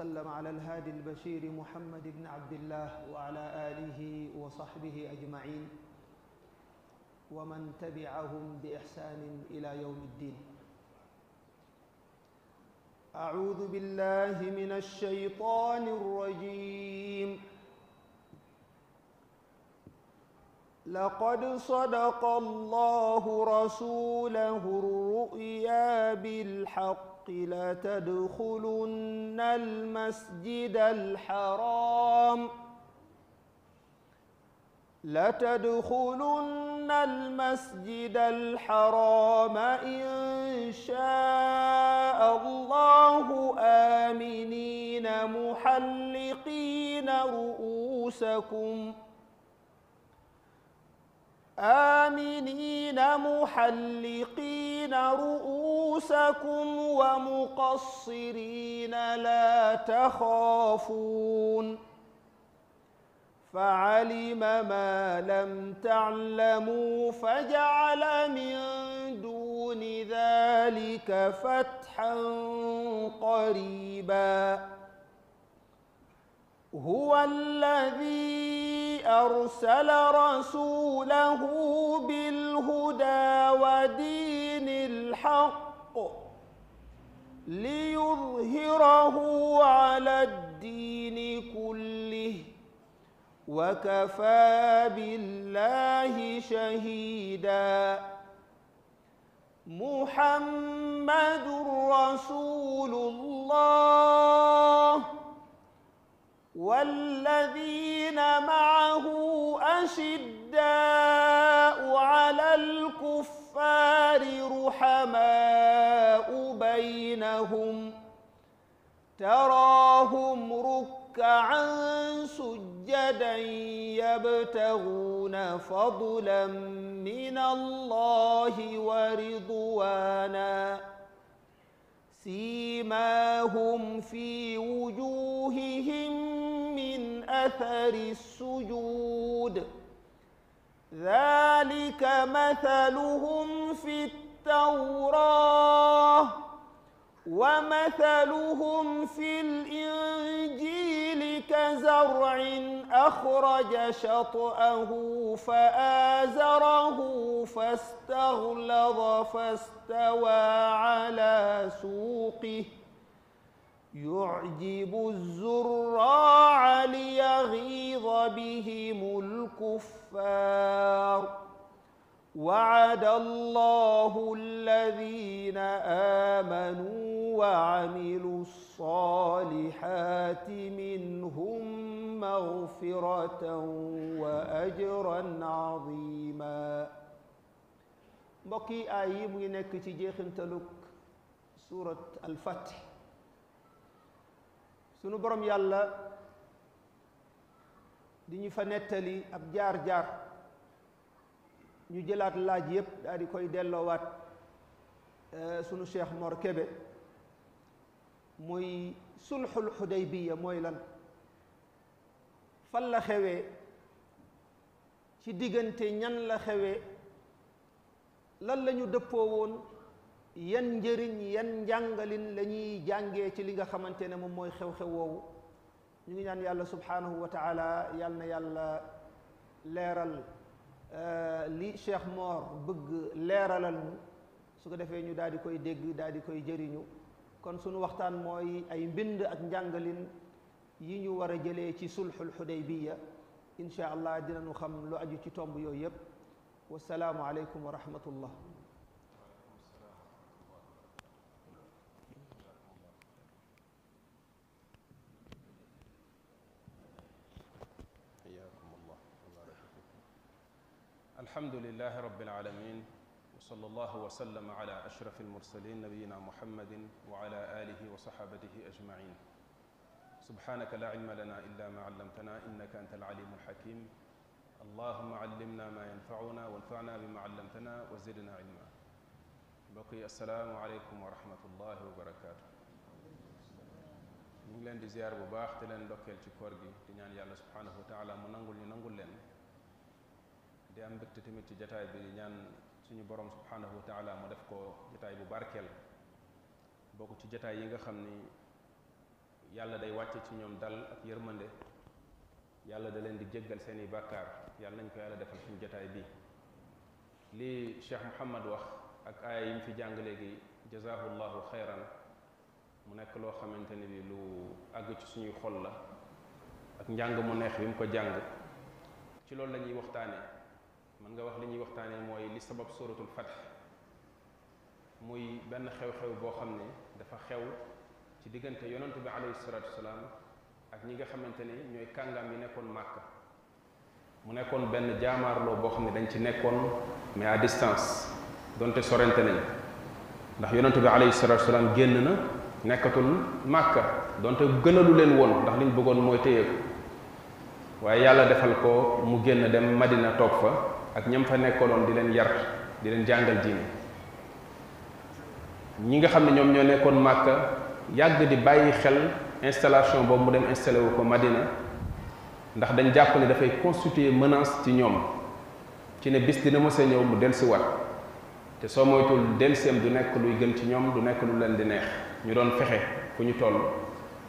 وسلم على الهادي البشير محمد بن عبد الله وعلى آله وصحبه أجمعين ومن تبعهم بإحسان إلى يوم الدين أعوذ بالله من الشيطان الرجيم لقد صدق الله رسوله الرؤيا بالحق الحق لتدخلن المسجد الحرام لتدخلن المسجد الحرام إن شاء الله آمنين محلقين رؤوسكم ۖ آمنين محلقين رؤوسكم ومقصرين لا تخافون فعلم ما لم تعلموا فجعل من دون ذلك فتحا قريبا هو الذي أرسل رسوله بالهدى ودين الحق ليظهره على الدين كله وكفى بالله شهيدا محمد رسول الله والذين معه أشداء على الكفار رحماء بينهم تراهم ركعا سجدا يبتغون فضلا من الله ورضوانا سيماهم في وجوههم أثر السجود ذلك مثلهم في التوراة ومثلهم في الإنجيل كزرع أخرج شطأه فآزره فاستغلظ فاستوى على سوقه يعجب الزراع ليغيظ بهم الكفار وعد الله الذين آمنوا وعملوا الصالحات منهم مغفرة وأجرا عظيما mbokk yi aay yi mu ngi nekk ci jeexintalug suurat al-Fath sunu borom yàlla di ñu fa nettali ab jaar-jaar ñu jëlaat laaj yépp daal koy delloowaat euh, sunu cheikh Mor Kébé muy sulxul xudaybiya mooy lan fan la xewee ci diggante ñan la xewee lan lañu dëppoo woon yan njëriñ yan njàngalin la ñuy jàngee ci li nga xamante ne moom mooy xew-xew woowu ñu ngi ñaan yàlla subhaanahu wa taala yal na yàlla leeral euh, li Cheikh Mor bëgg leeralal ñu su ko defee ñu daal di koy dégg daal di koy jëriñu kon sunu waxtaan mooy ay mbind ak njàngalin yi ñu war a jëlee ci sulxul xudaybiya incha allah dinañu xam lu aju ci tomb yooyu yëpp wasalaamu aleykum wa rahmatullah alhamdulilahi rabbil alamin wa sallallahu wa sallama ala ashrafil mursalin nabiyina muhammadin wa ala alihi wa sahabatihi ajmain subhanaka la ilma lana illa ma allamtana innaka anta alalimu alhakim allahuma allimna ma yanfauna wanfana bima allamtana wa zidna ilma mbokk yi asalaamu aleykum wa rahmatullahi wa barakaatu ñu ngi leen di ziar bu baax te leen ndokkeel ci koor gi di ñaan yàlla subhanahu wa taala mu nangul ñu nangul leen yaa am tamit ci jataay bi ñaan suñu boroom subhanahu wa taala mu def ko jataay bu barkeel bokk ci jataay yi nga xam ni yàlla day wàcce ci ñoom dal ak yërmande yàlla da leen di jéggal seeni bàkkaar yàlla nañ ko yàlla defal suñu jataay bi lii Cheikh Mouhamad wax ak aaya yi mu fi jàng léegi jazahullahu xayran mu nekk loo xamante ni bi lu àgg ci suñuy xol la ak njàng mu neex bi mu ko jàng ci loolu lañuy ñuy waxtaanee mën nga wax li ñuy waxtaanee mooy li sabab suratul fatx muy benn xew-xew boo xam ne dafa xew ci diggante yonantu bi alayhi salaatu wasalaam ak ñi nga xamante ne ñooy kàngam yi nekkoon màkka mu nekkoon benn jaamaarlo boo xam ne dañ ci nekkoon mais à distance donte sorente nañ ndax yonantu bi alayhi salaatu wasalaam génn na nekkatul màkka donte gënalu leen woon ndax liñ bëggoon mooy téye ko waaye yàlla defal ko mu génn dem madina toog fa ak ñam fa nekkoonoon di leen yar di leen jàngal diine ñi nga xam ne ñoom ñoo nekkoon màkka yàgg di bàyyi xel installation boobu mu dem installé wu ko Madina ndax dañ jàpp ne dafay constituer menace ci ñoom ci ne bis dina mës a ñëw mu dellusiwaat te soo moytuwul delluseem du nekk luy gën ci ñoom du nekk lu leen di neex ñu doon fexe fu ñu toll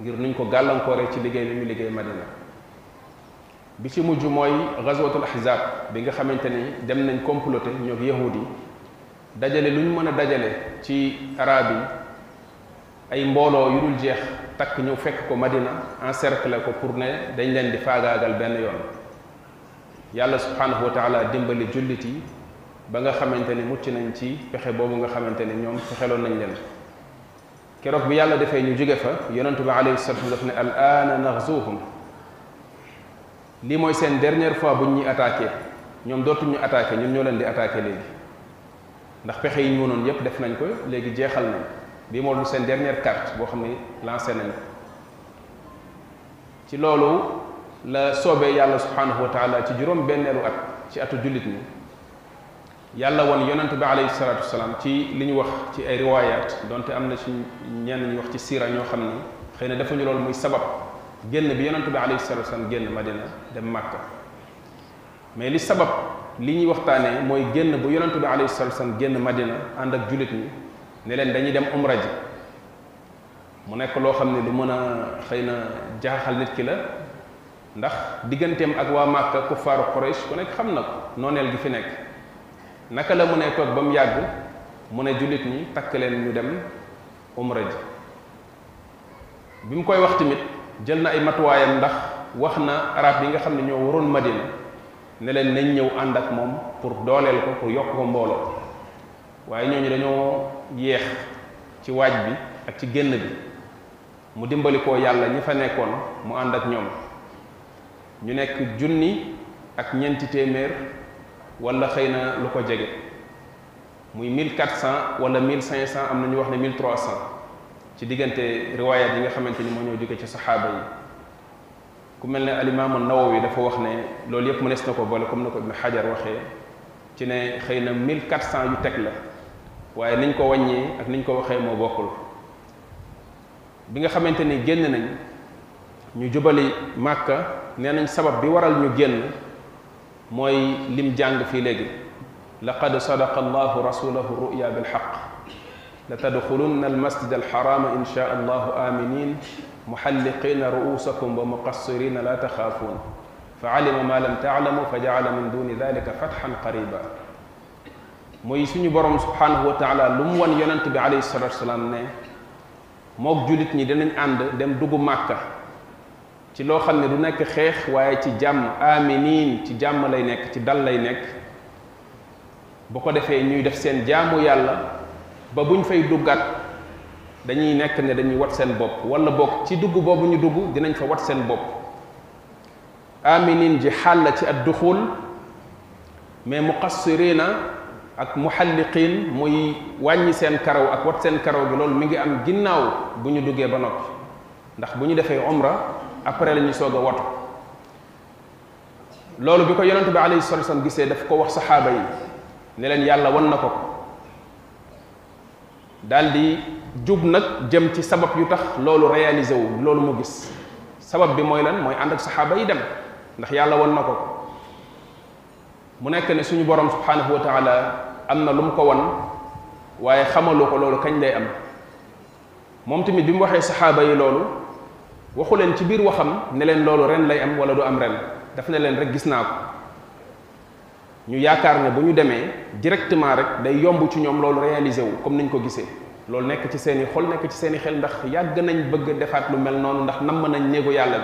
ngir nuñ ko gàllankoore ci liggéey bi mu liggéey Madina bi ci mujj mooy ghazwatul ahzab bi nga xamante ni dem nañ comploter ñoog yahud yi dajale lu ñu mën a dajale ci araab yi ay mbooloo yu dul jeex takk ñu fekk ko Madina encercler ko pour ne dañ leen di faagaagal benn yoon yàlla subhanahu wa taala dimbali jullit yi ba nga xamante ni mucc nañ ci pexe boobu nga xamante ni ñoom fexeloon nañ leen keroog bi yàlla defee ñu jóge fa yonentu bi alayhi salatu daf ne al aana naxzuhum lii mooy seen dernière fois bu ñu ñuy attaqué ñoom dootuñu attaqué ñoom ñoo leen di attaqué léegi ndax pexe yi ñu mënoon yépp def nañ ko léegi jeexal nañ bii moo lu seen dernière carte boo xam ne lancé nañ ko ci loolu la soobee yàlla subhanahu wa ci juróom benneelu at ci atu jullit ñi yàlla won yonent bi alayhi salaatu wasalaam ci li ñu wax ci ay riwaayaat donte am na ci ñenn ñu wax ci siira ñoo xam ne xëy na defuñu loolu muy sabab génn bi yonent bi alayhi salatu wasallam génn madina dem màkka mais li sabab li ñuy waxtaanee mooy génn bu yonent bi alayhi salatu wasallam génn madina ànd ak jullit ñi ne leen dañuy dem umra ji mu nekk loo xam ne lu mën a xëy na jaaxal nit ki ndax digganteem ak waa màkka kuffaaru Quraysh ku xam na ko nooneel gi fi nekk naka la mu ne toog ba mu yàgg mu ne jullit ñi takk leen ñu dem umra ji bi mu koy wax tamit jël na ay matuwaayam ndax wax na arab yi nga xam ne ñoo waroon Madina ne leen nañ ñëw ànd ak moom pour dooleel ko pour yokk ko mbooloo waaye ñooñu dañoo yéex ci waaj bi ak ci génn bi mu dimbali ko yàlla ñi fa nekkoon mu ànd ak ñoom ñu nekk junni ak ñeenti téeméer wala xëy na lu ko jege muy 1400 wala 1500 am na ñu wax ne 1300. ci diggante riwaayaat yi nga xamante ni moo ñoo jóge ci saxaaba yi ku mel ne alimaamu nawawi dafa wax ne loolu yëpp mënees na ko boole comme na ko ibnu xajar waxee ci ne xëy na 1400 yu teg la waaye niñ ko wàññee ak niñ ko waxee moo bokkul bi nga xamante ni génn nañ ñu jubali màkka nee nañ sabab bi waral ñu génn mooy lim jàng fii léegi laqad sadaqa allahu rasulahu ruya bilxaq la tadxulunna almasjid alxarama insha allahu aminin muxalliqina ruusakum wa muqassirina la taxaafuun fa alima ma lam taalamu fa jaala min duni dalika fatxan qariba mooy suñu borom subhanahu wa taala lu mu wan bi alayhi salatu wasalaam ne mook jullit ñi danañ ànd dem dugg màkka ci loo xam ne du nekk xeex waaye ci jàmm aminin ci jàmm lay nekk ci dal lay nekk bu ko defee ñuy def seen jaamu yàlla ba buñ fay duggaat dañuy nekk ni dañuy wat seen bopp walla bokk ci dugg boobu ñu dugg dinañ fa wat seen bopp aminin ji xàll ci at duxul mais muqassirina ak muxalliqin muy wàññi seen karaw ak wat seen karaw gi loolu mi ngi am ginnaaw bu ñu duggee ba noppi ndax bu ñu defee omra après la ñuy soog a watu loolu bi ko yonente bi alayhi salatu wasallam gisee daf ko wax saxaaba yi ne leen yàlla wan na ko ko daal di jub nag jëm ci sabab yu tax loolu réalisé wu loolu mu gis sabab bi mooy lan mooy ànd ak saxaaba yi dem ndax yàlla woon na ko mu nekk ne suñu borom subhanahu wa am na lu mu ko won waaye xamalu ko loolu kañ lay am moom tamit bi mu waxee saxaaba yi loolu waxu leen ci biir waxam ne leen loolu ren lay am wala du am ren daf ne leen rek gis naa ko ñu yaakaar ne bu ñu demee directement rek day yomb ci ñoom loolu réaliser wu comme ñu ko gisee loolu nekk ci seeni i xol nekk ci seen xel ndax yàgg nañ bëgg defaat lu mel noonu ndax namm nañ néegu yàlla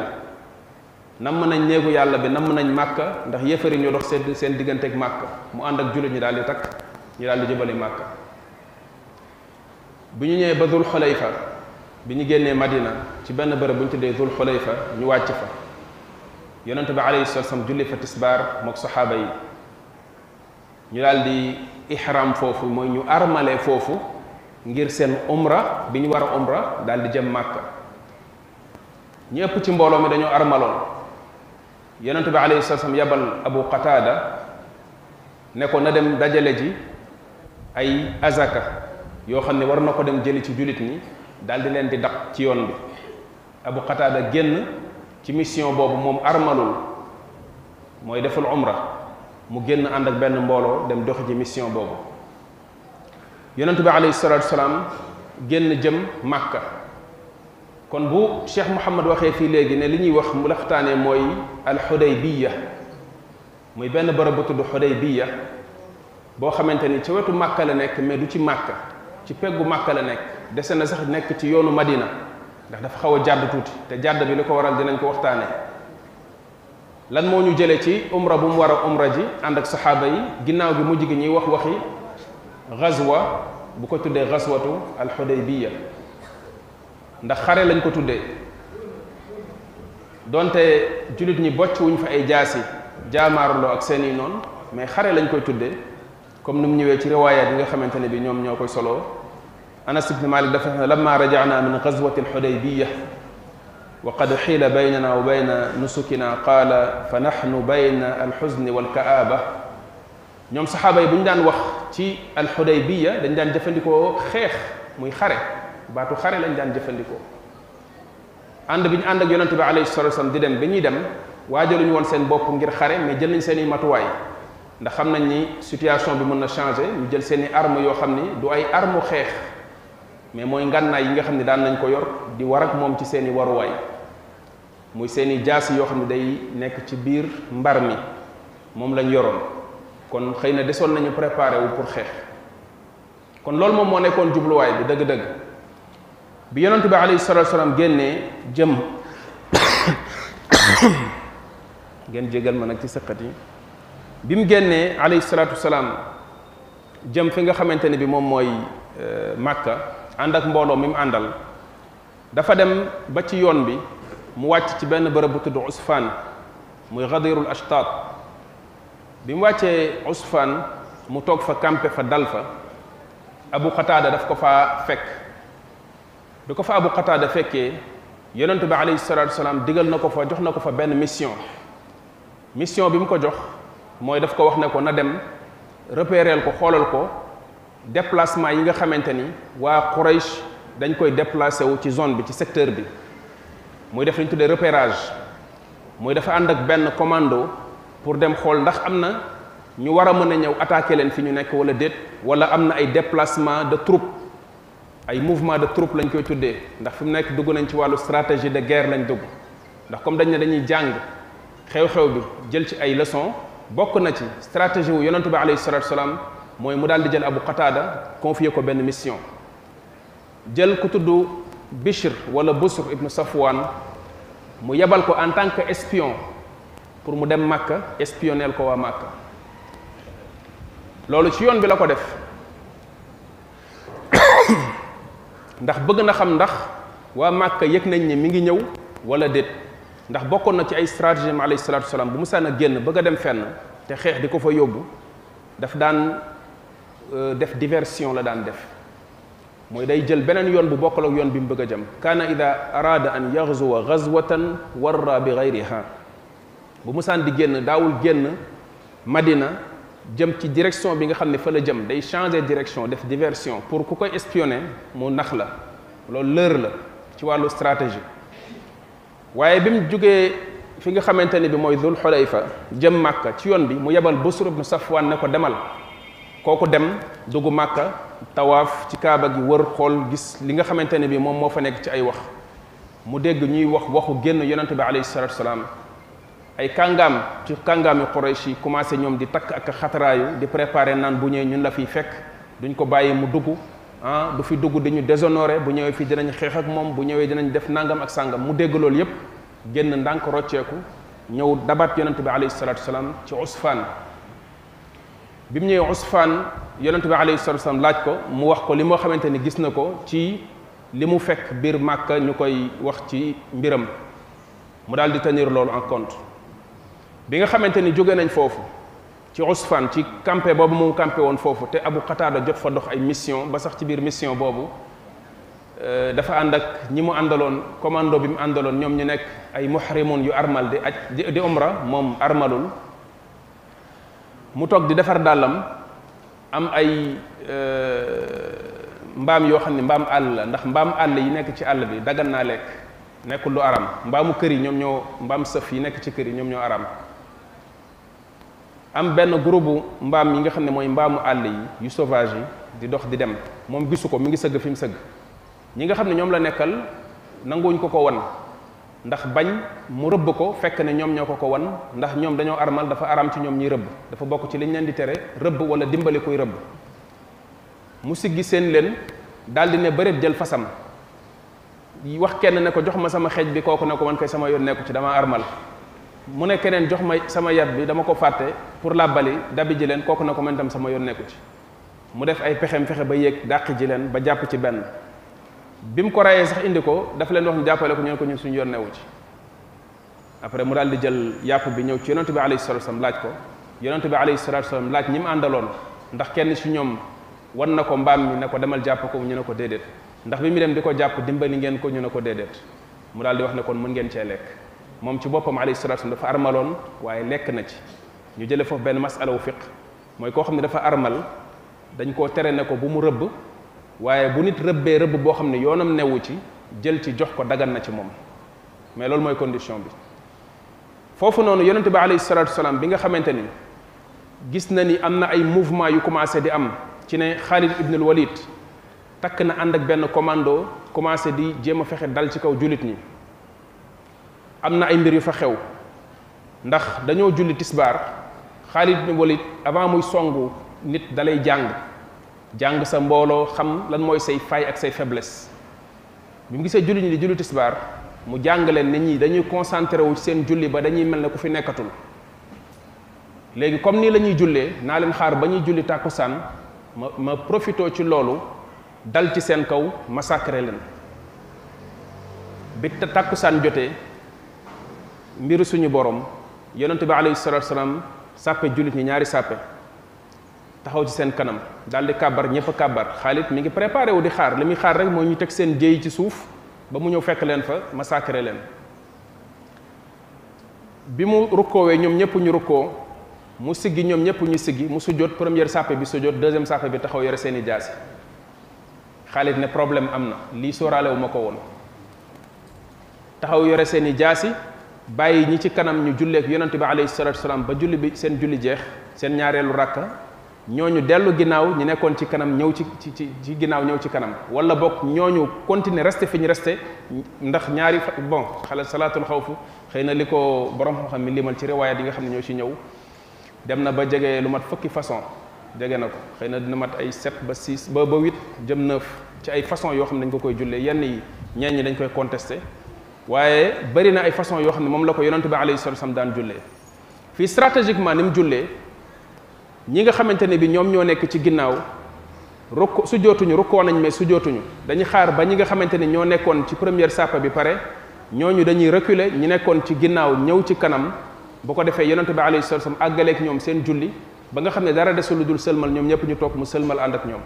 bi namm nañ néegu yàlla bi namm nañ màkka ndax yéefari ñu dox seen seen diggante ak màkka mu ànd ak jullit ñi daal di takk ñi daal di jëbali màkka bu ñu ñëwee ba dul fa bi ñu génnee madina ci benn bërëb bu ñu tuddee dul fa ñu wàcc fa yonente bi alayhi salaam julli fa tisbaar mook saxaaba yi ñu daal di ihram foofu mooy ñu armale foofu ngir seen umra bi ñu war a umra daal di jëm màkka ñu ci mbooloo mi dañoo armaloon yonent bi alayhi salaam yabal abu qataada ne ko na dem dajale ji ay azaka yoo xam ne war na ko dem jëli ci jullit ni daal di leen di daq ci yoon bi abu qataada génn ci mission boobu moom armalul mooy deful umra mu génn ànd ak benn mbooloo dem doxi ci mission boobu yonent bi alayhi salaatu salaam génn jëm màkka kon bu cheikh Mouhamad waxee fii léegi ne li ñuy wax mu laxtaanee mooy alxudaybiya muy benn bërëb bu tudd xudaybiya boo xamante ni ci wetu màkka la nekk mais du ci màkka ci peggu màkka la nekk dese na sax nekk ci yoonu madina ndax dafa xaw a jàdd tuuti te jàdd bi li ko waral dinañ ko waxtaanee lan moo ñu jëlee ci umra bu mu war a umra ji ànd ak saxaaba yi ginnaaw bi mujj gi ñuy wax waxi xazwa bu ko tuddee xazwatu alxudaybiya ndax xare lañ ko tuddee donte jullit ñi bocc wuñ fa ay jaasi jaamaarloo ak seeni noonu mais xare lañ koy tuddee comme nu mu ñëwee ci riwaayaat yi nga xamante ne bi ñoom ñoo koy soloo anas ibn malik dafa lamma rajana min xazwati alxudaybiya wa qad xiila baynana wa bayna nusukina qaala fa naxnu bayna alxuzni walkaaba ñoom saxaaba bu ñu daan wax ci alxudaybiya dañ daan jëfandikoo xeex muy xare baatu xare lañ daan jëfandikoo ànd bi ànd ak yonente bi di dem bi ñuy dem waajaluñu woon seen bopp ngir xare mais jël nañ seen i matuwaay ndax xam nañ ni situation bi mën na changé ñu jël seen i arme yoo xam ni du ay arme xeex mais mooy ngànnaay yi nga xam ne daan nañ ko yor di war ak moom ci seen i waruwaay muy seeni jaas yoo xam ne day nekk ci biir mbar mi moom lañ yoroon kon xëy na desoon nañu préparé wu pour xeex kon loolu moom moo nekkoon jubluwaay bi dëgg-dëgg bi yonent bi alayhi salatu salaam génnee jëm ngeen jégal ma nag ci sëqat yi bi mu génnee alayhi salatu salaam jëm fi nga xamante ne bi moom mooy euh, màkka ànd ak mbooloo mi mu àndal dafa dem ba ci yoon bi mu wàcc ci benn bërëb bu tudd usfaan muy gadirul ashtaat bi mu wàccee usfaan mu toog fa campe fa dal fa abu qataada daf ko fa fekk bi ko fa abu qataada fekkee yonentu bi alayhi salatu wasalaam digal na ko fa jox na ko fa benn mission mission bi mu ko jox mooy daf ko wax ne ko na dem repérer ko xoolal ko déplacement yi nga xamante ni waa Quraysh dañ koy déplacé wu ci zone bi ci secteur bi muy def li ñu tuddee repérage muy dafa ànd ak benn commando pour dem xool ndax am na ñu war a mën a ñëw attaquer leen fi ñu nekk wala déet wala am na ay déplacement de troupes ay mouvement de troupes lañ koy tuddee ndax fi mu nekk dugg nañ ci wàllu stratégie de guerre lañ dugg ndax comme dañ ne dañuy jàng xew-xew bi jël ci ay leçons bokk na ci stratégie wu yonentu bi alayhi salatu salaam mooy mu daal di jël Abu Qatada confier ko benn mission jël ku tudd. Bishr wala Busr ibnu Safwan mu yebal ko en tant que espion pour mu dem Makka espionnel ko waa Makka loolu ci yoon bi la ko def ndax bëgg na xam ndax waa Makka yëg nañ ne mi ngi ñëw wala déet ndax bokkoon na ci ay stratégie am alayhi salaatu salaam bu musaan génn bëgg dem fenn te xeex di ko fa yóbbu daf daan euh, def diversion la daan def mooy day jël beneen yoon bu bokkal ak yoon bi mu bëgg a jëm kaana ida araada an yaxzuwa gazwatan warra bi gayriha bu musaan di génn daawul génn madina jëm ci direction bi nga xam ne fa la jëm day changer direction def diversion pour ku koy espionner mu nax la loolu lër la ci wàllu stratégie waaye bi mu jógee fi nga xamante ne bi mooy dul fa jëm màkka ci yoon bi mu yebal busr ibnu safwaan ne ko demal kooku dem dugg màkka tawaaf ci kaaba gi wër xool gis li nga xamante ne bii moom moo fa nekk ci ay wax mu dégg ñuy wax waxu génn yonente bi alayhi salatu wasalaam ay kàngaam ci kàngaami Quraysh yi commencé ñoom di takk ak xataraayu di préparer naan bu ñëwee ñun la fiy fekk duñ ko bàyyi mu dugg ah du fi dugg dañu déshonoré bu ñëwee fii dinañ xeex ak moom bu ñëwee dinañ def nangam ak sàngam mu dégg loolu yépp génn ndànk rocceeku ñëw dabat yonente bi alayhi salatu wasalaam ci usfaan bi mu ñëwee Usfaan yonente bi alayhi salatu wasallam laaj ko mu wax ko li moo xamante ni gis na ko ci li mu fekk biir màkka ñu koy wax ci mbiram mu daal di tenir loolu en compte bi nga xamante ni jóge nañ foofu ci Usfaan ci campé boobu mu campé woon foofu te Abu Qatada jot fa dox ay mission ba sax ci biir mission boobu euh, dafa ànd ak ñi mu àndaloon commando bi mu àndaloon ñoom ñu nekk ay muhrimun yu armal di aj di umra moom armalul mu toog di defar dàllam am ay euh, mbaam yoo xam ne mbaam àll la ndax mbaam àll yi nekk ci àll bi daggan naa lekk nekkul lu aram mbaamu kër yi ñoom ñoo mbaam sëf yi nekk ci kër yi ñoom ñoo aram am benn groupe mbaam yi nga xam ne mooy mbaamu àll yi yu sauvage yi di dox di dem moom gisu ko mi ngi sëgg fi mu sëgg ñi nga xam ne ñoom la nekkal nanguwuñ ko ko wan ndax bañ mu rëbb ko fekk ne ñoom ñoo ko ko wan ndax ñoom dañoo armal dafa aram ci ñoom ñuy rëbb dafa bokk ci liñ leen di tere rëbb wala dimbali kuy rëbb mu siggi seen leen daal di ne bëreet jël fasam wax kenn ne ko jox ma sama xeej bi kooku ne ko man koy sama yoon nekku ci dama armal mu ne keneen jox ma sama yat bi dama ko fàtte pour la bali dabi ji leen kooku ne ko man tam sama yoon nekku ci mu def ay pexeem fexe ba yéeg dàq ji leen ba jàpp ci benn bi mu ko rayee sax indi ko dafa leen wax ñu jàppale ko ñu ne ko ñu suñu yoon newu ci après mu daal di jël yàpp bi ñëw ci yonente bi alayhi salatu wasalam laaj ko yonente bi alayhi salatu laaj ñi mu àndaloon ndax kenn ci ñoom wan na ko mbaam mi ne ko demal jàpp ko ñu ne ko déedéet ndax bi mu dem di ko jàpp dimbali ngeen ko ñu ne ko déedéet mu daal di wax ne koon mën ngeen cee lekk moom ci boppam alayhi salatu dafa armaloon waaye lekk na ci ñu jële foofu benn masala wu fiq mooy koo xam ne dafa armal dañ koo tere ne ko bu mu rëbb waaye bu nit rëbbee rëbb boo xam ne yoonam newu ci jël ci jox ko dagan na ci moom mais loolu mooy condition bi foofu noonu yonente bi alayhi salatu wasalaam bi nga xamante ni gis na ni am na ay mouvement yu commencé di am ci ne Khalid ibn Walid takk na ànd ak benn commando commencé di jéem a fexe dal ci kaw jullit ñi am na ay mbir yu fa xew ndax dañoo julli tisbaar Khalid ibn Walid avant muy songu nit dalay jàng jàng sa mbooloo xam lan mooy say faay ak say faiblesse bi mu gisee julli ñi di julli tisbaar mu jàng leen nit ñi dañuy concentré wu ci seen julli ba dañuy mel ne ku fi nekkatul léegi comme nii lañuy ñuy jullee naa leen xaar ba ñuy julli tàkkusaan ma ma profitoo ci loolu dal ci seen kaw ma massacré leen bi tàkkusaan jotee mbiru suñu borom yonent bi alayhi salaatu wa salaam sàppe jullit ñi ñaari sàppe taxaw ci seen kanam daal di kàbbar ñëpp a kàbbar Xaalid mi ngi préparé wu di xaar li muy xaar rek mooy ñu teg seen jéey ci suuf ba mu ñëw fekk leen fa massacré leen bi mu rukkoowee ñoom ñëpp ñu rukkoo mu siggi ñoom ñëpp ñu siggi mu sujjóot première sàppe bi sujjóot deuxième sàppe bi taxaw yore seen i jaasi Xaalid ne problème am na lii sóoraale ko woon taxaw yore seen i jaasi bàyyi ñi ci kanam ñu julleek yonente bi alayhi salatu wasalaam ba julli bi seen julli jeex seen ñaareelu ràkka ñoo ñu dellu ginnaaw ñu nekkoon ci kanam ñëw ci ci ci ginnaaw ñëw ci kanam wala bokk ñooñu continuer resté fi ñu reste ndax ñaari bon xale salaatul xawfu xëy na li ko borom xam-xam mi limal ci riwaayaat yi nga xam ne ñoo ci ñëw dem na ba jege lu mat fukki façon jege na ko xëy na dina mat ay 7 ba 6 ba ba 8 jëm 9 ci ay façon yoo xam ne dañ ko koy jullee yenn yi ñenn dañ koy contesté waaye bëri na ay façon yoo xam ne moom la ko yonente bi alayhi salatu wasallam daan jullee fii stratégiquement ni mu jullee ñi nga xamante ne bi ñoom ñoo nekk ci ginnaaw rukk su jootuñu rukkoo nañ mais su jootuñu dañu xaar ba ñi nga xamante ni ñoo nekkoon ci première sàppa bi pare ñooñu dañuy reculer ñi nekkoon ci ginnaaw ñëw ci kanam bu ko defee yonente bi alayhi salatu wasallam àggaleeg ñoom seen julli ba nga xam ne dara desul lu dul sëlmal ñoom ñëpp ñu toog mu sëlmal ànd ak ñoom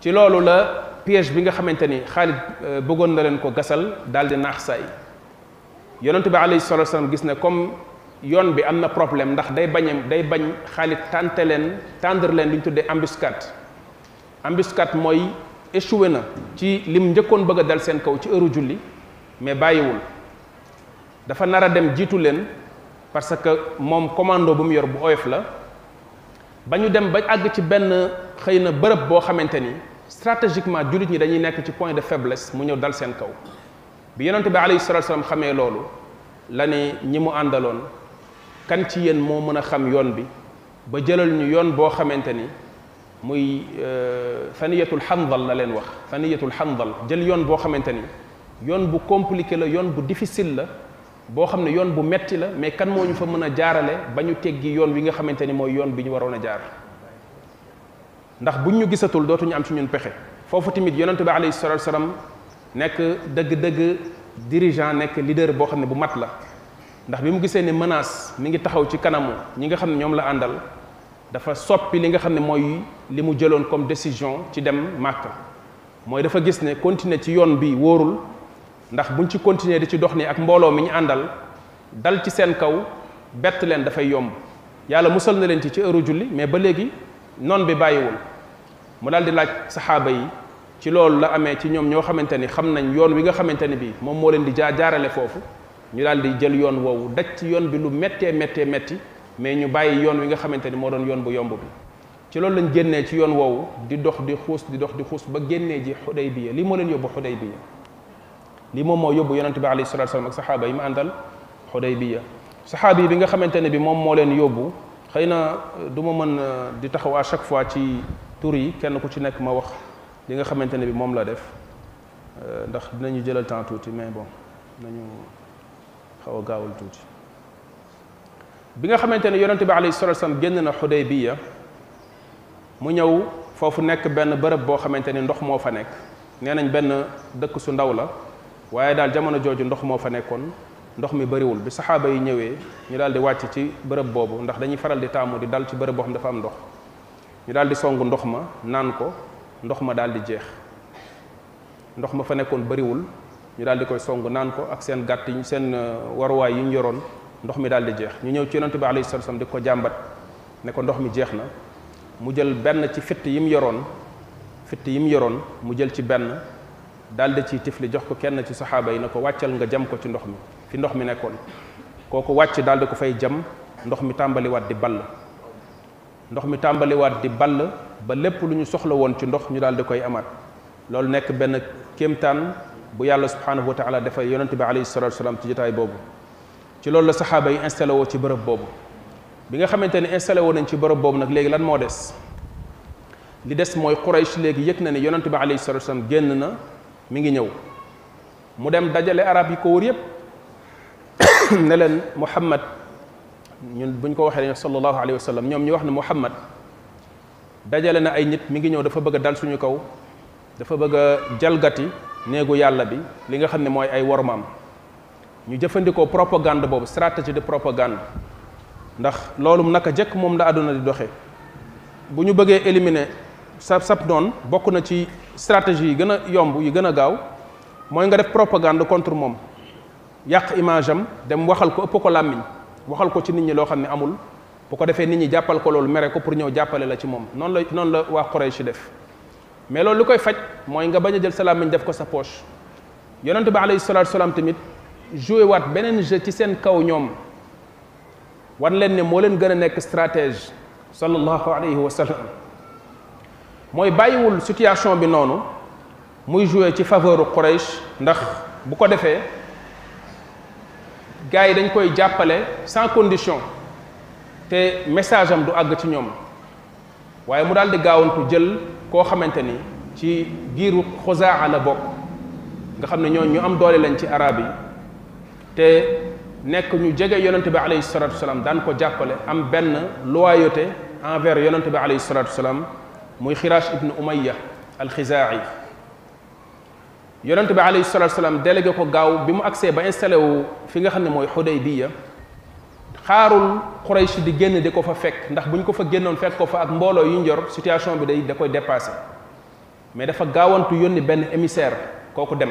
ci loolu la piège bi nga xamante ni Xaalid euh, bëggoon na leen ko gasal daal di naax saay yonente bi alayhi gis ne comme yoon bi am na problème ndax day bañ day bañ Xaalid tànte leen tendre leen lu tuddee embuscade embuscade mooy échoué na ci lim njëkkoon bëgg a dal seen kaw ci heure julli mais bàyyiwul dafa nar a dem jiitu leen parce que moom commando bu mu yor bu oyof la ba ñu dem ba àgg ci benn xëy na bërëb boo xamante ni stratégiquement jullit ñi dañuy nekk ci point de faibles mu ñëw dal seen kaw bi yonente bi alayhi salatu xamee loolu la ne ñi mu àndaloon kan ci yéen moo mën a xam yoon bi ba jëlal ñu yoon boo xamante ni muy faniyatul euh, xandal la leen wax faniyatul xandal jël yoon boo xamante ni yoon bu compliqué la yoon bu difficile la boo xam ne yoon bu metti la mais kan moo ñu fa mën a jaarale ba ñu teggi yoon wi nga xamante ni mooy yoon bi ñu waroon a jaar ndax buñ ñu gisatul dootuñu am ci ñun pexe foofu tamit yonente bi alayhi salatu salaam nekk dëgg-dëgg dirigeant nekk leader boo xam ne bu mat la ndax bi mu gisee ne menace mi ngi taxaw ci kanamu ñi nga xam ne ñoom la àndal dafa soppi li nga xam ne mooy li mu jëloon comme décision ci dem Màkka mooy dafa gis ne continuer ci yoon bi wóorul ndax buñ ci continuer di ci dox ni ak mbooloo mi ñu àndal dal ci seen kaw bett leen dafay yomb yàlla musal na leen ci ci heure julli mais ba léegi noon bi bàyyiwul mu daal di laaj saxaaba yi ci loolu la amee ci ñoom ñoo xamante ni xam nañ yoon wi nga xamante ni bii moom moo leen di jaa jaarale foofu ñu daal di jël yoon woowu daj ci yoon bi lu méttee méttee métti mais ñu bàyyi yoon wi nga xamante ni moo doon yoon bu yomb bi ci loolu lañ génnee ci yoon woowu di dox di xuus di dox di xuus ba génnee ji Xudaybiya lii moo leen yóbbu Xudaybiya lii moom moo yóbbu yonente bi alayhi salatu salaam ak saxaaba yi mu àndal Xudaybiya saxaabi bi nga xamante ne bi moom moo leen yóbbu xëy na euh, du ma mën euh, di taxaw à chaque fois ci tur yi kenn ku ci nekk ma wax li nga xamante ne bi moom la def euh, ndax dinañu jëlal temps tuuti mais bon xaw a gaawal tuuti bi nga xamante ne yonente bi alayhi salatu wasallam génn na Xudaybiya mu ñëw foofu nekk benn bërëb boo xamante ni ndox moo fa nekk nee nañ benn dëkk su ndaw la waaye daal jamono jooju ndox moo fa nekkoon ndox mi bariwul bi saxaaba yi ñëwee ñu daal di wàcc ci bërëb boobu ndax dañuy faral di taamu di dal ci bërëb boo xam dafa am ndox ñu daal di songu ndox ma naan ko ndox ma daal di jeex ndox ma fa nekkoon bariwul ñu daal di koy song naan ko ak seen gàtt yi seen euh, waruwaay yi ñu yoroon ndox mi daal di jeex ñu ñëw ci yonente bi alayhi salaam di ko jàmbat ne ko ndox mi jeex na mu jël benn ci fitt yi mu yoroon fitt yi mu yoroon mu jël ci benn daal di ciy tifli jox ko kenn ci saxaaba yi ne ko wàccal nga jam ko ci ndox mi fi ndox mi nekkoon kooku wàcc daal di ko fay jam ndox mi tàmbaliwaat di ball ndox mi tàmbaliwaat di ball ba lépp lu ñu soxla woon ci ndox ñu daal di koy amaat nekk benn kéemtaan bu yàlla subhanahu wa taala dafay yonente bi alayhi salatu wasalaam ci jotaay boobu ci loolu la saxaaba yi installé woo ci bërëb boobu bi nga xamante ne installé woo nañ ci bërëb boobu nag léegi lan moo des li des mooy Quraysh léegi yëg na ne yonente bi alayhi salatu wasalaam génn na mi ngi ñëw mu dem dajale arab yi ko wër yépp ne leen Muhammad ñun buñ ko waxee ne sallallahu alayhi wa ñoom ñu wax ne Muhammad dajale na ay nit mi ngi ñëw dafa bëgg a dal suñu kaw dafa bëgg a jalgati néegu yàlla bi li nga xam ne mooy ay wormaam ñu jëfandikoo propagande boobu stratégie de propagande ndax loolu naka jëkk moom la àdduna di doxe bu ñu bëggee éliminer sab sab noon bokk na ci stratégie yi gën a yomb yi gën a gaaw mooy nga def propagande contre moom yàq image am dem waxal ko ëpp ko làmmiñ waxal ko ci nit ñi loo xam ne amul bu ko defee nit ñi jàppal ko loolu mere ko pour ñëw jàppale la ci moom noonu la noonu la waa Quraysh def mais loolu lu koy faj mooy nga bañ a jël sa ñu def ko sa poche yonent bi alayhi salaatu salaam tamit joué waat beneen jeu ci seen kaw ñoom wan leen ne moo leen gën a nekk stratège sallallahu alayhi wa sallam mooy bàyyiwul situation bi noonu muy joué ci faveur Quraysh ndax bu ko defee gars yi dañ koy jàppale sans condition te message am du àgg ci ñoom waaye mu daal di gaawantu jël. koo xamante ni ci giiru xuzaa la bokk nga xam ne ñoo ñu am doole lañ ci araab yi te nekk ñu jege yonente bi alayhi salatu salaam daan ko jàppale am benn loyauté envers yonente bi alayhi salatu salaam muy xiraas ibnu umayya alxizaai yonente bi alayhi salatu salaam délégué ko gaaw bi mu agsee ba installé wu fi nga xam ne mooy xudaybiya xaarul Quraysh di génn di ko fa fekk ndax bu ñu ko fa génnoon fekk ko fa ak mbooloo yu njor situation bi day da koy dépassé mais dafa gaawantu yónni benn émissaire kooku dem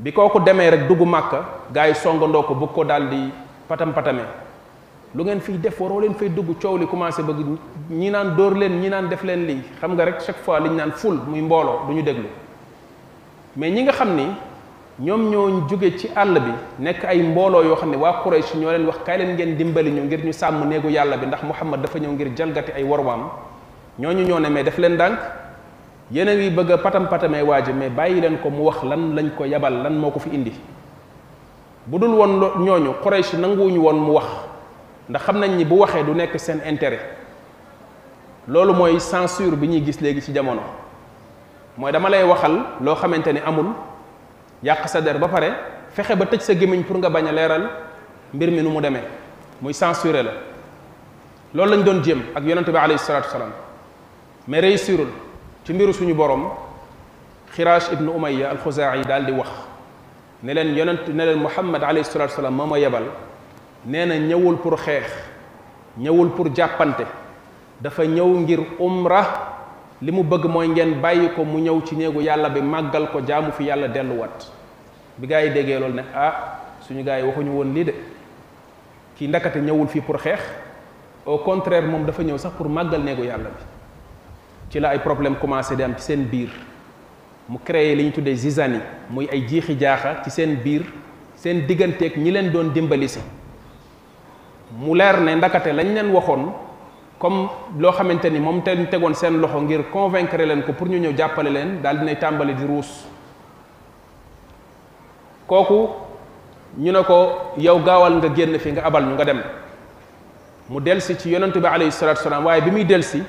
bi kooku demee rek dugg màkk gars yi songandoo ko bëgg ko daal di patam-patame lu ngeen fiy def waroo leen fay dugg coow li commencé bëgg ñi naan dóor leen ñi naan def leen lii xam nga rek chaque fois li ñu naan ful muy mbooloo du ñu déglu mais ñi nga xam ni ñoom ñoo jóge ci àll bi nekk ay mbooloo yoo xam ne waa Quraysh ñoo leen wax kaay leen ngeen dimbali ñu ngir ñu sàmm néegu yàlla bi ndax Muhammad dafa ñëw ngir jalgati ay warwaam ñooñu ñoo ne mais daf leen dànk yeneen a bëgg a patam patamee waa ji mais bàyyi leen ko mu wax lan lañ ko yabal lan moo ko fi indi bu dul woon ñooñu Quraysh nanguwuñu woon mu wax ndax xam nañ ni bu waxee du nekk seen intérêt loolu mooy censure bi ñuy gis léegi ci jamono mooy dama lay waxal loo xamante ni amul. yàq sa der ba pare fexe ba tëj sa gémmiñ pour nga bañ a leeral mbir mi nu mu demee muy censuré la loolu lañ doon jéem ak yonente bi alayhi salatu wasalaam mais réussirul ci mbiru suñu borom xiraaj ibnu umayya alxuzaayi daal di wax ne leen yonent ne leen muhammad alayhi salatu wasalaam moo ma yebal nee na ñëwul pour xeex ñëwul pour jàppante dafa ñëw ngir umra li mu bëgg mooy ngeen bàyyi ko mu ñëw ci néegu yàlla bi màggal ko jaamu fi yàlla delluwaat bi gaa yi déggee loolu ne ah suñu gaa yi waxuñu woon lii de kii ndakate ñëwul fii pour xeex au contraire moom dafa ñëw sax pour màggal néegu yàlla bi ci la ay problème commencé di am ci seen biir mu créer li ñu tuddee zizani muy ay jiixi jaaxa ci seen biir seen digganteeg ñi leen doon dimbali si mu leer ne ndakate lañ leen waxoon comme loo xamante ni moom te tegoon seen loxo ngir convaincre leen ko pour ñu ñëw jàppale leen daal dinay tàmbali di ruus kooku ñu ne ko yow gaawal nga génn fii nga abal ñu nga dem mu delsi ci yonentu bi alayhi salatu wasalaam waaye bi muy delsi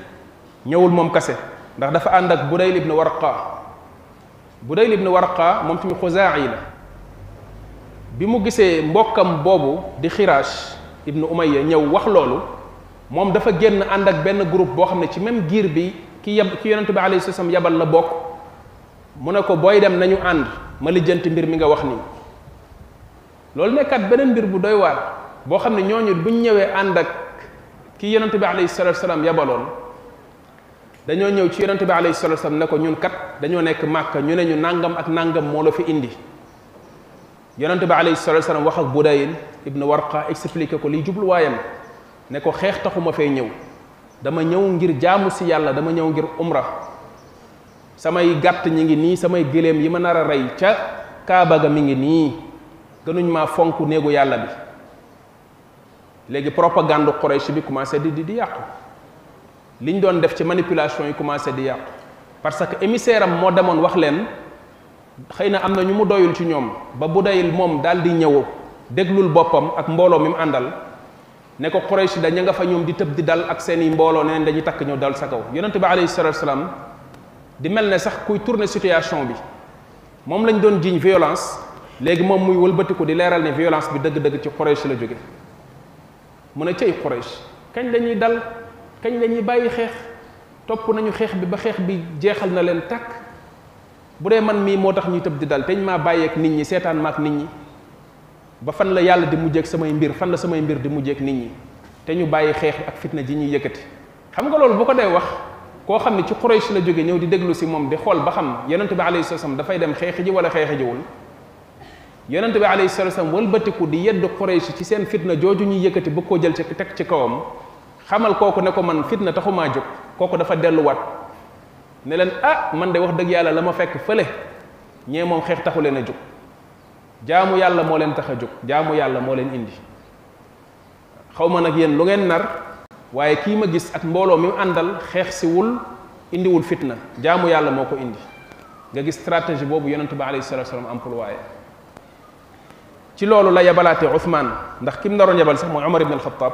ñëwul moom kase ndax dafa ànd ak bu Budayl ibn Warqa Budayl ibn Warqa moom tamit Xuzaa'i la bi mu gisee mbokkam boobu di Xiraash ibn Umayya ñëw wax loolu moom dafa génn ànd ak benn groupe boo xam ne ci même giir bi ki yab ci yonente bi alayhi salaam yabal la bokk mu ne ko booy dem nañu ànd ma lijjanti mbir mi nga wax nii loolu nekkaat beneen mbir bu doy waar boo xam ne ñooñu buñ ñëwee ànd ak ki yonente bi alayhi salaatu salaam yabaloon dañoo ñëw ci yonente bi alayhi salaatu salaam ne ko ñun kat dañoo nekk màkka ñu ne ñu nàngam ak nangam moo la fi indi yonente bi alayhi salaatu salaam wax ak bu Budayl ibnu Warqa expliqué ko liy jubluwaayam ne ko xeex taxuma fay ñëw dama ñëw ngir jaamu si yàlla dama ñëw ngir umra samay gàtt ñi ngi nii samay gëléem yi ma nar a rey ca kaaba ga mi ngi nii gënuñ maa fonk néegu yàlla bi léegi propagande Quraysh bi commencé di di di li ñu doon def ci manipulation yi commencé di yàqu parce que émissaire am moo demoon wax leen xëy na am na ñu mu doyul ci ñoom ba bu dayil moom daal di ñëw déglul boppam ak mbooloo mi mu àndal ne ko Quraysh dañ ña nga fa ñoom di tëb di dal ak seen i mbooloo ne dañuy takk ñëw dal sa kaw yonent bi alayhi salatu salaam di mel ne sax kuy tourner situation bi moom lañu doon jiiñ violence léegi moom muy wëlbatiku di leeral ne violence bi dëgg-dëgg ci Quraysh la jóge mu ne cay Quraysh kañ lañuy dal kañ lañuy bàyyi xeex topp nañu xeex bi ba xeex bi jeexal na leen takk bu dee man mii moo tax ñuy tëb di dal teñ maa bàyyeek nit ñi seetaan maak nit ñi ba fan la yàlla di mujjeeg samay mbir fan la samay mbir di mujjeeg nit ñi te ñu bàyyi xeex ak fitna ji ñuy yëkkati xam nga loolu bu ko dee wax koo xam ne ci Quraysh la jóge ñëw di déglu si moom di xool ba xam yonente bi alayhi salaam dafay dem xeexi ji wala xeexi jiwul yonente bi alayhi salaam wëlbatiku di yedd Quraysh ci seen fitna jooju ñuy yëkkati bëgg koo jël ci teg ci kawam xamal kooku ne ko man fitna taxumaa jóg kooku dafa delluwaat ne leen ah man de wax dëgg yàlla la ma fekk fële ñee moom xeex taxu leen a jóg jaamu yàlla moo leen tax a jóg jaamu yàlla moo leen indi xaw ma nag yéen lu ngeen nar waaye kii ma gis ak mbooloo mi àndal xeex si wul indiwul fitna jaamu yàlla moo ko indi nga gis stratégie boobu yonent bi alayhi salatu salaam employé ci loolu la yabalaatee Ousmane ndax ki mu naroon yabal sax mooy Omar ibn al-Khattab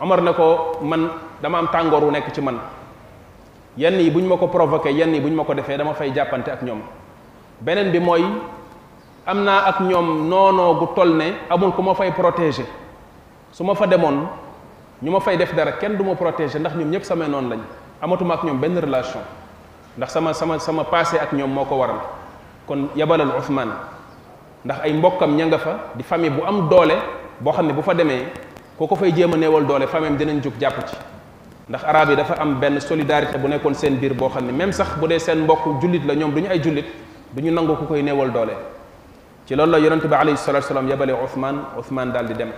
Omar ne ko man dama am tàngoor wu nekk ci man yenn yi bu ñu ma ko provoqué yenn yi bu ñu ma ko defee dama fay jàppante ak ñoom beneen bi mooy. am naa ak ñoom noonoo gu toll ne amul ku ma fay protéger su ma fa demoon ñu ma fay def dara kenn du ma protéger ndax ñoom ñëpp samay noon lañ amatuma ak ñoom benn relation ndax sama sama sama passé ak ñoom moo ko waral kon yabalal Ousmane ndax ay mbokkam ña nga fa di famille bu am doole boo xam ne bu fa demee koo ko fay jéem a néewal doole famille dinañ jóg jàpp ci ndax arab yi dafa am benn solidarité bu nekkoon seen biir boo xam ne même sax bu dee seen mbokk jullit la ñoom du ñu ay jullit du ñu nangu ku koy néewal doole ci loolu la yonente bi alayhi salatu salaam yebale Ousmane Ousmane daal di dem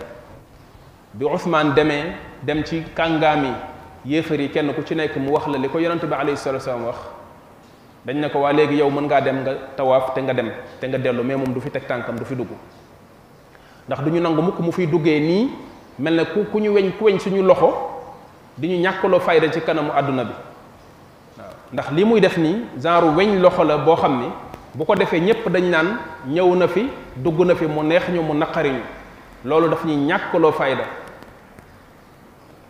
bi Ousmane demee dem ci kàngaami yéefar yi kenn ku ci nekk mu wax la li ko yonente bi alayhi salatu salaam wax dañ ne ko waa léegi yow mën ngaa dem nga tawaaf te nga dem te nga dellu mais moom du fi teg tànkam du fi duggu ndax du ñu nangu mukk mu fiy duggee nii mel ne ku ku ñu weñ ku weñ suñu loxo di ñu ñàkkaloo fayda ci kanamu àdduna bi waaw ndax li muy def nii genre weñ loxo la boo xam ni bu ko defee ñépp dañ naan ñëw na fi dugg na fi mu neex ñu mu naqariñu loolu daf ñuy ñàkkaloo fayda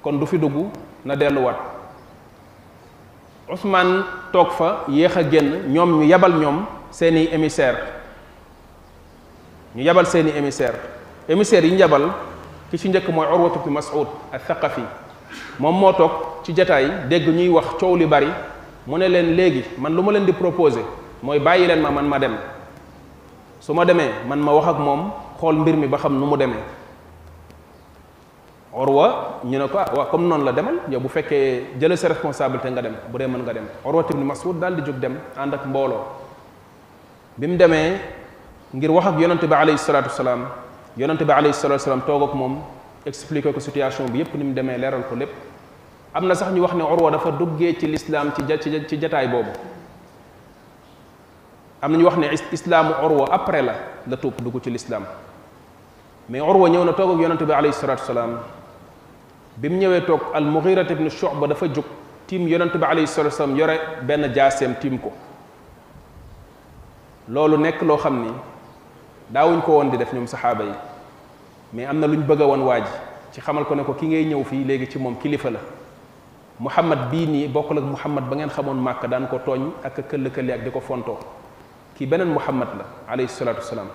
kon du fi dugg na delluwaat Ousmane toog fa yéex a génn ñoom ñu yabal ñoom seeni émissaire ñu yabal seeni émissaire émissaires yi njabal yabal ki ci njëkk mooy Urwatu bi Mas'ud al-Thaqafi moom moo toog ci jataay dégg ñuy wax coow li bari mu ne leen léegi man lu ma leen di proposer mooy bàyyi leen ma man ma dem su ma demee man ma wax ak moom xool mbir mi ba xam nu mu demee orwa ñu ne ko ah, waa comme noonu la demal yow bu fekkee jëlee sa responsabilité nga dem bu dee mën nga dem orwa ibn Mas'ud daal di jóg dem ànd ak mbooloo bi mu demee ngir wax ak yonante bi alayhi salaatu wasalaam yonante bi alayhi salaatu wasalaam toog ak moom expliqué ko situation bi yépp ni mu demee leeral ko lépp am na sax ñu wax ne orwa dafa duggee ci lislaam ci ja ci jataay boobu am nañu wax ne islaamu orwa après la la tuub dugg ci lislaam mais orwa ñëw na toog ak yonente bi alayhi salatu salaam bi mu ñëwee toog al mugirat ibnu shuba dafa jóg tiim yonente bi alayhi salatu salaam yore benn jaaseem tiim ko loolu nekk loo xam ni daawuñ ko woon di def ñoom saxaaba yi mais am na lu ñu bëgg a woon waaj ci xamal ko ne ko ki ngay ñëw fii léegi ci moom kilifa la muhammad bii nii bokkul ak muhammad ba ngeen xamoon màkk daan ko tooñ ak këll këlli ak di ko fontoo kii beneen muhammad la alayhi salaatu wasalaam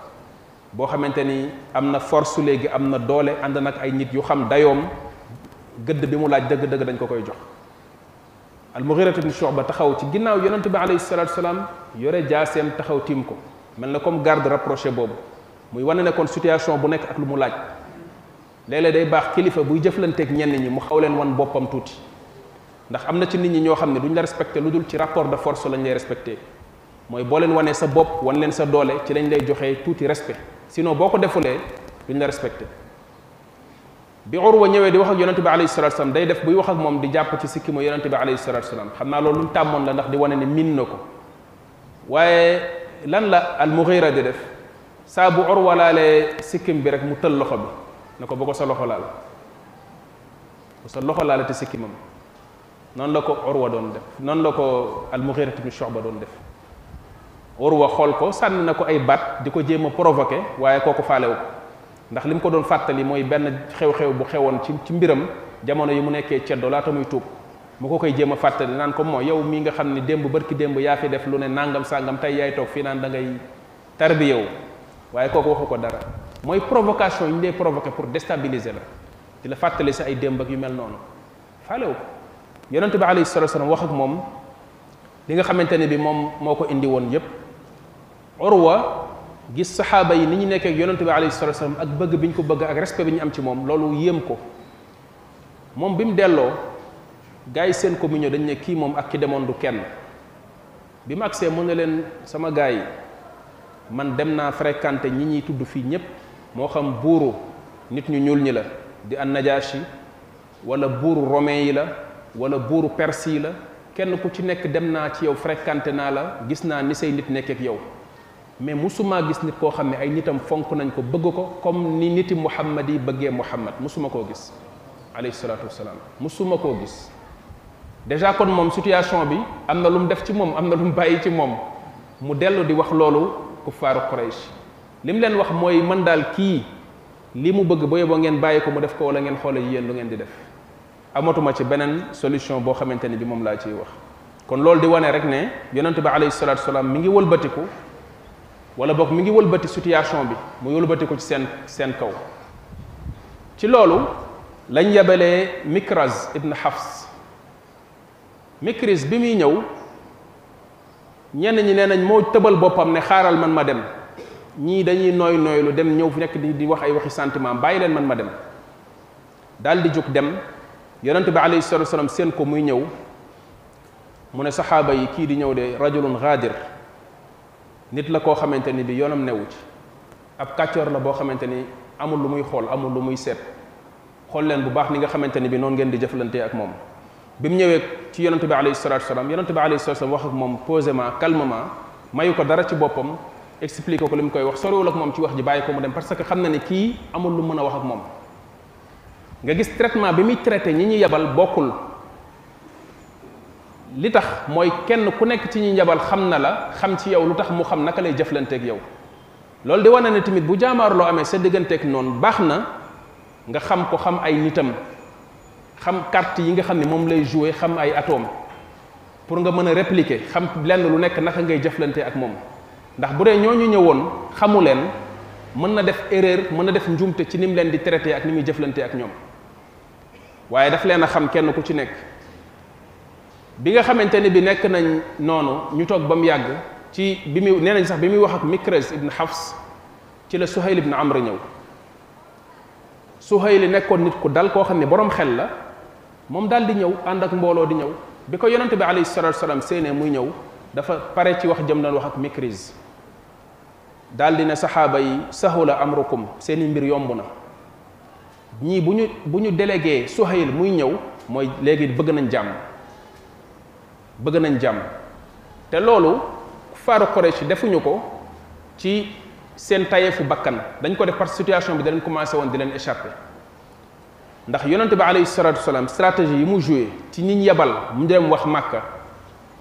boo xamante ni am na force léegi am na doole ànd nag ay nit yu xam dayoom gëdd bi mu laaj dëgg-dëgg dañ ko koy jox almugirat ibn shuba taxaw ci ginnaaw yonent bi alayhi salaatu wasalaam yore jaaseem taxaw tiim ko mel na comme garde rapproché boobu muy wane ne kon situation bu nekk ak lu mu laaj léeg day baax kilifa buy jëflanteeg ñenn ñi mu xaw leen wan boppam tuuti ndax am na ci nit ñi ñoo xam ne duñ la respecté lu dul ci rapport de force lañ lay respecté mooy boo leen wanee sa bopp wan leen sa doole ci lañ lay joxee tuuti respect sinon boo ko defulee duñ la respecté bi Urwa ñëwee di wax ak yonente bi alayhi day def buy wax moom di jàpp ci sikki mu yonente bi alayhi salatu salaam xam naa loolu lu mu tàmmoon la ndax di ne min na ko lan la al Mughira def saa bu Urwa laalee sikkim bi rek mu tël loxo bi ne ko ba ko sa loxo laal ba sa loxo laal te sikkimam noonu la ko Urwa doon def noonu la ko al Mughira ibn doon def Urwa xool ko sànni na ko ay baat di ko jéem a provoqué waaye kooku faalewu ko ndax li mu ko doon fàttali mooy benn xew-xew bu xewoon ci ci mbiram jamono yi mu nekkee ceddo laata muy tuub mu ko koy jéem a fàttali naan ko mooy yow mii nga xam ni démb barki démb yaa fi def lu ne nàngam sàngam tey yaay toog fii naan da ngay tarbiyewu waaye kooku waxu ko dara mooy provocation yi ñu lay provoqué pour déstabiliser la di la fàttali sa ay démb ak yu mel noonu faalewu ko yonente bi alayhi salatu wasalam moom li nga xamante ne bi moom moo ko indi woon yépp Urwa gis saxaaba yi ni ñu nekkee ak yonente bi alayhi salatu wasallam ak bëgg bi ñu ko bëgg ak respect bi ñu am ci moom loolu yéem ko moom bi mu delloo gars yi seen communion dañ ne kii moom ak ki demoon du kenn bi mu agsee mën na leen sama gars yi man dem naa fréquenté ñi ñuy tudd fii ñépp moo xam buuru nit ñu ñuul ñi la di an najashi wala buuru romain yi la wala buuru perse yi la kenn ku ci nekk dem naa ci yow fréquenté naa la gis naa ni say nit nekkeek yow mais musuma gis nit koo xam ne ay nitam fonk nañ ko bëgg ko comme ni niti muhammad yi bëggee muhammad musuma koo gis alayhi salaatu wasalaam musuma koo gis déjà kon moom situation bi am na lu mu def ci moom am na lu bàyyi ci moom mu dellu di wax loolu kuffaaru Quraysh li mu leen wax mooy man daal kii li mu bëgg ba yóbboo ngeen mu def ko wala ngeen yéen lu ngeen di def amatuma ci beneen solution boo xamante ni bi moom laa ciy wax kon loolu di wane rek ne yonente bi alayhi salaatu wasalaam mi ngi wëlbatiku wala boog mi ngi wëlbati situation bi mu wëlbati ko ci seen seen kaw ci loolu lañ yebalee Mikraz ibn Hafs Mikris bi muy ñëw ñenn ñi nee nañ moo tëbal boppam ne xaaral man ma dem ñii dañuy nooy nooylu dem ñëw fi nekk di di wax ay waxi sentiment bàyyi leen man ma dem daal di jóg dem yonente bi alayhi salatu seen ko muy ñëw mu ne saxaaba yi kii di ñëw de rajulun ghadir nit la koo xamante ni bi yoonam newu ci ab kàccoor la boo xamante ni amul lu muy xool amul lu muy seet xool leen bu baax ni nga xamante ni bi noonu ngeen di jëflantee ak moom bi mu ñëwee ci yonente bi alayhi salatu wasalaam yonente bi alayhi salatu wasalaam wax ak moom posément calmement mayu ko dara ci boppam explique ko li mu koy wax soriwul ak moom ci wax ji bàyyi ko mu dem parce que xam na ni kii amul lu mën a wax ak moom nga gis traitement bi muy traité ñi ñu yebal bokkul li tax mooy kenn ku nekk ci ñu njabal xam na la xam ci yow lu tax mu xam naka lay jëflanteeg yow loolu di wane ne tamit bu loo amee sa digganteek noonu baax na nga xam ko xam ay nitam xam carte yi nga xam ne moom lay jouer xam ay atome pour nga mën a répliquer xam lenn lu nekk naka ngay jëflante ak moom ndax bu dee ñooñu ñëwoon xamu leen mën na def erreur mën na def njuumte ci ni mu leen di traité ak ni muy jëflante ak ñoom waaye daf leen xam kenn ku ci nekk. bi nga xamante ne bi nekk nañ noonu ñu toog ba mu yàgg ci bi muy nee nañ sax bi muy wax ak Mikres ibn Hafs ci la Suhayl ibn Amr ñëw Suhayl nekkoon nit ku dal koo xam ne boroom xel la moom daal di ñëw ànd ak mbooloo di ñëw bi ko yonente bi alayhi salatu wasalaam séenee muy ñëw dafa pare ci wax jëm doon wax ak Mikres daal di ne saxaaba yi sahula amrukum seeni mbir yomb na ñii bu ñu bu ñu délégué Suhayl muy ñëw mooy léegi bëgg nañ jàmm bëgg nañ jàmm te loolu faaru Quraysh defuñu ko ci seen tayeefu bakkan dañ ko def par situation bi dañ commencé woon di leen échapper ndax yonente bi alayhi salatu wasalaam stratégie yi mu joué ci ñi ñu yebal mu dem wax màkka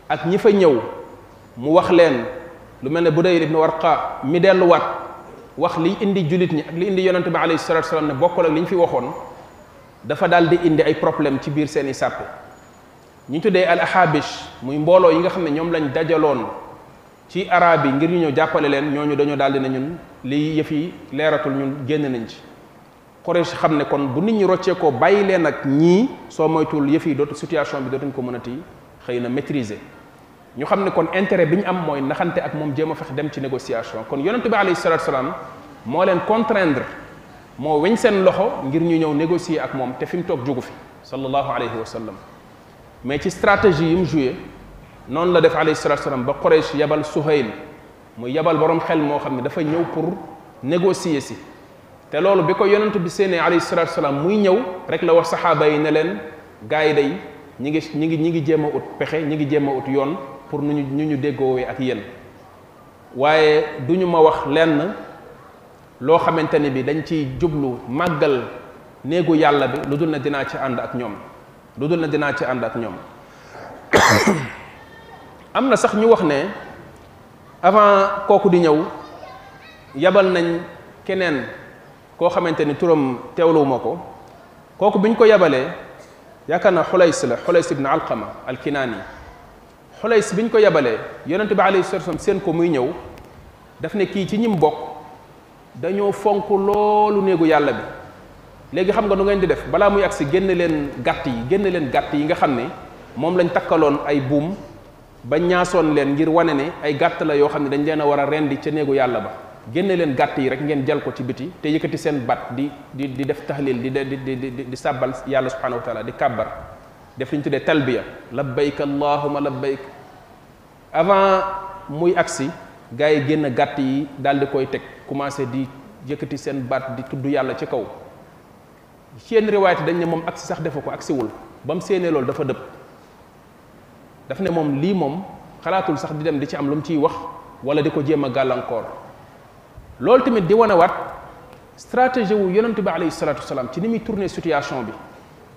ak ñi fa ñëw mu wax leen lu mel ne Budayr war Warqa mi delluwaat wax liy indi jullit ñi ak li indi yonente bi alayhi salatu wasalaam ne bokkul ak li ñu fi waxoon dafa daal di indi ay problème ci biir seeni sàppe ñu tuddee al ahabish muy mbooloo yi nga xam ne ñoom lañ dajaloon ci arab yi ngir ñu ñëw jàppale leen ñooñu dañu daldi ne ñun li yëf leeratul ñun génn nañ ci Quraysh xam ne kon bu nit ñi rocceekoo bàyyi leen ak ñii soo moytuwul yëf yi dootu situation bi dootuñ ko mënati xëy na maîtriser ñu xam ne kon intérêt bi ñu am mooy naxante ak moom jéem a fex dem ci négociation kon yonent bi alayhi salatu salaam moo leen contraindre moo weñ seen loxo ngir ñu ñëw négocier ak moom te fi mu toog jógu fi sallallahu alayhi wa sallam mais ci stratégie yi mu noonu la def alayhi salatu salaam ba Quraysh yabal Suhayl mu yabal borom xel moo xam ne dafa ñëw pour négocier si te loolu bi ko yonent bi séenee alayhi salatu muy ñëw rek la wax saxaaba yi ne leen gars yi day ñi ngi ñi ngi ñi ngi jéem a ut pexe ñi ngi jéem a ut yoon pour nu ñu ñu ñu déggoowee ak yéen waaye du ñu ma wax lenn loo xamante ni bi dañ ciy jublu màggal néegu yàlla bi lu dul na dinaa ci ànd ak ñoom lu dul na dinaa ci ànd ak ñoom am na sax ñu wax ne avant kooku di ñëw yabal nañ keneen koo xamante ni turam teewluwuma ko kooku bi ñu ko yabalee yaakaar na xulays la xulays ibn alqama alkinaani xulays bi ñu ko yabalee yonente bi alayhi salatu wasallam seen ko muy ñëw daf ne kii ci ñim bokk dañoo fonk loolu néegu yàlla bi léegi xam nga nu ngeen di def balaa muy agsi génn leen gàtt yi génn leen gàtt yi nga xam ne moom lañ takkaloon ay buum ba ñaasoon leen ngir wane ne ay gàtt la yoo xam ne dañ leen a war a rendi ca néegu yàlla ba génne leen gàtt yi rek ngeen jal ko ci biti te yëkkati seen bat di di di def tahlil di di di di sàbbal yàlla subhanahu wa taala di kàbbar def li ñu tuddee talbiya labbayk allahuma labbayk avant muy agsi gars yi génn gàtt yi daal di koy teg commencé di yëkkati seen bat di tudd yàlla ci kaw ci yenn riwaayat dañ ne moom agsi sax defu ko agsiwul ba mu séenee loolu dafa dëpp daf ne moom lii moom xalaatul sax di dem di ci am lu mu ciy wax wala di ko jéem a gàllankoor loolu tamit di wanewaat stratégie wu yonent bi alayhi salaatu salaam ci ni muy tourner situation bi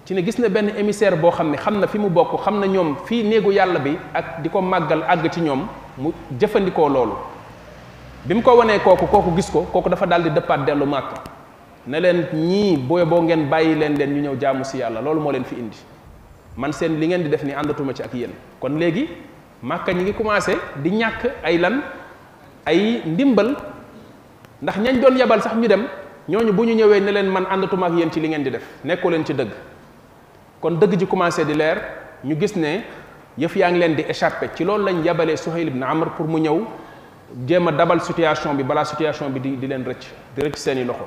ci ne gis na benn émissaire boo xam ne xam na fi mu bokk xam na ñoom fii néegu yàlla bi ak di ko màggal àgg ci ñoom mu jëfandikoo loolu bi mu ko wanee kooku kooku gis ko kooku dafa daal di dëppaat dellu màkk ne leen ñii boo boo ngeen bàyyi leen leen ñu ñëw jaamu si yàlla loolu moo leen fi indi man seen li ngeen di def ni àndatuma ci ak yéen kon léegi màkka ñi ngi commencé di ñàkk ay lan ay ndimbal ndax ñañ doon yebal sax ñu dem ñooñu bu ñu ñëwee ne leen man àndatuma ak yéen ci li ngeen di def nekkoo leen ci dëgg kon dëgg ji commencé di leer ñu gis ne yëf yaa ngi leen di échappé ci loolu lañ yabalee Suhayl ibn Amr pour mu ñëw jéem a dabal situation bi balaa situation bi di di leen rëcc di seeni loxo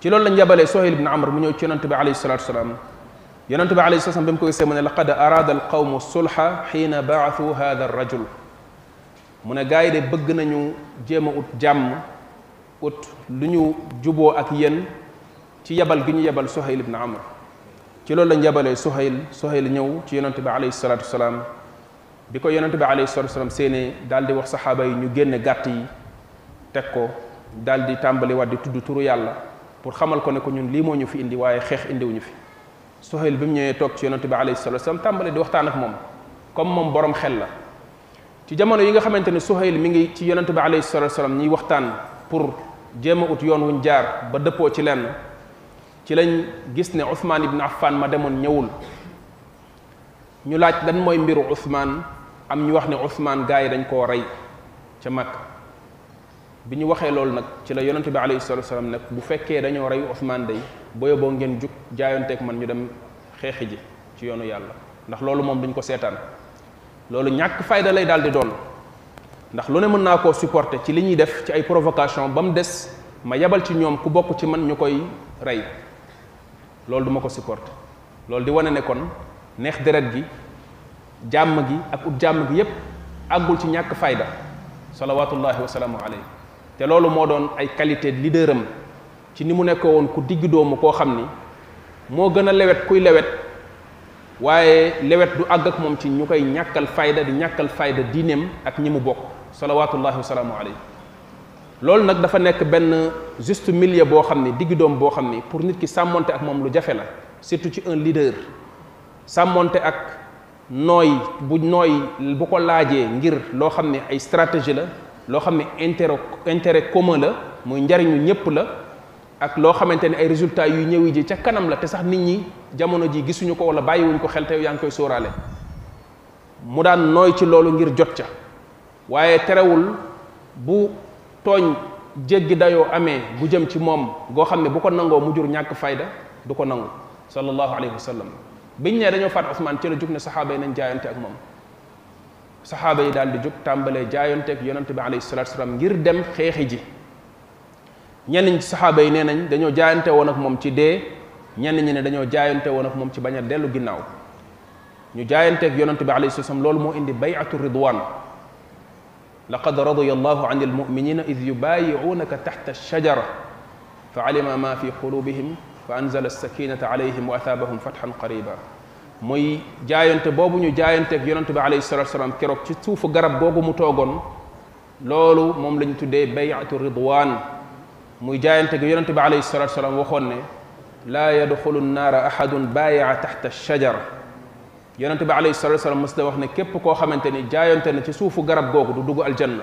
ci loolu lañ yabalee sohayl ibn amr mu ñëw ci yonente bi alayhi salatu wasalaam yonente bi alayhi salaam ba mu ko gisee mu ne laqad araada al qawmu sulha xiina baathu hada ar rajul mu ne gars yi de bëgg nañu jéem a ut jàmm ut lu ñu juboo ak yéen ci yabal gi ñu yabal sohayl ibn amr ci loolu lañ yabalee sohayl sohayl ñëw ci yonente bi alayhi salatu wasalaam bi ko yonente bi alayhi salatu wasalam séenee daal di wax saxaaba yi ñu génne gàtt yi teg ko daldi di tàmbali waat di tudd turu yàlla pour xamal ko ne ko ñun lii moo ñu fi indi waaye xeex indiwuñu fi Suhayl bi mu ñëwee toog ci yonente bi alayhi salatu wasalam di waxtaan ak moom comme moom borom xel la ci jamono yi nga xamante ne Suhayl mi ngi ci yonente bi alayhi salatu wasalam ñiy waxtaan pour jéem a ut yoon wuñ jaar ba dëppoo ci lenn ci lañ gis ne Ousmane ibn Affan ma demoon ñëwul ñu laaj lan mooy mbiru Ousmane am ñu wax ne Ousmane gars yi dañ koo rey ca Makka bi ñu waxee loolu nag ci la yonente bi alayhi salatu wasalaam nag bu fekkee dañoo rey Ousmane day boyo boo ngeen jug jaayanteek man ñu dem xeexi ji ci yoonu yàlla ndax loolu moom duñ ko seetaan loolu ñàkk fayda lay daal di doon ndax lu ne mën naa koo supporter ci li ñuy def ci ay provocation ba mu des ma yabal ci ñoom ku bokk ci man ñu koy rey loolu du ma ko supporte loolu di wane ne kon neex deret gi jàmm gi ak ut jàmm gi yépp àggul ci ñàkk fayda salawatullahi wasalaamu alayhi te loolu moo doon ay qualité leader ci ni mu nekkoo woon ku digg doomu koo xam ni moo gën a lewet kuy lewet waaye lewet du àgg ak moom ci ñu koy ñàkkal fayda di ñàkkal fayda diineem ak ñi mu bokk salawaatullahi wa salaamu alayhi loolu nag dafa nekk benn juste milieu boo xam ne digg doom boo xam ni pour nit ki sàmmoonte ak moom lu jafe la surtout ci un leader sàmmoonte ak nooy bu nooy bu ko laajee ngir loo xam ne ay stratégie la loo xam ne intérêt intérêt commun la muy njariñu ñëpp la ak loo xamante ne ay résultats yuy ñëwi ji ca kanam la te sax nit ñi jamono ji gisuñu ko wala bàyyiwuñ ko xel te yaa ngi koy sooraale mu daan nooy ci loolu ngir jot ca waaye terewul bu tooñ jéggi dayoo amee bu jëm ci moom goo xam ne bu ko nangoo mu jur ñàkk fayda du ko nangu sallallahu alayhi wa sallam biñ ne dañoo faat Ousmane ci la jug ne saxaaba yi nañ jaayante ak moom saxaaba yi daal di jóg tàmbalee jaayanteeg yonante bi alayhi salatu salaam ngir dem xeexi ji ñenn ñi saxaaba yi nee nañ dañoo jaayante woon ak moom ci dee ñenn ne dañoo jaayante woon ak moom ci bañ a dellu ginnaaw ñu jaayanteeg yonante bi alayhi salatu salaam loolu moo indi bayatu ridwan laqad radiya allahu an almuminina id yubayicuunaka taxta alshajara fa alima ma fi qulubihim fa anzala alsakinata alayhim wa athaabahum fatxan qariba muy jaayante boobu ñu jaayanteeg yonente bi alayhi salatu salaam keroog ci suufu garab googu mu toogoon loolu moom lañ tuddee bayatu ridwan muy jaayante gi yonente bi alayhi salatu salaam waxoon ne laa yadxulu nnaara ahadun baaya taxta shajar yonente bi alayhi salatu salaam mës na wax ne képp koo xamante ni jaayante ne ci suufu garab googu du dugg aljanna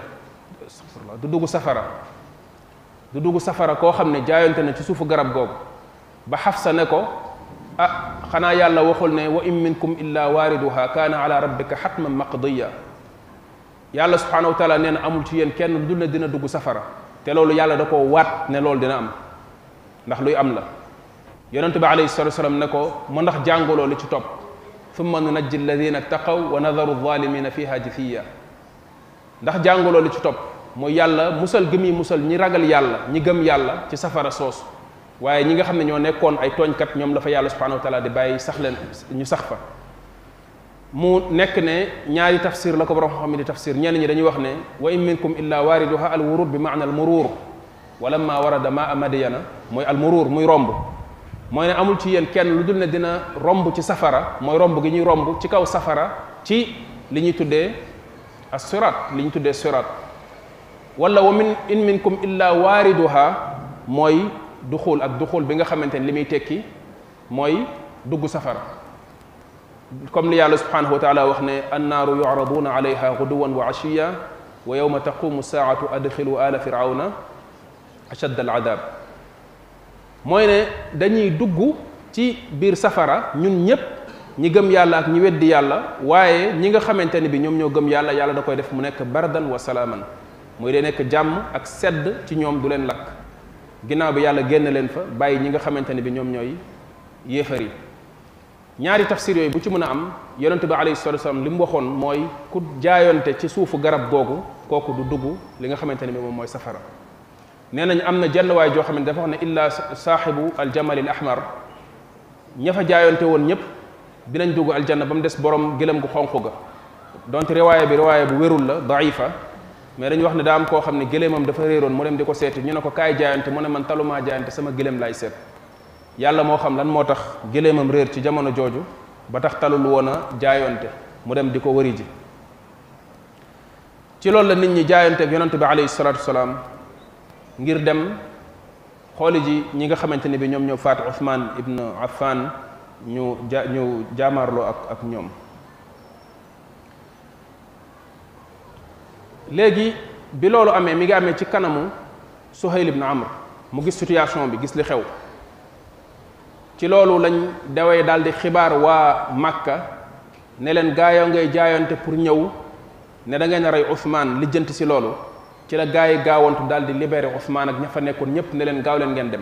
du dugg safara du dugg safara koo xam ne jaayante ne ci suufu garab googu ba xafsa ne ko ah xanaa yàlla waxul ne wa in minkum illa waariduha kaana ala rabbika xatman maqdiya yàlla subhanahu wa taala nee na amul ci yéen kenn lu dul ne dina dugg safara te loolu yàlla da ko waat ne loolu dina am ndax luy am la yonentu bi alayhi salatu wasalam ne ko mu ndax jànguloo li ci topp thumma nunajji alladina taqaw wa nadaru zalimina fiha jithiya ndax jànguloo li ci topp mooy yàlla musal gëm musal ñi ragal yàlla ñi gëm yàlla ci safara soosu waaye ñi nga xam ne ñoo nekkoon ay tooñkat ñoom la fa yàlla subhanahu wa taala di bàyyi sax leen ñu sax fa mu nekk ne ñaari tafsir la ko borom xam ne di tafsir ñenn ñi dañuy wax ne wa in minkum illa al wurud bi maana al muruur wa lamma warada maa madiyana mooy al muruur muy romb mooy amul ci yéen kenn lu dul ne dina romb ci safara mooy romb gi ñuy romb ci kaw safara ci li ñuy tuddee as siraat tuddee siraat wala wa min waariduha mooy duxul ak duxul bi nga xamante ni li muy tekki mooy dugg safara comme li yàlla subhanahu wa taala wax ne annaaru yuraduna alayha guduwan wa ashiya wa yowma taqumu saatu adxilu ala firawna ashadd al adab mooy ne dañuy dugg ci biir safara ñun ñépp ñi gëm yàlla ak ñi weddi yàlla waaye ñi nga xamante ni bi ñoom ñoo gëm yàlla yàlla da koy def mu nekk bardan wa salaaman muy de nekk jàmm ak sedd ci ñoom du leen lakk ginnaaw bi yàlla génn leen fa bàyyi ñi nga xamante ne bi ñoom ñooy yéefar yi ñaari tafsir yooyu bu ci mën a am yonent bi alayhi salatu li mu waxoon mooy ku jaayonte ci suufu garab googu kooku du dugg li nga xamante ne bi moom mooy safara nee nañ am na jenn waay joo xam ne dafa wax ne illa saaxibu aljamal al ahmar ña fa jaayonte woon ñëpp dinañ dugg aljanna ba mu des borom gëlëm gu xonq ga donte riwaaya bi riwaaya bu wérul la daifa mais dañu wax ne daa am koo xam ne gëléemam dafa réeroon mu dem di ko seeti ñu ne ko kaay jaayante mu ne man talumaa jaayante sama gëléem laay seet yàlla moo xam lan moo tax gëléemam réer ci jamono jooju ba tax talul woon a jaayonte mu dem di ko wëri ji ci loolu la nit ñi jaayanteeg yonent bi alayhi salaatu wasalaam ngir dem xooli ji ñi nga xamante ni bi ñoom ñoo faat Ousmane ibn Affan ñu ja ñu jaamaarloo ak ak ñoom léegi bi loolu amee mi ngi amee ci kanamu Suhayl ibn Amr mu gis situation bi gis li xew ci loolu lañ dawee daal di xibaar waa Makka ne leen gaayoo ngay jaayante pour ñëw ne da ngeen a rey Ousmane lijjanti si loolu ci la gaa yi gaawantu daal di libéré Ousmane ak ña fa nekkoon ñëpp ne leen gaaw leen ngeen dem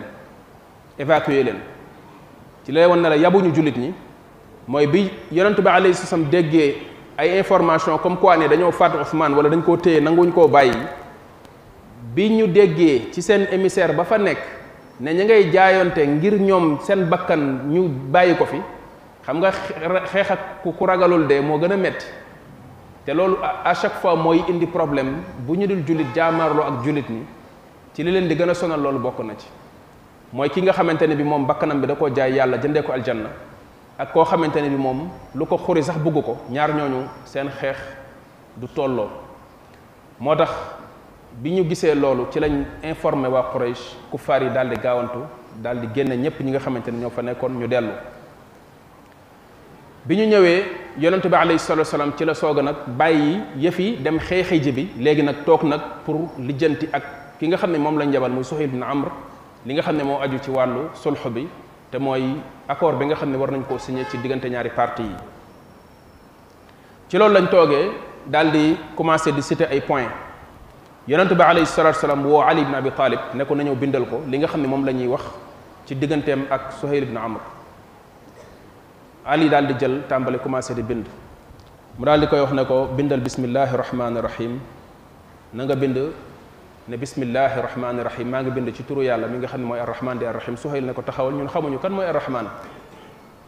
évacuer leen ci lay woon ne la yabuñu jullit ñi mooy bi yonent bi alayhi salaam déggee ay information comme quoi ne dañoo faat Ousmane wala dañ koo téye nanguñ koo bàyyi bi ñu déggee ci seen émissaire ba fa nekk ne ñu ngay jaayonte ngir ñoom seen bakkan ñu bàyyi ko fi xam nga xeex ak ku ragalul dee moo gën a metti te loolu à chaque fois mooy indi problème bu ñu dul jullit jaamaarloo ak jullit ni ci li leen di gën a sonal loolu bokk na ci mooy ki nga xamante ne bi moom bakkanam bi da koo jaay yàlla jëndee ko aljanna ak koo xamante ne bi moom lu ko xuri sax bugg ko ñaar ñooñu seen xeex du tolloo moo tax bi ñu gisee loolu ci lañ informé waa Quraysh kuffaar yi daal di gaawantu daal di génne ñépp ñi nga xamante ne ñoo fa nekkoon ñu dellu bi ñu ñëwee yonent bi alayhi salatu wasalaam ci la soog nag bàyyi yëf yi dem xeexi ji bi léegi nag toog nag pour lijjanti ak ki nga xam ne moom lañ jabal muy Suhayl bin Amr li nga xam ne moo aju ci wàllu sulx bi te mooy accord bi nga xam ne war nañ koo signé ci diggante ñaari parti yi ci loolu lañ toogee daal di commencé di citer ay points yonent bi alayhi salatu salaam woo Ali ibn Abi Talib ne ko na ñëw bindal ko li nga xam ne moom la wax ci digganteem ak Suhayl ibn Amr Ali daal di jël tàmbali commencé di bind mu daal di koy wax ne ko bindal bismillahi rahmaani rahim na bind ne bismillahi rahmaani rahim maa ngi bind ci turu yàlla mi nga xam ne mooy arrahman di arrahim Suhayl ne ko taxawal ñun xamuñu kan mooy arrahman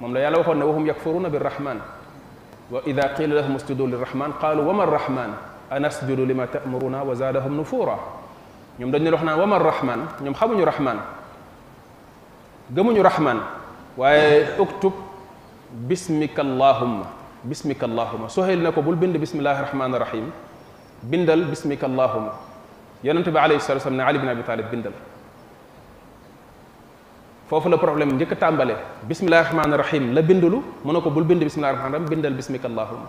moom la yàlla waxoon ne wahum yakfuruna birrahman wa ida qila lahum usjudu lirrahman qaalu wama arrahman anasjudu lima ta'muruna wa zaadahum nufura ñoom dañu wax naan wama arrahman ñoom xamuñu rahman gëmuñu rahman waaye uktub bismika allahumma bismika allahumma Suhayl ne ko bul bind bismillahi rahmaani rahim bindal bismika yonente bi alayhi salatu wasallam ne ali bin abi talib bindal foofu la problème njëkk a tàmbale bismillahi rahmaani rahim la bindulu mu ne ko bul bind bismillahi rahmaani rahim bindal bismika allahumma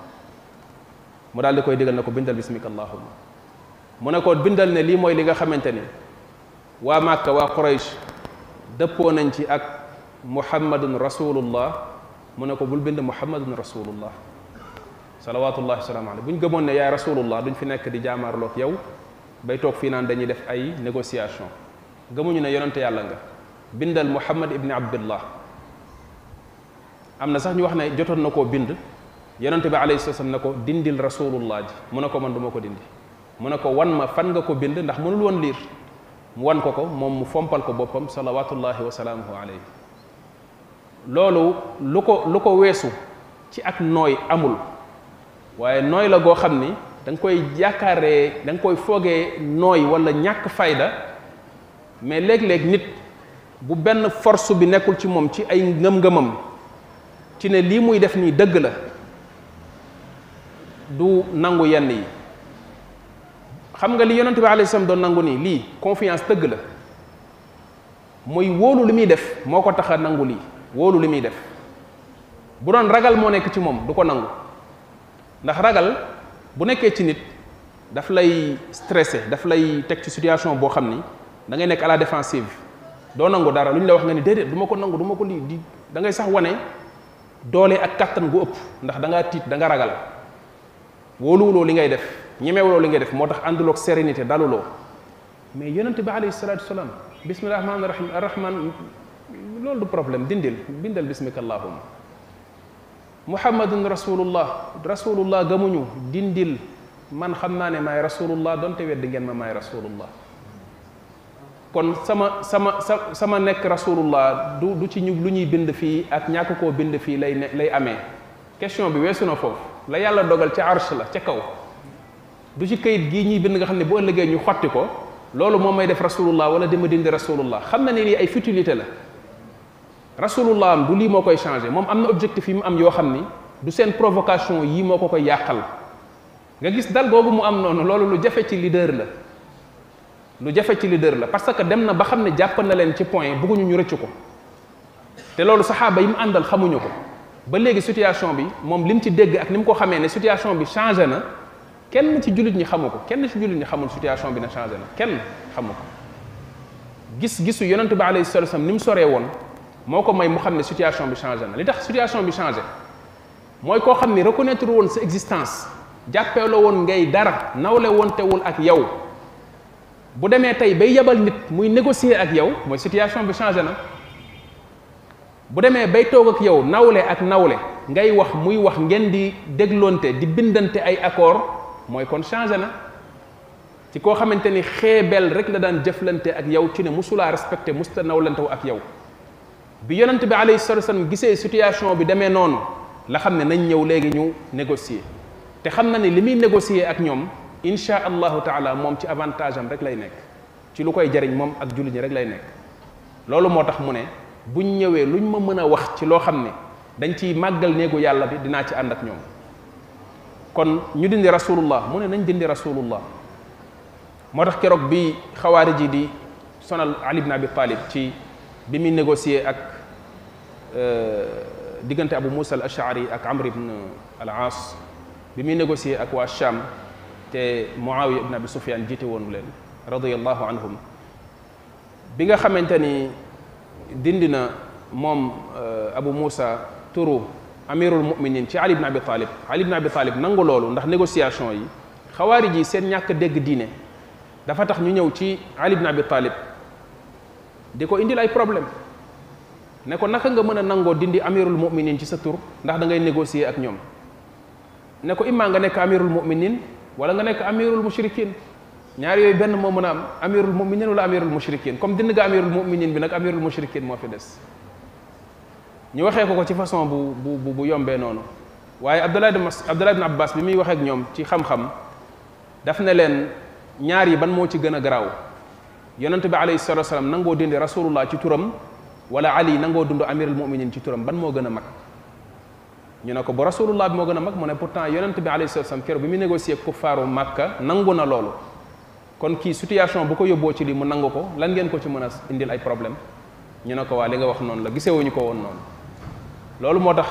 mu daal di koy digal na ko bindal bismika allahumma mu ne ko bindal ne lii mooy li nga xamante ni waa Màkka waa Quraysh dëppoo nañ ci ak muhammadun rasulullah mu ne ko bul bind muhammadun rasulullah salawatullahi wasalaamu alayhi bu ñu gëmoon ne yaay rasulullah duñ fi nekk di jaamaarloog yow bay toog fii naan dañuy def ay négociation gëmuñu ne yonente yàlla nga bindal muhammad ibni abdullah am na sax ñu wax ne jotoon na ko bind yonente bi alayhi salaam na ko dindil rasulullah ji mu ne ko man du ko dindi mu ne ko wan ma fan nga ko bind ndax mënul woon liir mu wan ko ko moom mu fompal ko boppam salawatullahi wa salaamuhu alayhi loolu lu ko lu ko weesu ci ak nooy amul waaye nooy la goo xam ni danga koy yaakaaree danga koy foogee nooy walla ñàkk fayda mais léeg-léeg nit bu benn force bi nekkul ci moom ci ay ngëm-ngëmam ci ne lii muy def nii dëgg la du nangu yenn yi xam nga li yonent bi alayhi salaam doon nangu nii lii confiance dëgg la mooy wóolu li muy def moo ko tax a nangu lii wóolu li muy def bu doon ragal moo nekk ci moom du ko nangu ndax ragal bu nekkee ci nit daf lay stressé daf lay teg ci situation boo xam ni da ngay nekk à la doo nangu dara lu ñu la wax nga ni déedéet du ma ko nangu du ma ko lii di da ngay sax wane doolee ak kattan gu ëpp ndax dangaa tiit da nga ragal wóoluwuloo li ngay def ñemewuloo li ngay def moo tax ànduloo ak sérénité daluloo mais yonent bi alayhi salaatu salaam bismillahi rahmaani rahim arrahman loolu du problème dindil bindal bismika muhammadun rasulullah rasulullah gamuñu dindil man xam naa ne maay rasulullah donte wedd ngeen ma maay rasulullah kon sama sama sa sama nekk rasulullah du du ci ñu lu ñuy bind fii ak ñàkk koo bind fii lay ne lay amee question bi weesu na foofu la yàlla dogal ca arsh la ca kaw du ci kayit gii ñuy bind nga xam ne boo ëllëgee ñu xotti ko loolu moo may def rasulullah wala dima dindi rasulullah xam na ne lii ay futilité la rasulullah am du lii moo koy changé moom am na objectif yi mu am yoo xam ni du seen provocation yii moo ko koy yàqal nga gis dal boobu mu am noonu loolu lu jafe ci leader la lu jafe ci leader la parce que dem na ba xam ne jàpp na leen ci point bëgguñu ñu rëcc ko te loolu saxaaba yi mu àndal xamuñu ko ba léegi situation bi moom li mu ci dégg ak ni mu ko xamee ne situation bi changé na kenn ci jullit ñi xamu ko kenn ci jullit ñi xamul situation bi na changé na kenn xamu ko gis-gisu yonent bi alayhi salaam ni mu soree woon moo ko may mu xam ne situation bi changé na li tax situation bi changé mooy koo xam ni reconnaître woon sa existence jàppee la woon ngay dara nawle wontewul ak yow bu demee tey bay yebal nit muy négocier ak yow mooy situation bi changé na bu demee bay toog ak yow nawle ak nawle ngay wax muy wax ngeen di déglonte di bindante ay accord mooy kon changé na ci koo xamante ni xeebel rek la daan jëflante ak yow ci ne musulaa respecté musta nawlantewu ak yow bi yonent bi alayhi salatu wasallam gisee situation bi demee noonu la xam ne nañ ñëw léegi ñu négocier te xam na ni li muy négocier ak ñoom insha allahu taala moom ci avantage am rek lay nekk ci lu koy jariñ moom ak jullit ñi rek lay nekk loolu moo tax mu ne buñ ñëwee luñ ma mën a wax ci loo xam ne dañ ciy màggal néegu yàlla bi dinaa ci ànd ak ñoom kon ñu dindi rasulullah mu ne nañ dindi rasulullah moo tax keroog bi xawaarij yi di sonal ali ibn ci bi mi négocier ak euh, diggante Abu Moussa al Ashari ak Amr ibn al Aas bi muy négocier ak waa Cham te Muawiya ibn Abi Sufyan jiite woonu leen radiyallahu anhum bi nga xamante ni dindi na moom euh, Abu Moussa turu amirul muminin ci Ali ibn Abi Talib Ali ibn Abi Talib nangu loolu ndax négociation yi xawaarij yi seen ñàkk dégg diine dafa tax ñu ñëw ci Ali ibn Abi Talib di ko indil ay problème ne ko naka nga mën a nangoo dindi amirul muminin ci sa tur ndax dangay ngay ak ñoom ne ko immaa nga nekk amirul muminin wala nga nekk amirul mushrikin ñaar yooyu benn moo mën a am amirul muminin wala amirul mushrikin comme dindi nga amirul muminin bi nag amirul mushrikin moo fi des ñu waxee ko ko ci façon bu bu bu yombee noonu waaye Abdullah ibn Abdullah ibn Abbas bi muy waxee ak ñoom ci xam-xam daf ne leen ñaar ban moo ci gën a garaaw yonent bi alayhi salatu wasalaam nangoo dindi rasulullah ci turam wala ali nangoo dund amirul muminin ci turam ban moo gën a mag ñu ne ko bu rasulullah bi moo gën a mag mu ne pourtant yonent bi alayhi salatu wasalaam keroog bi mu négocier kuffaaru màkka nangu na loolu kon kii situation bu ko yóbboo ci li mu nangu ko lan ngeen ko ci mën a indil ay problème ñu ne ko waa li nga wax noonu la gisewuñu ko woon noonu loolu moo tax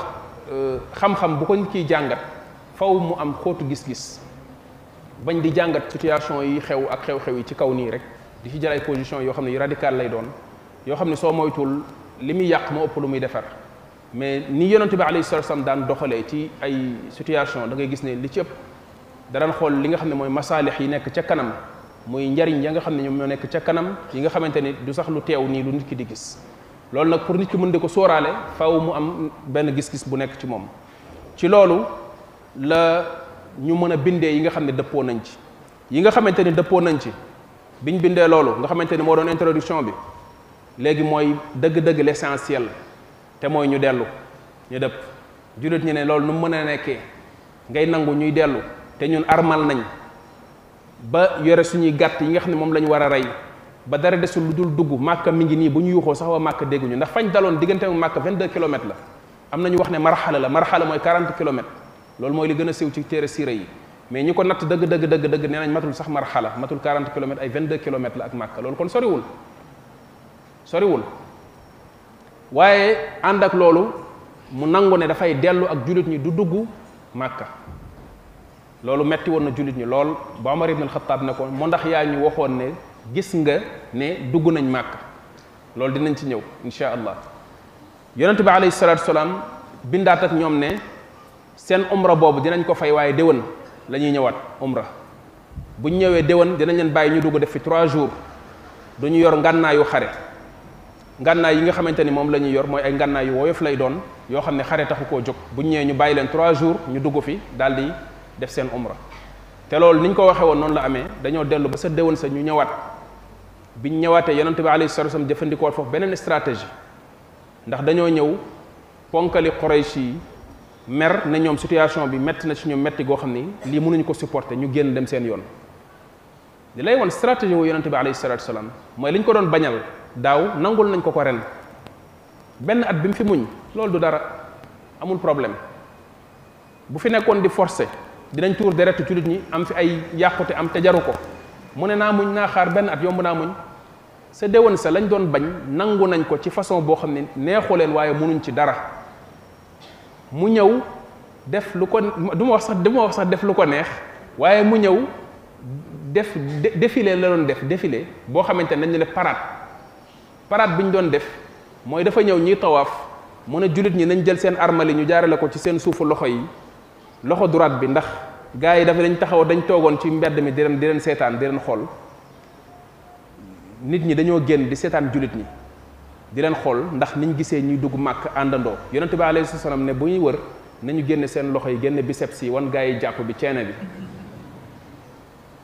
euh, xam-xam bu ko kii jàngat faw mu am xóotu gis-gis bañ di jàngat situation yi xew ak xew-xew yi ci kaw nii rek di ci jël ay position yoo xam ne yu radical lay doon yoo xam ne soo moytuwul li muy yàq moo ëpp lu muy defar mais ni yonente bi alayhi salatu wasallam daan doxalee ci ay situation dangay gis ne li ci ëpp danañ xool li nga xam ne mooy masaalix yi nekk ca kanam muy njariñ ya nga xam ne ñoom ñoo nekk ca kanam yi nga xamante ni du sax lu teew nii lu nit ki di gis loolu nag pour nit ki mën di ko sooraale faw mu am benn gis-gis bu nekk ci moom ci loolu la ñu mën a bindee yi nga xam ne dëppoo nañ ci yi nga xamante ni dëppoo nañ ci bi ñu bindee loolu nga xamante ni moo doon introduction bi léegi mooy dëgg-dëgg l'essentiel te mooy ñu dellu ñu dëpp jullit ñu ne loolu nu mu mën a nekkee ngay nangu ñuy dellu te ñun armal nañ ba yore suñuy gàtt yi nga xam ne moom la ñu war a rey ba dara desul lu dul dugg màkka mi ngi nii bu ñu yuuxoo sax waa màkka dégguñu ndax fañ daloon diggante mu màkka 22 kilomètres la am na ñu wax ne marxala la marxala mooy 40 kilomètres loolu mooy li gën a siiw ci téere siira mais ñi ko natt dëgg dëgg dëgg dëgg nee nañ matul sax marxala matul 40 kilomètres ay 22 kilomètres la ak Màkka loolu kon soriwul waaye ànd ak loolu mu nangu ne dafay dellu ak jullit ñi du dugg Màkka loolu metti woon na jullit ñi lool ba Omar ibn al-Khattab ne ko mu ndax yaa ñu waxoon ne gis nga ne dugg nañ Màkka loolu dinañ ci ñëw insha allah yonent bi alayhi salaatu salaam bindaat ak ñoom ne seen umra boobu dinañ ko fay waaye déwén. lañuy ñuy ñëwaat umra buñ ñu ñëwee déwan dinañ leen bàyyi ñu dugg def fi trois jours du ñu yor ngànnaayu xare ngànnaay yi nga xamante ni moom la ñuy yor mooy ay ngànnaay yu woyof lay doon yoo xam ne xare taxu koo jóg bu ñu ñëwee ñu bàyyi leen trois jours ñu dugg fi daal di def seen umra te loolu ni ko waxee woon noonu la amee dañoo dellu ba sa déwan sa ñu ñëwaat bi ñu ñëwaatee yonente bi alayhi salatu wasallam jëfandikoo foofu beneen stratégie ndax dañoo ñëw ponkali Quraysh yi mer ne ñoom situation bi métti na ci ñoom métti goo xam ni lii mënuñu ko supporter ñu génn dem seen yoon di lay woon stratégie wu yonente bi alayhi salatu mooy li ko doon bañal daaw nangul nañ ko ko ren benn at bi fi muñ loolu du dara amul problème bu fi nekkoon di forcer dinañ tuur deret ci nit ñi am fi ay yàqute am te jaru ko mu naa muñ naa xaar benn at yomb naa muñ sa déwén sa lañ doon bañ nangu nañ ko ci façon boo xam ne neexu leen waaye mënuñ ci dara mu ñëw def lu ko du wax sax du wax sax def lu ko neex waaye mu ñëw def défilé la doon def défilé boo xamante ne dañu ne paraat parade bi ñu doon def mooy dafa ñëw ñuy tawaaf mu ne jullit ñi nañ jël seen armali ñu jaarale ko ci seen suufu loxo yi loxo droite bi ndax gars yi dafa dañ taxaw dañ toogoon ci mbedd mi di leen di leen seetaan di leen xool nit ñi dañoo génn di seetaan jullit ñi di leen xool ndax niñ gisee ñuy dugg màkk àndandoo yonente bi alayhi salaam ne bu ñuy wër nañu génne seen loxo yi génne biceps yi wan gaa yi jàpp bi ceene bi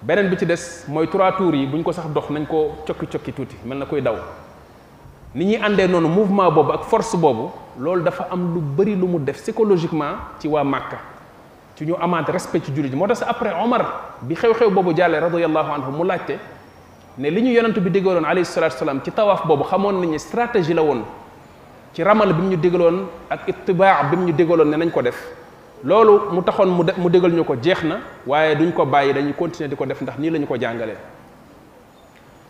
beneen bi ci des mooy trois tours yi bu ñu ko sax dox nañ ko cokki cokki tuuti mel na koy daw ni ñuy àndee noonu mouvement boobu ak force boobu loolu dafa am lu bëri lu mu def psychologiquement ci waa màkka ci ñu amaat respect ci jullit moo tax sa après Omar bi xew-xew boobu jàllee radiyallahu anhu mu laajte ne li ñu yonent bi digaloon alayhi salaatu salaam ci tawaaf boobu xamoon nañu stratégie la woon ci ramal bi mu ñu digaloon ak ittibaa bi mu ñu digaloon ne nañ ko def loolu mu taxoon mu de mu digal ñu ko jeex na waaye duñ ko bàyyi dañuy continuer di ko def ndax nii la ko jàngalee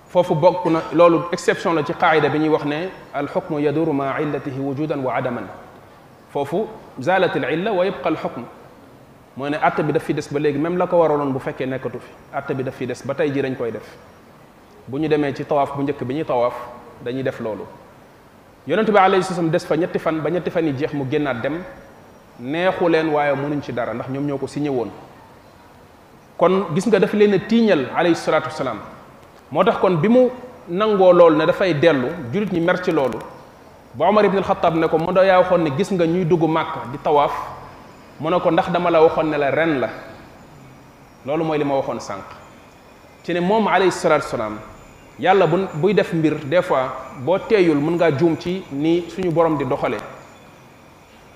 foofu bokk na loolu exception la ci qaayida bi ñuy wax ne al xukmu yaduru maa illatihi wujudan wa adaman foofu zaalat al illa wa yabqa al xukm mooy ne atte bi daf fi des ba léegi même la ko waraloon bu fekkee nekkatu fi atte bi daf des ba tey ji dañ koy def bu ñu demee ci tawaaf bu njëkk bi ñuy tawaaf dañuy def loolu yonent bi alayhi salaam des fa ñetti fan ba ñetti fan yi jeex mu génnaat dem neexu leen waaye mënuñ ci dara ndax ñoom ñoo ko signé woon kon gis nga dafa leen tiiñal alayhi salaatu wasalaam moo tax kon bi mu nangoo loolu ne dafay dellu jurit ñi mer ci loolu ba Omar bi al-Khattab ne ko mu da yaa waxoon ne gis nga ñuy dugg màkk di tawaaf mu ne ko ndax dama la waxoon ne la ren la loolu mooy li ma waxoon sànq ci ne moom alayhi yàlla bu buy def mbir des fois boo teeyul mën ngaa juum ci ni suñu borom di doxalee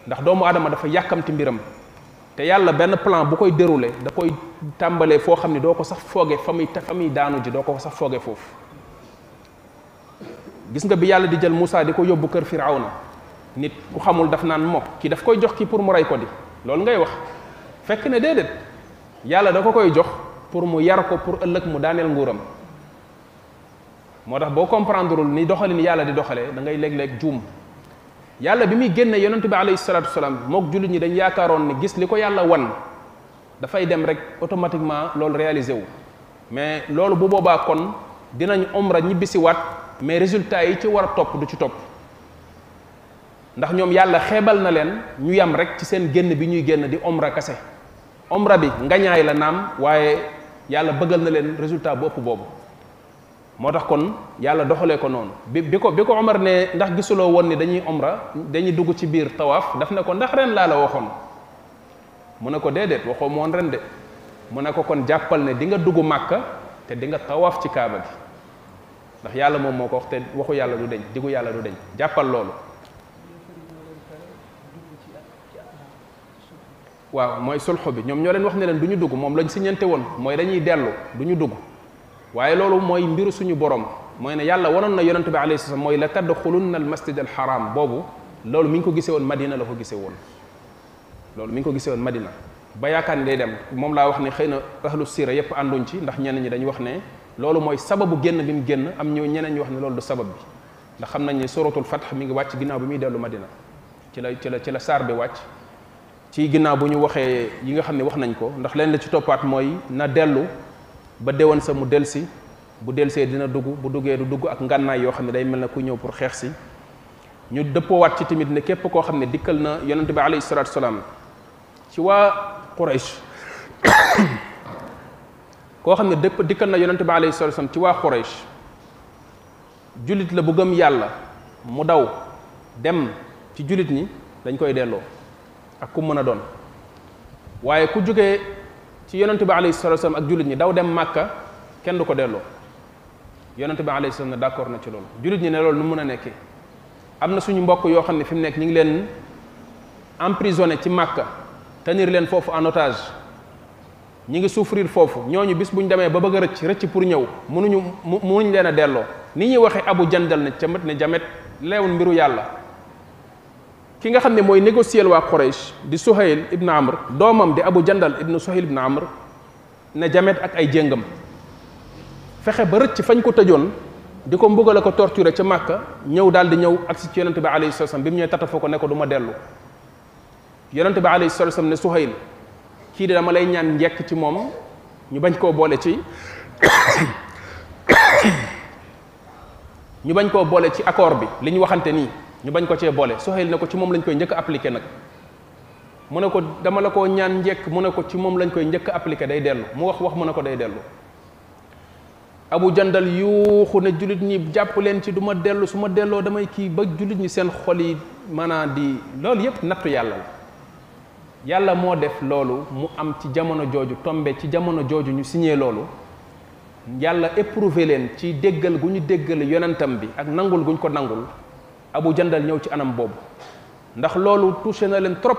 ndax doomu aadama dafa yàkkamti mbiram te yàlla benn plan bu koy dérouler da koy tàmbalee foo xam ne doo ko sax fooge fa muy fa muy daanu ji doo ko sax fooge foofu gis nga bi yàlla di jël Moussa di ko yóbbu kër na nit ku xamul daf naan mo kii daf koy jox kii pour mu rey ko di loolu ngay wax fekk ne déedéet yàlla da ko koy jox pour mu yar ko pour ëllëg mu daaneel nguuram moo tax boo comprendreul ni doxalin yàlla di doxalee da ngay léeg juum yàlla bi muy génne yonent bi alayhi salaatu wasalaam mook jullit ñi dañ yaakaaroon ni gis li ko yàlla wan dafay dem rek automatiquement loolu réalisé wu mais loolu bu boobaa kon dinañ omra ñibbisi waat mais résultat yi ci war a topp du ci topp ndax ñoom yàlla xeebal na leen ñu yam rek ci seen génn bi ñuy génn di omra kase omra bi ngañaay la naam waaye yàlla bëggal na leen résultat bopp boobu moo tax kon yàlla doxalee ko noonu bi bi ko bi ko Omar ne ndax gisuloo woon ni dañuy omra dañuy dugg ci biir tawaaf daf ne ko ndax ren laa la waxoon mu ne ko déedéet waxoo moon ren de mu ne ko kon jàppal ne di nga dugg màkk te di nga tawaaf ci kaaba gi ndax yàlla moom moo ko wax waxu yàlla du deñ digu yàlla du deñ jàppal loolu waaw mooy sulxu bi ñoom ñoo leen wax ne leen du dugg moom lañ si woon mooy dañuy dellu du ñu dugg waaye loolu mooy mbiru suñu borom mooy ne yàlla wanoon na yonent bi alayhi salaam mooy la tadxulunna al masjid al haram boobu loolu mi ngi ko gisee woon madina la ko gisee woon loolu mi ngi ko gisee woon madina ba yaakaar ni day dem moom laa wax ne xëy na ahlu siira yépp ànduñ ci ndax ñeneen ñi dañu wax ne loolu mooy sababu génn bi mu génn am ñëw ñeneen ñu wax ne loolu du sabab bi ndax xam nañ ne suratul fatx mi ngi wàcc ginnaaw bi muy dellu madina ci la ci la ci la saar bi wàcc ci ginnaaw bu ñu waxee yi nga xam ne wax nañ ko ndax leen la ci toppaat mooy na dellu ba déwan sa mu delsi bu delsee dina dugg bu duggee du dugg ak ngànnaay yoo xam ne day mel na ku ñëw pour xeex si ñu dëppoo dëppoowaat ci tamit ne képp koo xam ne dikkal na yonente bi alayhi salaatu salaam ci waa Quraysh koo xam ne dëpp dikkal na yonente bi alayhi salaatu salaam ci waa Quraysh jullit la bu gëm yàlla mu daw dem ci jullit ñi dañ koy delloo ak ku mën a doon waaye ku jógee ci yonente bi alayhi salatu wasallam ak jullit ñi daw dem màkka kenn du ko delloo yonente bi alayhi salaam ne d'accord na ci loolu jullit ñi ne loolu nu mun a nekkee am na suñu mbokk yoo xam ne fi mu nekk ñu ngi leen emprisonné ci màkka tenir leen foofu en otage ñi ngi souffrir foofu ñu bis bu ñu demee ba bëgg a rëcc rëcc pour ñëw mënuñu mënuñ leen a delloo ni ñuy waxee abu jandal ne camat ne jamet leewul mbiru yàlla ki nga xam ne mooy négocier waa Quraysh di Suhayl ibn Amr doomam di Abu Jandal ibn Suhayl ibn Amr ne jamet ak ay jéngam fexe ba rëcc fañ ko tëjoon di ko mbugale ko torturé ca Màkka ñëw daal di ñëw ak si ci yonente bi alayhi salaam bi mu ñëwee tatafoo ko ne ko du ma dellu yonente bi alayhi salaam ne Suhayl kii di dama lay ñaan njekk ci moom ñu bañ koo boole ci ñu bañ koo boole ci accord bi li ñu waxante nii ñu bañ ko cee boole Suhayl ne ko ci moom lañ koy njëkk appliqué nag mu ne ko dama la ko ñaan njekk mu ne ko ci moom lañ koy njëkk appliqué day dellu mu wax wax mu ne ko day dellu abu jandal yuuxu ne jullit ñi jàpp leen ci duma dellu su ma delloo damay kii ba jullit ñi seen xol yi maanaam di loolu yépp nattu yàlla la yàlla moo def loolu mu am ci jamono jooju tombe ci jamono jooju ñu signé loolu yàlla éprouvé leen ci déggal gu ñu déggal yonentam bi ak nangul gu ko nangul abu jandal ñëw ci anam boobu ndax loolu touché na leen trop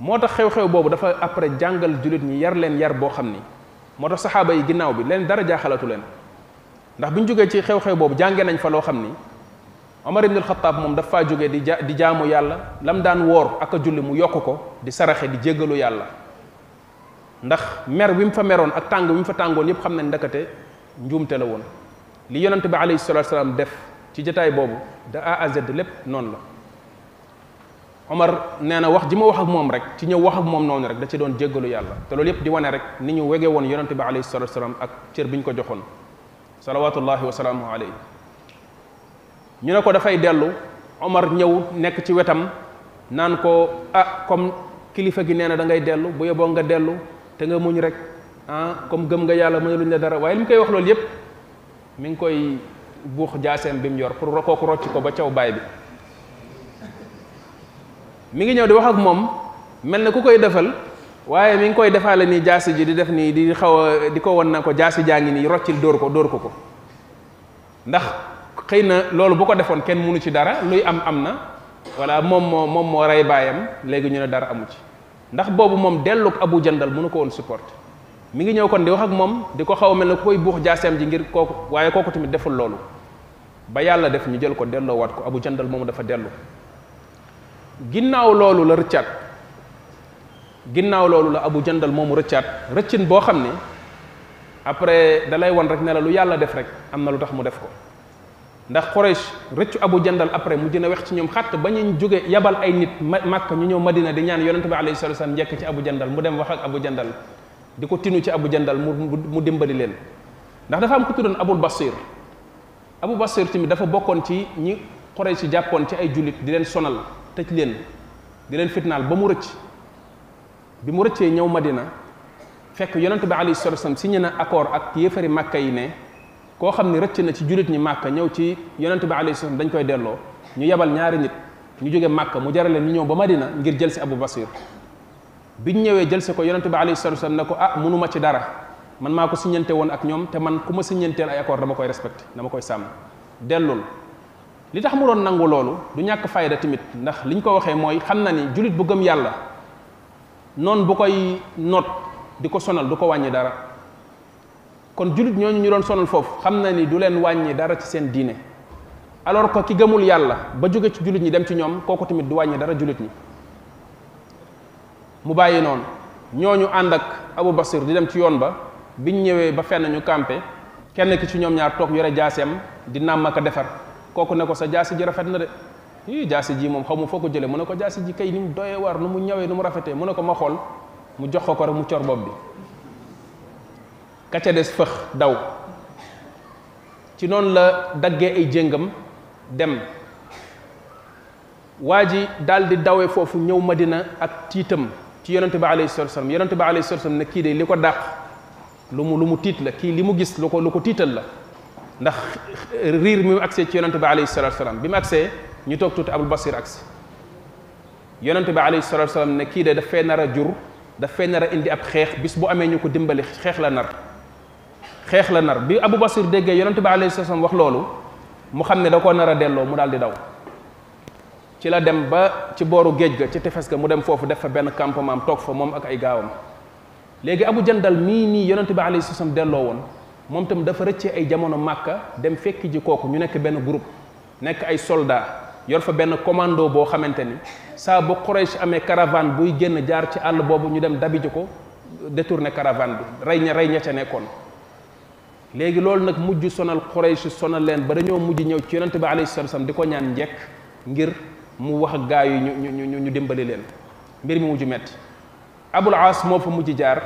moo tax xew-xew boobu dafa après jàngal jullit ñi yar leen yar boo xam ni moo tax saxaaba yi ginnaaw bi leen dara jaaxalatu leen ndax bu ñu jógee ci xew-xew boobu jàngee nañ fa loo xam ni Omar ibn al-Khattab moom dafa faa jógee di ja di jaamu yàlla lam daan woor ak a julli mu yokk ko di saraxe di jéggalu yàlla ndax mer wi mu fa meroon ak tàng wi mu fa tàngoon yépp xam nañ ndakate njuumte la woon li yonente bi alayhi salatu wasalaam def ci jataay boobu da A à lépp noonu la Omar nee na wax ji ma wax ak moom rek ci ñëw wax ak moom noonu rek da ci doon jéggalu yàlla te loolu yëpp di wane rek ni ñu wege woon yonente bi alayhi salatu salaam ak cër bi ñu ko joxoon salawatullahi wa salaamu alayhi ñu ne ko dafay dellu Omar ñëw nekk ci wetam naan ko ah comme kilifa gi nee na da ngay dellu bu yeboo nga dellu te nga muñ rek ah comme gëm nga yàlla mënaluñ la dara waaye li mu koy wax loolu yëpp mi koy buux jaaseem bi mu yor pour kooku rocci ko ba caw baay bi mi ngi ñëw di wax ak moom mel na ku koy defal waaye mi ngi koy defale nii jaasi ji di def nii di xaw a di ko won na ko jaasi jaa ngi nii roccil dóor ko dóor ko ko ndax xëy na loolu bu ko defoon kenn mënu ci dara luy am am na walla moom moo moom moo rey baayam léegi ñu ne dara amu ci ndax boobu moom dellu abu jandal munu ko woon supporter mi ngi ñëw kon di wax ak moom di ko xaw a mel ne koy buux jaaseem ji ngir kooku waaye kooku tamit deful loolu ba yàlla def ñu jël ko delloowaat ko abu jëndal moomu dafa dellu ginnaaw loolu la rëccaat ginnaaw loolu la abu jandal moomu rëccaat rëccin boo xam ne après da lay won rek ne la lu yàlla def rek am na lu tax mu def ko ndax Quraysh rëccu abu jandal après mu dina wex ci ñoom xàtt ba ñu jóge yabal ay nit Makka ñu ñëw Madina di ñaan yonente bi alayhi salatu wasallam njekk ci abu jëndal mu dem wax ak abu jëndal di ko tinu ci abu jandal mu mu dimbali leen ndax dafa am ku tuddoon abul basir abul basir tamit dafa bokkoon ci ñi xore si jàppoon ci ay jullit di leen sonal tëj leen di leen fitnaal ba mu rëcc bi mu rëccee ñëw madina fekk yonent bi alayhi salatu wasallam signé na accord ak yéefari màkka yi ne koo xam ne rëcc na ci jullit ñi màkka ñëw ci yonent bi alayhi salatu wasallam dañ koy delloo ñu yebal ñaari nit ñu jóge màkka mu leen ñu ñëw ba madina ngir jël si abu basir biñ ñëwee jël si ko yonente bi alayhi salatu wasallam ne ko ah mënuma ci dara man maa ko siñante woon ak ñoom te man ku ma siñanteel ay accord dama koy respecté dama koy sàmm dellul li tax mu doon nangu loolu du ñàkk fayda tamit ndax li ñu ko waxee mooy xam na ni julit bu gëm yàlla noonu bu koy noot di ko sonal du ko wàññi dara kon julit ñoo ñu doon sonal foofu xam na ni du leen wàññi dara ci seen diine alors que ki gëmul yàlla ba jóge ci julit ñi dem ci ñoom kooku tamit du wàññi dara julit ñi mu bàyyi noonu ñoo ñu ànd ak Abu Basir di dem ci yoon ba biñ ñëwee ba fenn ñu campé kenn ki ci ñoom ñaar toog yore jaaseem di nàmm ak defar kooku ne ko sa jaasi ji rafet na de ii jaasi ji moom xaw ma foo ko jëlee mu ne ko jaasi ji kay ni mu doyee war nu mu ñawee nu mu rafetee mu ne ko ma xool mu jox ko ko rek mu cor bopp bi ka ca des fëx daw ci noonu la daggee ay jéngam dem waa ji daal di dawee foofu ñëw ma dina ak tiitam ci yonente bi alayhi salatu wasallam yonente bi alayhi salatu wasallam ne kii de li ko dàq lu mu lu mu tiit la kii li mu gis lu ko lu ko tiital la ndax riir mi mu agsee ci yonente bi alayhi salatu wasallam bi mu ñu toog tuuti abul basir agsi yonente bi alayhi salatu ne kii de daf nar a jur dafay nar a indi ab xeex bis bu amee ñu ko dimbali xeex la nar xeex la nar bi abu basir déggee yonente bi alayhi salatu wasallam wax loolu mu xam ne da koo nar a delloo mu daal di daw ci la dem ba ci booru géej ga ci tefes ga mu dem foofu def fa benn campement am toog fa moom ak ay gaawam léegi abu jandal mii nii yonente bi alayhi salaam delloo woon moom itam dafa rëccee ay jamono màkka dem fekki ji kooku ñu nekk benn groupe nekk ay soldat yor fa benn commando boo xamante ni saa ba Quraysh amee caravane buy génn jaar ci àll boobu ñu dem dabi ko détourné caravane bi rey rey ña ca nekkoon léegi loolu nag mujj sonal Quraysh sonal leen ba dañoo mujj ñëw ci yonente bi alayhi salaam di ko ñaan njekk ngir mu wax gaa yi ñu ñu ñu ñu dimbali leen mbir mi mujj mett abul aas moo fa mujj jaar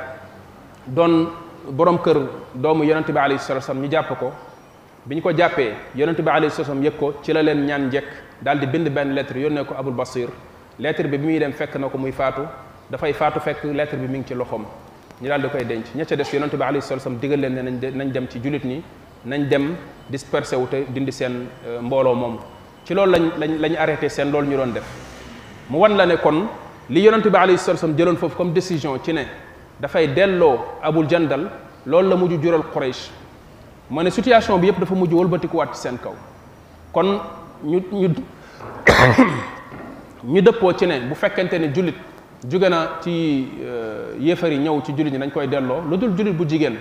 doon borom kër doomu yonente bi alayhi salatu wasallam ñu jàpp ko bi ñu ko jàppee yonente bi alayhi salatu wasallam yëg ko ci la leen ñaan njëkk daal di bind benn lettre yónnee ko abul basir lettre bi bi muy dem fekk na ko muy faatu dafay faatu fekk lettre bi mu ngi ci loxoom ñu daal di koy denc ña ca des yonente bi alayhi salatu wasallam digal leen ne nañ nañ dem ci jullit ni nañ dem dispersé wu dindi seen euh, mbooloo moomu ci loolu lañ lañ lañ arrêté seen loolu ñu doon def mu wan la ne kon li yonente bi alayhi salatu wasallam jëloon foofu comme décision ci ne dafay delloo abul jandal loolu la mujj jural Quraysh ma ne situation bi yëpp dafa mujj wëlbatikuwaat ci seen kaw kon ñu ñu ñu dëppoo ci ne bu fekkente ne jullit jóge na ci euh, yéefar ñëw ci jullit ñi dañ koy delloo lu dul jullit bu jigéen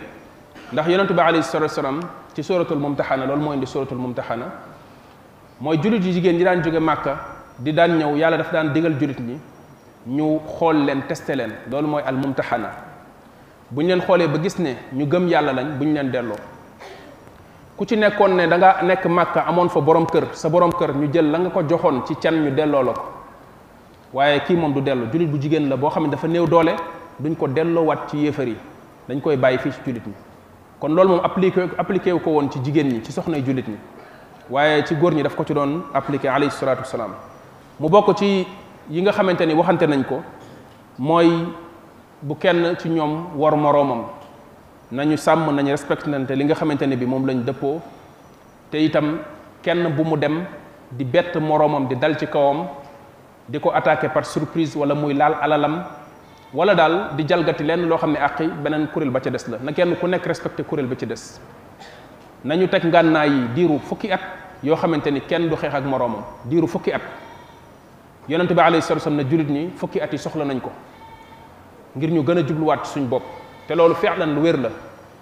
ndax yonente bi alayhi salatu wasallam ci suratul mumtaxana loolu moo indi suratul mumtaxana mooy jullit yu jigéen ñi daan jóge màkka di daan ñëw yàlla dafa daan diggal jullit ñi ñu xool leen teste leen loolu mooy al mumtaxana bu ñu leen xoolee ba gis ne ñu gëm yàlla lañ bu ñu leen delloo ku ci nekkoon ne da nekk màkka amoon fa borom kër sa borom kër ñu jël la nga ko joxoon ci can ñu delloo la ko waaye kii moom du dellu jullit bu jigéen la boo xam ne dafa néew doole duñ ko delloowaat ci yéefar yi dañ koy bàyyi fii ci jullit ñi kon loolu moom appliqué appliqué wu ko ci jigéen ñi ci soxnay jullit ñi waaye ci góor ñi daf ko ci doon appliqué alayhi salaatu wasalaam mu bokk ci yi nga xamante ni waxante nañ ko mooy bu kenn ci ñoom war moroomam nañu sàmm nañu respecté li nga xamante ne bi moom lañu dëppoo te itam kenn bu mu dem di bett moroomam di dal ci kawam di ko attaqué par surprise wala muy laal alalam wala daal di jalgati lenn loo xam ne àqi beneen kuréel ba ca des la na kenn ku nekk respecté kuréel ba ci des nañu teg ngànnaay yi diiru fukki at yoo xamante ni kenn du xeex ak moroomam diiru fukki at yonent bi alayhi salatu wasallam ne jullit ñi fukki at yi soxla nañ ko ngir ñu gën a jubluwaat suñ bopp te loolu fi'lan lu wér la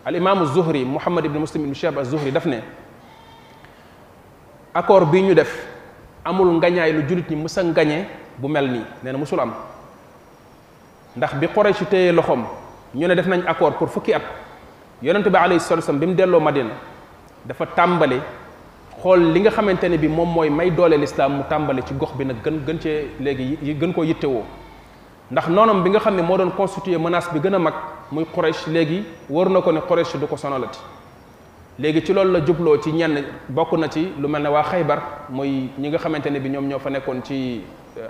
al imaamu zuhri muhammad ibn muslim ibn shihab az-zuhri daf ne accord bii ñu def amul ngañaay lu jullit ñi mës a ngañe bu mel nii nee na mësul am ndax bi Quraysh téye loxoom ñu ne def nañ accord pour fukki at yonent bi alayhi salatu wasallam bi mu delloo Madina dafa tàmbali xool li nga xamante ne bi moom mooy may doole lislaam mu tàmbali ci gox bi nag gën gën cee léegi yi gën koo yittewoo ndax noonam bi nga xam ne moo doon constituer menace bi gën a mag muy Quraysh léegi war na ko ne Quraysh du ko sonalati léegi ci loolu la jubloo ci ñenn bokk na ci lu mel ne waa Xaybar muy ñi nga xamante ne bi ñoom ñoo fa nekkoon ci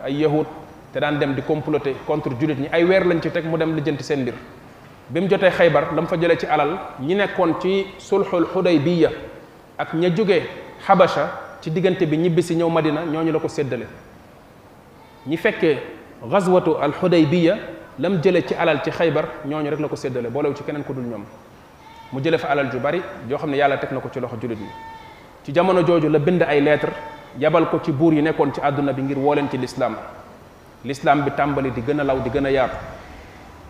ay yahud te daan dem di comploter contre jullit ñi ay weer lañ ci teg mu dem lijjanti seen mbir bi mu jotee xaybar la mu fa jëlee ci alal ñi nekkoon ci sulxul xudaybiya ak ña jóge xabasha ci diggante bi ñibbi si ñëw madina ñooñu la ko séddale ñi fekkee gazwatu al xudaybiya la mu jëlee ci alal ci xaybar ñooñu rek la ko séddale boolewu ci keneen ko dul ñoom mu jële fa alal ju bari joo xam ne yàlla teg na ko ci loxo jullit yi ci jamono jooju la bind ay lettre yabal ko ci buur yi nekkoon ci àdduna bi ngir woo leen ci lislaam lislaam bi tàmbali di gën a law di gën a yaatu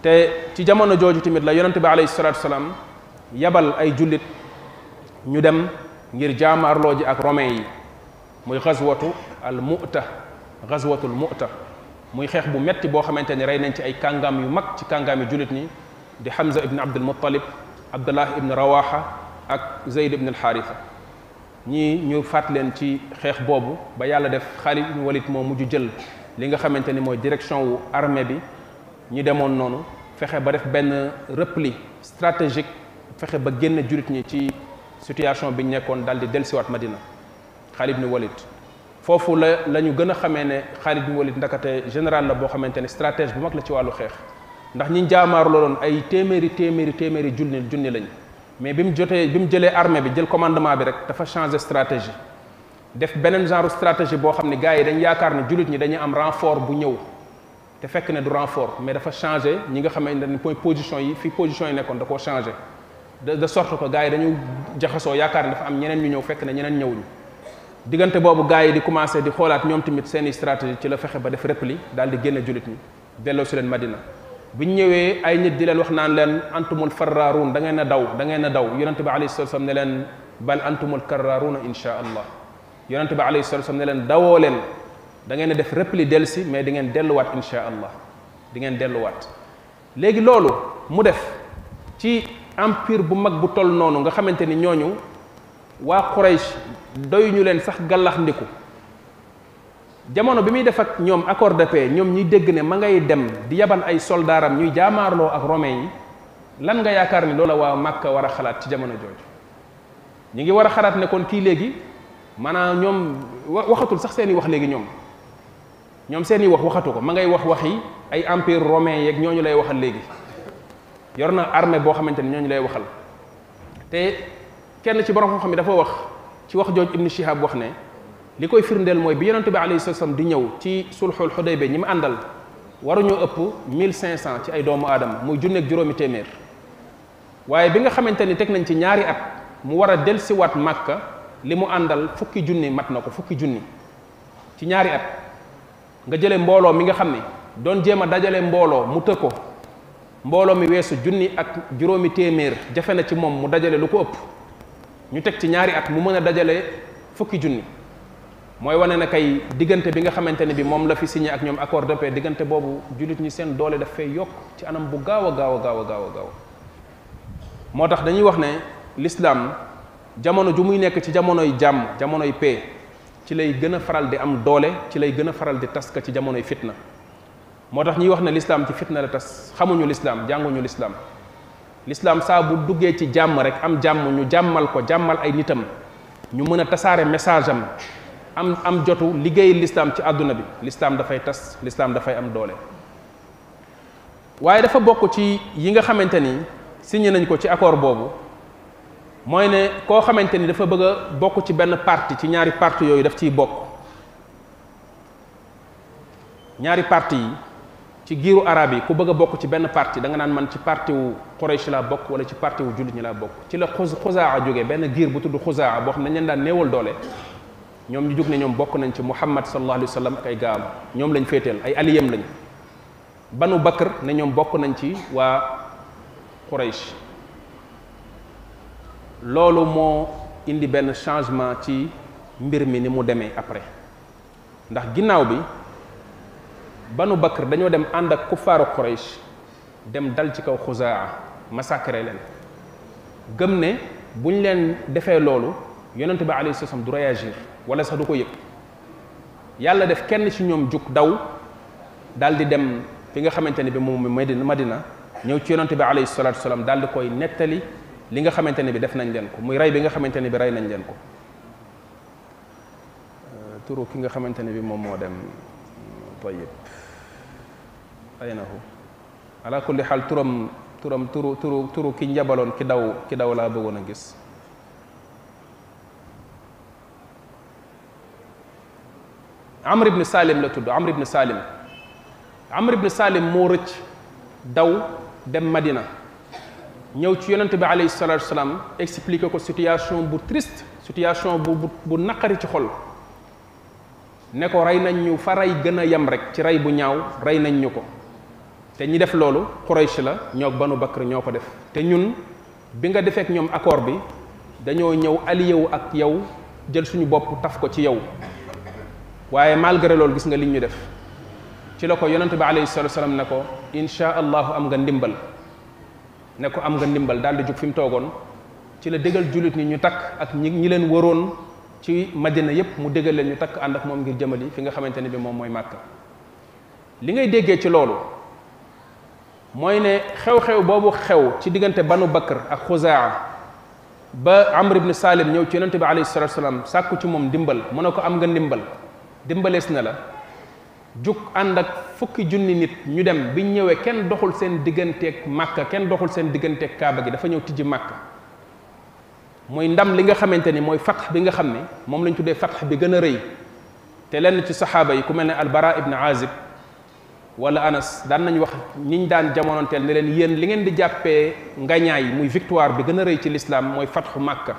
te ci jamono jooju tamit la yonente bi alayhi salatu wasalaam yabal ay jullit ñu dem ngir jaamaarloo ji ak romain yi muy xaswatu al mu'ta xaswatul mu'ta muy xeex bu metti boo xamante ne rey nañ ci ay kàngam yu mag ci kàngaam yu jullit ni di Hamza ibn Abdul Muttalib Abdullah ibn Rawaha ak Zayd ibn al-Haritha ñii ñu faat leen ci xeex boobu ba yàlla def Xaalid ibn Walid moo mujj jël li nga xamante ni mooy direction wu armée bi ñi demoon noonu fexe ba def benn repli stratégique fexe ba génn jurit ñi ci situation bi ñu nekkoon daal di dellusiwaat Madina Xaalid ibn Walid foofu la la ñu gën a xamee ne Xaalid ibn walit ndakate général la boo xamante ne stratège bu mag la ci wàllu xeex ndax ñi jaamaar looloon ay téeméeri téeméeri téeméeri junni junni lañ mais bi mu jotee bi mu jëlee armée bi jël commandement bi rek dafa changé stratégie def beneen genre stratégie boo xam ne gars yi dañ yaakaar ne jullit ñi dañuy am renfort bu ñëw te fekk ne du renfort mais dafa changé ñi nga xamante ne point position yi fi position yi nekkoon da koo changé de sorte que gars yi dañuy jaxasoo yaakaar ne dafa am ñeneen ñu ñëw fekk ne ñeneen ñëwuñu diggante boobu gars yi di commencé di xoolaat ñoom tamit seeni stratégie ci la fexe ba def repli daal di génne jullit ñi delloo si leen madina bu ñu ñëwee ay nit di leen wax naan leen antumul farraaruun da ngeen daw dangeen ngeen daw yonente bi alayhi salatu wasallam ne leen bal antumul karraaruuna insha allah yonente bi alayhi salatu wasallam ne leen dawoo leen da ngeen def repli dellu si mais di ngeen delluwaat insha allah di ngeen delluwaat léegi loolu mu def ci empire bu mag bu toll noonu nga xamante ni ñooñu waa Quraysh doyuñu leen sax gàllax jamono bi muy def ak ñoom accord de paix ñoom ñuy dégg ne ma ngay dem di yabal ay soldaaram ñuy jaamaarloo ak romain yi lan nga yaakaar ni loola waa Makka war a xalaat ci jamono jooju ñu ngi war a xalaat ne kon kii léegi maanaam ñoom waxatul sax seeni wax léegi ñoom ñoom seeni wax waxatu ko ma ngay wax waxi ay empire romain yeeg ñooñu lay waxal léegi yor na armée boo xamante ni ñu lay waxal te kenn ci borom xam-xam yi dafa wax ci wax jooj ibnu Shihab wax ne li koy firndeel mooy bi yonente bi alayhi salaam di ñëw ci sulxul Xudaybiya ñi mu àndal waruñoo ëpp 1500 ci ay doomu aadama muy junneeg juróomi téeméer waaye bi nga xamante ni teg nañ ci ñaari at mu war a dellusiwaat makka li mu àndal fukki junni mat na ko fukki junni ci ñaari at. nga jëlee mbooloo mi nga xam ni doon jéem a dajale mbooloo mu të ko mbooloo mi weesu junni ak juróomi téeméer jafe na ci moom mu dajale lu ko ëpp ñu teg ci ñaari at mu mën a dajale fukki junni mooy wane na kay diggante bi nga xamante ne bi moom la fi signé ak ñoom accord de paix diggante boobu jullit ñi seen doole daf fay yokk ci anam bu gaaw a gaaw a gaaw gaaw a gaaw moo tax dañuy wax ne l'islam jamono ju muy nekk ci jamonoy jàmm jamonoy paix ci lay gën a faral di am doole ci lay gën a faral di tas ka ci jamonoy fitna moo tax ñuy wax na lislaam ci fitna la tas xamuñu lislaam jànguñu lislaam lislaam saa bu duggee ci jàmm rek am jàmm ñu jàmmal ko jàmmal ay nitam ñu mën a tasaare message am am am jotu liggéey lislaam ci àdduna bi lislaam dafay tas lislaam dafay am doole waaye dafa bokk ci yi nga xamante ni signé nañ ko ci accord boobu mooy ne koo xamante ni dafa bëgg a bokk ci benn parti ci ñaari parti yooyu daf ciy bokk ñaari parti yi ci giiru arab yi ku bëgg bokk ci benn parti da nga naan man ci parti wu Quraysh laa bokk wala ci parti wu jullit ñi laa bokk ci la xus xuzaa jóge benn giir bu tudd xuzaa boo xam ne dañ daan néewal doole ñoom ñu jóg ne ñoom bokk nañ ci Muhammad sallallahu alayhi wa sallam ak ay gaam ñoom lañ féeteel ay aliyem lañ banu Bakr ne ñoom bokk nañ ci waa Quraysh loolu moo indi benn changement ci mbir mi ni mu demee après ndax ginnaaw bi banu Bakr dañoo dem ànd ak kuffaaru Quraysh dem dal ci kaw Xuzaa massacré leen gëm ne bu ñu leen defee loolu yonent bi alayhi salaam du réagir wala sax du ko yëg yàlla def kenn ci ñoom jug daw daal di dem fi nga xamante ne bi moom dina ñëw ci yonent bi alayhi salaatu wa salaam daal di koy nettali. li nga xamante ne bi def nañ leen ko muy rey bi nga xamante ne bi rey nañ leen ko euh, turu ki nga xamante ne bi moom moo dem tayib aynahu ala kulli xaal turam turam turu turu turu ki njabaloon ki daw ki daw laa bëggoon a gis amr ibn salim la tudd amr ibn salim amr ibn salim moo rëcc daw dem madina ñëw ci yonent bi alayhi salaatu salaam expliqué ko situation bu triste situation bu bu naqari ci xol ne ko rey nañ ñu fa rey gën a yem rek ci rey bu ñaaw rey nañ ñu ko te ñi def loolu Quraysh la ñoo Banu Bakr ñoo ko def te ñun bi nga defeek ñoom accord bi dañoo ñëw allié wu ak yow jël suñu bopp taf ko ci yow waaye malgré loolu gis nga liñ ñu def ci la ko yonent bi alayhi salaatu ne ko incha allahu am nga ndimbal. ne ko am nga ndimbal daal di jug fi mu toogoon ci la dégal jullit ni ñu takk ak ñi ñi leen waroon ci madina yépp mu dégal leen ñu takk ànd ak moom ngir jëmali fi nga xamante ne bi moom mooy màkk li ngay déggee ci loolu mooy ne xew-xew boobu xew ci diggante banu bakr ak xuzaa ba amr ibn salim ñëw ci yonente bi alayhi salatu wasalaam sàkku ci moom ndimbal mu ne ko am nga ndimbal dimbalees na la jug ànd ak fukki junni nit ñu dem biñ ñëwee kenn doxul seen digganteeg màkka kenn doxul seen digganteek kaaba gi dafa ñëw tijji màkka mooy ndam li nga xamante ni mooy fatx bi nga xam ne moom lañ tuddee fatx bi gën a rëy te lenn ci saxaaba yi ku mel ne albara ibn azib wala anas daan nañu wax ñiñ daan jamonoonteel ne leen yéen li ngeen di jàppee ngañaay muy victoire bi gën a rëy ci lislaam mooy fatxu màkka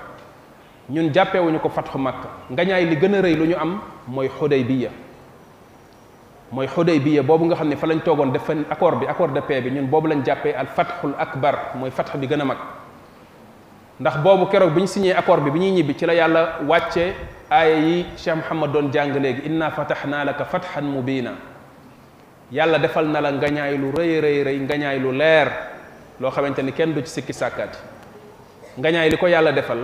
ñun jàppewuñu ko fatxu màkka ngañaay li gën a rëy lu ñu am mooy xudaybiya mooy Xudaybiya boobu nga xam ne fa lañ toogoon def fa accord bi accord de paix bi ñun boobu lañ jàppee al fatxul akbar mooy fatx bi gën a mag ndax boobu keroog bi ñu signé accord bi bi ñuy ñibbi ci la yàlla wàcce aaya yi Cheikh Mouhamad doon jàng léegi inna fataxnaa laka fatxan mubina yàlla defal na la ngañaay lu rëy rëy rëy ngañaay lu leer loo xamante ni kenn du ci sikki sàkkaati ngañaay li ko yàlla defal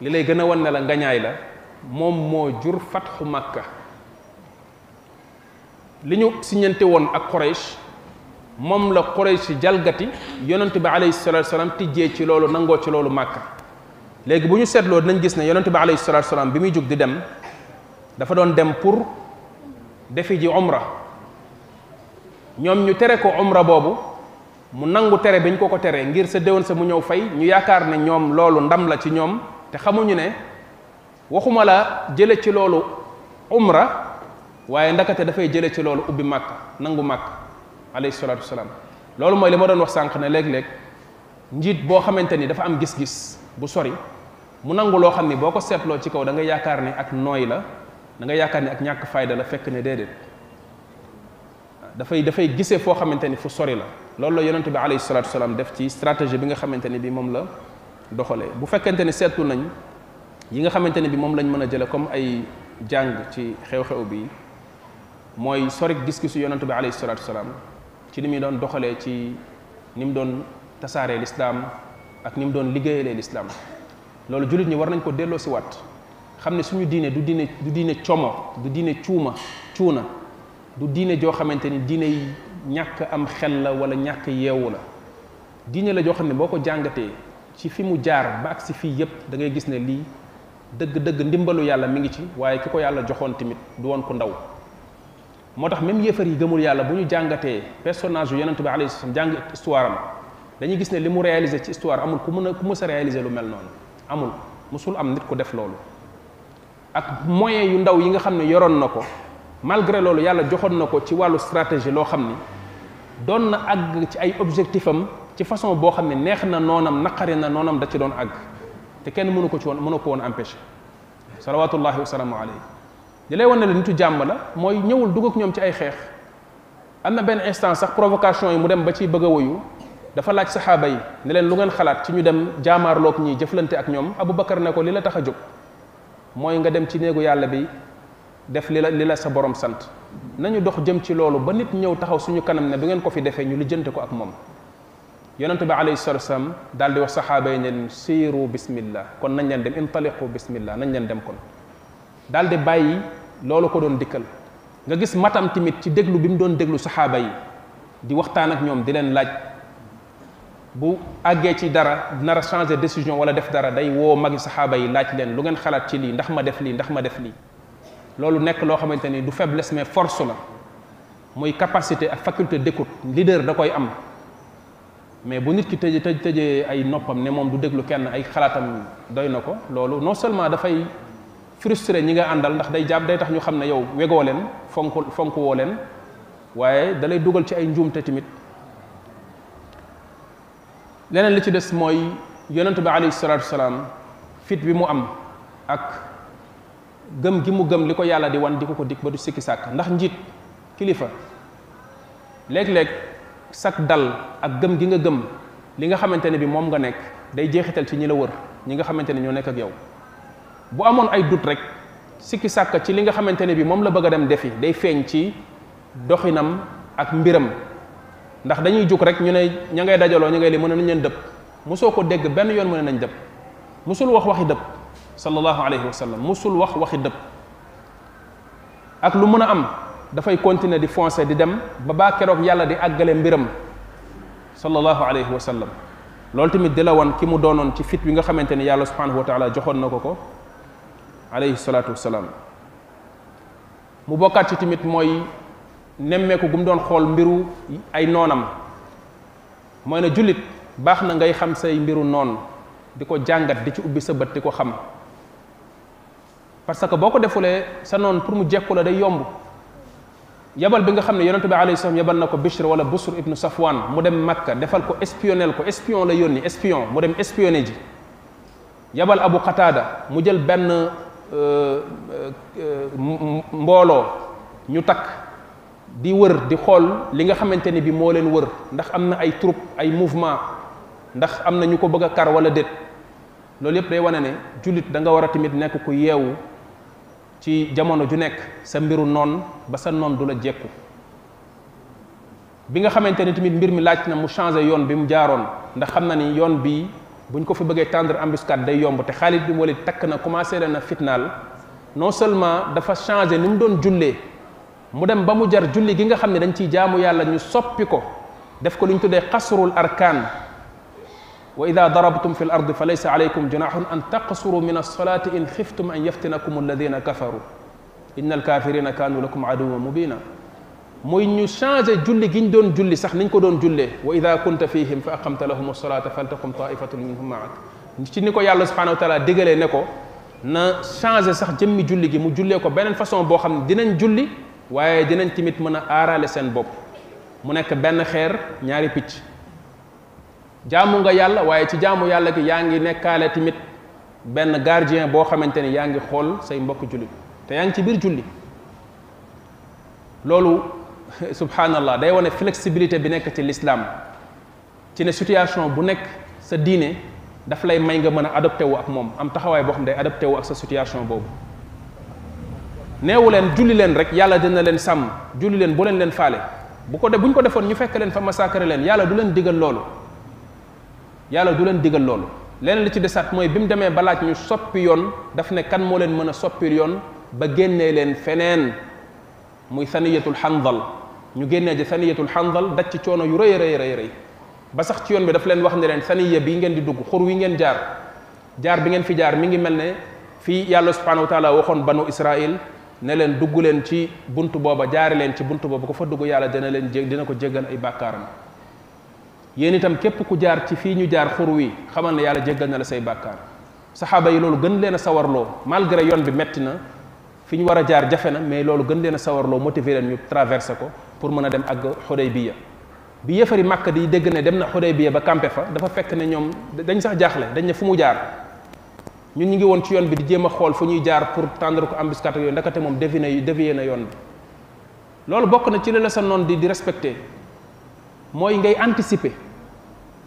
li lay gën a wan na la ngañaay la moom moo jur fatxu makka li ñu siñante woon ak Quraysh moom la Quraysh jalgati yonent bi alayhi salatu salaam tijjee ci loolu nangoo ci loolu màkka léegi bu ñu seetloo dinañ gis ne yonent bi alayhi salatu salaam bi muy jóg di dem dafa doon dem pour defi ji umra ñoom ñu tere ko umra boobu mu nangu tere bi ñu ko ko teree ngir sa déwén sa mu ñëw fay ñu yaakaar ne ñoom loolu ndam la ci ñoom te xamuñu ne waxuma la jële ci loolu umra waaye ndakate dafay jële ci loolu ubbi màkk nangu màkk alayhi salaatu wasalaam loolu mooy li ma doon wax sànq ne léeg-léeg njiit boo xamante ni dafa am gis-gis bu sori mu nangu loo xam ni boo ko seetloo ci kaw da nga yaakaar ne ak nooy la da yaakaar ne ak ñàkk fayda la fekk ne déedéet dafay dafay gisee foo xamante ni fu sori la loolu la yonente bi alayhi salatu wasalaam def ci stratégie bi nga xamante ni bi moom la doxalee bu fekkente ni seetlu nañ yi nga xamante ni bi moom lañ mën a jële comme ay jàng ci xew-xew bi mooy sorik discours yonantu bi alayhi salaatu wasalaam ci ni muy doon doxalee ci ni mu doon tasaaree lislaam ak ni mu doon liggéeyalee lislaam loolu jullit ñi war nañ ko delloo si waat xam ne suñu diine du diine du diine como du diine cuuma cuuna du diine joo xamante ni diine ñàkk am xel la wala ñàkk yeewu la diine la joo xam ne boo ko jàngatee ci fi mu jaar ba ak si fii yépp da ngay gis ne lii dëgg-dëgg ndimbalu yàlla mu ngi ci waaye ki ko yàlla joxoon tamit du woon ku ndaw moo tax même yéefar yi gëmul yàlla bu ñu jàngatee personage yu yonent bi alayhi salaam jàng histoire am dañuy gis ne li mu réalisé ci histoire amul ku mën a ku mës a réalisé mel noonu amul musul am nit ku def loolu ak moyens yu ndaw yi nga xam ne yoroon na ko malgré loolu yàlla joxoon na ko ci wàllu stratégie loo xam ni doon na àgg ci ay objectif ci façon boo xam ne neex na noonam naqari na noonam da ci doon àgg te kenn mënu ko ci woon mënu ko woon empêché salawatullahi wa salaamu alayhi li lay wan ne la nitu jàmm la mooy ñëwul dugg ak ñoom ci ay xeex am na benn instant sax provocation yi mu dem ba ci bëgg a woyu dafa laaj saxaaba yi ne leen lu ngeen xalaat ci ñu dem jaamaarloog ñi jëflante ak ñoom abu Aboubacar ne ko li la tax a jóg mooy nga dem ci néegu yàlla bi def li la li la sa borom sant nañu dox jëm ci loolu ba nit ñëw taxaw suñu kanam ne du ngeen ko fi defee ñu lijjante ko ak moom yonente bi alayhi salatu wasalam daal di wax saxaaba yi ne leen siiru bismillah kon nañ leen dem intaliqu bismillah nañ leen dem loolu ko doon dikkal nga gis matam tamit ci déglu bi mu doon déglu saxaaba yi di waxtaan ak ñoom di leen laaj bu àggee ci dara nar a changer décision wala def dara day woo magi saxaaba yi laaj leen lu ngeen xalaat ci lii ndax ma def lii ndax ma def lii loolu nekk loo xamante ni du faiblesse mais force la muy capacité ak faculté d'écoute leader da koy am mais bu nit ki tëj tëj tëjee ay noppam ne moom du déglu kenn ay xalaatam doy na ko loolu non seulement dafay frustré ñi nga àndal ndax day jàpp day tax ñu xam ne yow wegoo leen fonk fonk woo leen waaye dalay dugal ci ay njuumte tamit leneen li ci des mooy yonent bi alayhi salaatu wasalaam fit bi mu am ak gëm gi mu gëm li ko yàlla di wan di ko ko dikk ba du sikki sàkk ndax njiit kilifa léeg-léeg sag dal ak gëm gi nga gëm li nga xamante ne bi moom nga nekk day jeexital ci ñi la wër ñi nga xamante ne ñoo nekk ak yow bu amoon ay doute rek sikki sàkk ci li nga xamante ne bi moom la bëgg a dem defi day feeñ ci doxinam ak mbiram ndax dañuy jóg rek ñu ne ña ngay dajaloo ñu ngay li mën nañ leen dëpp mosoo ko dégg benn yoon mën nañ dëpp musul wax waxi dëpp sallallahu alayhi wa sallam musul wax waxi dëpp ak lu mën a am dafay continuer di foncer di dem ba baa keroog yàlla di àggale mbiram sallallahu alayhi wa sallam loolu tamit di la wan ki mu doonoon fit wi nga xamante ni yàlla subhanahu wa taala joxoon na ko ko alayhi salaatu wasalaam mu bokkaat ci tamit mooy nemmeeku gu mu doon xool mbiru ay noonam mooy ne jullit baax na ngay xam say mbiru noon di ko jàngat di ci ubbi sa bët di ko xam parce que boo ko defulee sa noon pour mu jekku la day yomb yabal bi nga xam ne yonente bi alayhi salaam yabal na ko Bishr wala Busr ibnu Safwan mu dem Makka defal ko espionnel ko espion la yónni espion mu dem espionné ji yabal Abu Qatada mu jël benn Euh, euh, mbooloo ñu takk di wër di xool li nga xamante ni bi moo leen wër ndax am na ay troupe ay mouvement ndax am na ñu ko bëgg a kar wala déet loolu yëpp day wane ne jullit da nga war a tamit nekk ku yeewu ci jamono ju nekk sa mbiru noon ba sa noon du la jekku bi nga xamante ni tamit mbir mi laaj na mu changé yoon bi mu jaaroon ndax xam na ni yoon bi bu ñu ko fi bëggee tendre embuscade day yomb te Xaalid bin Walid takk na commencé na fitnaal non seulement dafa changé ni mu doon jullee mu dem ba mu jar julli gi nga xam ne dañ ciy jaamu yàlla ñu soppi ko def ko lu ñu tuddee qasrul arkaan wa ida darabtum fi l ardi fa laysa alaykum junahun an taqsuru min alsolati in xiftum an yaftinakum alladina kafaru inna alkafirina kanu lakum aduwa mubina mooy ñu changé julli gi ñu doon julli sax niñ ko doon jullee wa ida kunta fihim fa aqamta lahum alsolata faltaqum taifatun minhum maak ci ni ko yàlla subhanahu wa taala digalee ne ko na changé sax jëmmi julli gi mu jullee ko beneen façon boo xam ne julli waaye dinañ tamit mën a aarale seen bopp mu nekk benn xeer ñaari picc jaamu nga yàlla waaye ci jaamu yàlla gi yaa ngi nekkaale tamit benn gardien boo xamante ni yaa ngi xool say mbokk jullit te yaa ngi ci biir julli loolu subhanallah day wane flexibilité bi nekk ci l'islam ci ne situation bu nekk sa diine daf lay may nga mën a adopté wu ak moom am taxawaay boo xam ne day adopté wu ak sa situation boobu neewu leen julli leen rek yàlla dina leen sàmm julli leen bu leen leen faale bu ko de bu ñu ko defoon ñu fekk leen fa massacre leen yàlla du leen digal loolu yàlla du leen digal loolu leneen li ci desaat mooy bi mu demee ba ñu soppi yoon daf ne kan moo leen mën a soppi yoon ba génnee leen feneen muy saniyatul xandal ñu génnee ci saniyatul xandal daj ci coono yu rëy rëy rëy rëy ba sax ci yoon bi daf leen wax ne leen saniya bii ngeen di dugg xur wi ngeen jaar jaar bi ngeen fi jaar mi ngi mel ne fii yàlla subhanahu wa taala waxoon banu israil ne leen dugg leen ci bunt booba jaare leen ci bunt booba ku fa dugg yàlla dina leen jég dina ko jéggal ay bàkkaaram yéen itam képp ku jaar ci fii ñu jaar xur wi xamal ne yàlla jéggal na la say bàkkaar saxaaba yi loolu gën leen a sawarloo malgré yoon bi metti na fi ñu war a jaar jafe na mais loolu gën leen a sawarloo motiver leen ñu traversé ko pour mën a dem ak Xudaybiya bi yëfari màkk di dégg ne dem na Xudaybiya ba campé fa dafa fekk ne ñoom dañ sax jaaxle dañ ne fu mu jaar ñun ñu ngi woon ci yoon bi di jéem a xool fu ñuy jaar pour tendre ko embuscade yooyu ndakate moom deviné dévié na yoon bi loolu bokk na ci la sa noon di di respecté mooy ngay anticiper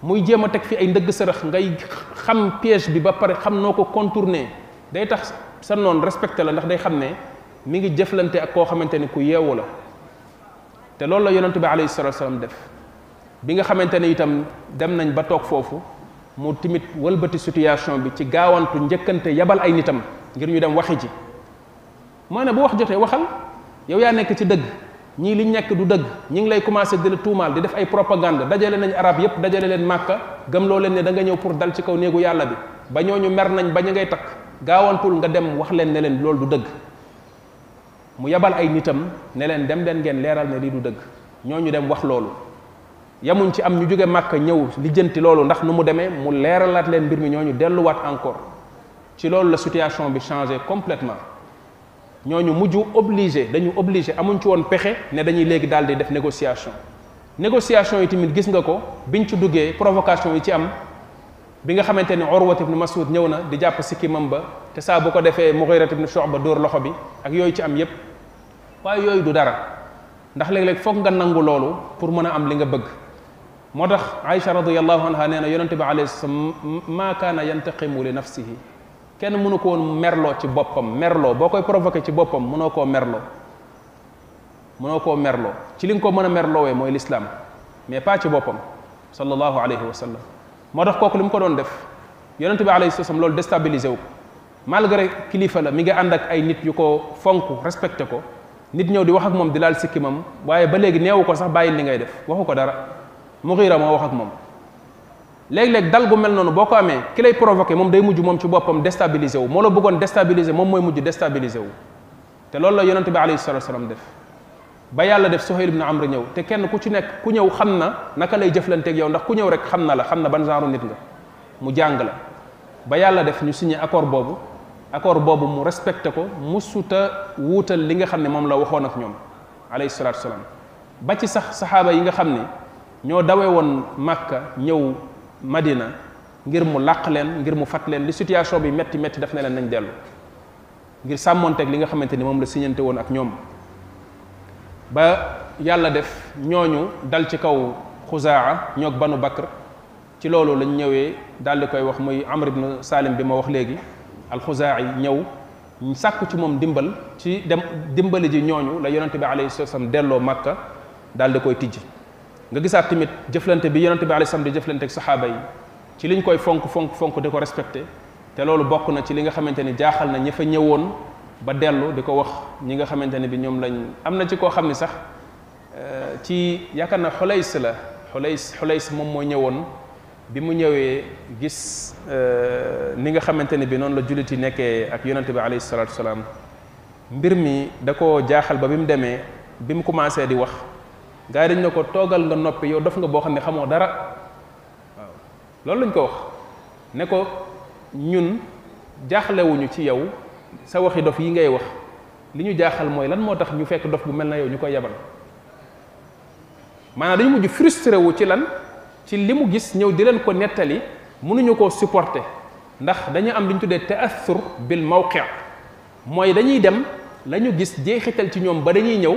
muy jéem a teg fi ay ndëgg sërëx ngay xam piège bi ba pare xam noo ko contourner day tax sa noon respecté la ndax day xam ne mi ngi jëflante ak koo xamante ni ku yeewu la te loolu la yonent bi alayhi salatu salaam def bi nga xamante ne itam dem nañ ba toog foofu mu timit wëlbati situation bi ci gaawantu njëkkante yabal ay nitam ngir ñu dem waxi ji maanaam bu wax jotee waxal yow yaa nekk ci dëgg ñii liñ nekk du dëgg ñi ngi lay commencé di la tuumaal di def ay propagande dajale nañ arab yépp dajale leen màkka gëmloo leen ne da nga ñëw pour dal ci kaw néegu yàlla bi ba ñu mer nañ ba ñu ngay takk gaawantul nga dem wax leen ne leen loolu du dëgg mu yebal ay nitam ne leen dem den ngeen leeral na lii du dëgg ñoo ñu dem wax loolu yamuñ ci am ñu jóge màkka ñëw lijjanti loolu ndax nu mu demee mu leeralaat leen mbir mi ñoo ñu delluwaat encore ci loolu la situation bi changé ñoo ñu mujj obligé dañu obligé amuñ ci woon pexe ne dañuy léegi daal di def négociation négociation yi tamit gis nga ko biñ ci duggee provocation yi ci am bi nga xamante ne Urwat ibn Mas'ud ñëw na di jàpp sikkimam ba te saa bu ko defee Mughirat ibn Shu'ba dóor loxo bi ak yooyu ci am yépp waaye yooyu du dara ndax léeg-léeg foog nga nangu loolu pour mën a am li nga bëgg moo tax Aïcha radiyallahu anha nee na yonente bi alayhi salaam maa kaana yantaqimu li nafsihi kenn mënu ko woon merloo ci boppam merloo boo koy provoqué ci boppam mënoo koo merloo mënoo koo merloo ci li nga ko mën a merloowee mooy lislaam mais pas ci boppam sallallahu alayhi wa sallam moo tax kooku li mu ko doon def yonente bi alayhi salaam loolu déstabilisé wu ko malgré kilifa la mi ngi ànd ak ay nit yu ko fonk respecté ko nit ñëw di wax ak moom di laal sikkimam waaye ba léegi neewu ko sax bàyyil li ngay def waxu ko dara Mughira moo wax ak moom léeg-léeg dal gu mel noonu boo ko amee ki lay provoqué moom day mujj moom ci boppam déstabilisé wu moo la bëggoon déstabilisé moom mooy mujj déstabilisé wu te loolu la yonente bi alayhi salaatu wa def ba yàlla def Suhayl ibn Amr ñëw te kenn ku ci nekk ku ñëw xam na naka lay jëflanteeg yow ndax ku ñëw rek xam na la xam na ban genre nit nga mu jàng la ba yàlla def ñu signé accord boobu accord boobu mu respecté ko musuta wuutal li nga xam ne moom la waxoon ak ñoom alayhi salaatu salaam ba ci sax saxaaba yi nga xam ne ñoo dawe woon Màkka ñëw Madina ngir mu làq leen ngir mu fat leen li situation bi métti métti daf ne leen nañ dellu ngir sàmmonteeg li nga xamante ni moom la signante woon ak ñoom ba yàlla def ñooñu dal ci kaw xuzaa ñoog banu bakr ci loolu lañ ñëwee daal di koy wax muy amr ibn salim bi ma wax léegi alxuzaa yi ñëw sàkku ci moom dimbal ci dem dimbali ji ñooñu la yonente bi alayhi salaam delloo màkka daal di koy tijji nga gisaat tamit jëflante bi yonente bi alayhi salaam di jëflante ak saxaaba yi ci liñ koy fonk fonk fonk di ko respecté te loolu bokk na ci li nga xamante ni jaaxal na ñi fa ñëwoon ba dellu di ko wax ñi nga xamante ne bi ñoom lañ am na ci koo xam ni sax euh, ci yaakaar na xulays la xulays xulays moom moo ñëwoon bi mu ñëwee gis euh, ni nga xamante ne bi noonu la jullit yi nekkee ak yonente bi alayhi salaatu salaam mbir mi da ko jaaxal ba bi mu demee bi mu commencé di wax gars dañ ne ko toogal nga noppi yow dof nga boo xam ne xamoo dara waaw loolu lañ ko wax ne ko ñun jaaxlewuñu ci yow sa waxi dof yi ngay wax li ñu jaaxal mooy lan moo tax ñu fekk dof bu mel na yow ñu koy yabal maanaam dañu mujj frustré wu ci lan ci li mu gis ñëw di leen ko nettali mënuñu ko supporter ndax dañu am li ñu tuddee taathur bil mawqi mooy dañuy dem la gis jeexital ci ñoom ba dañuy ñëw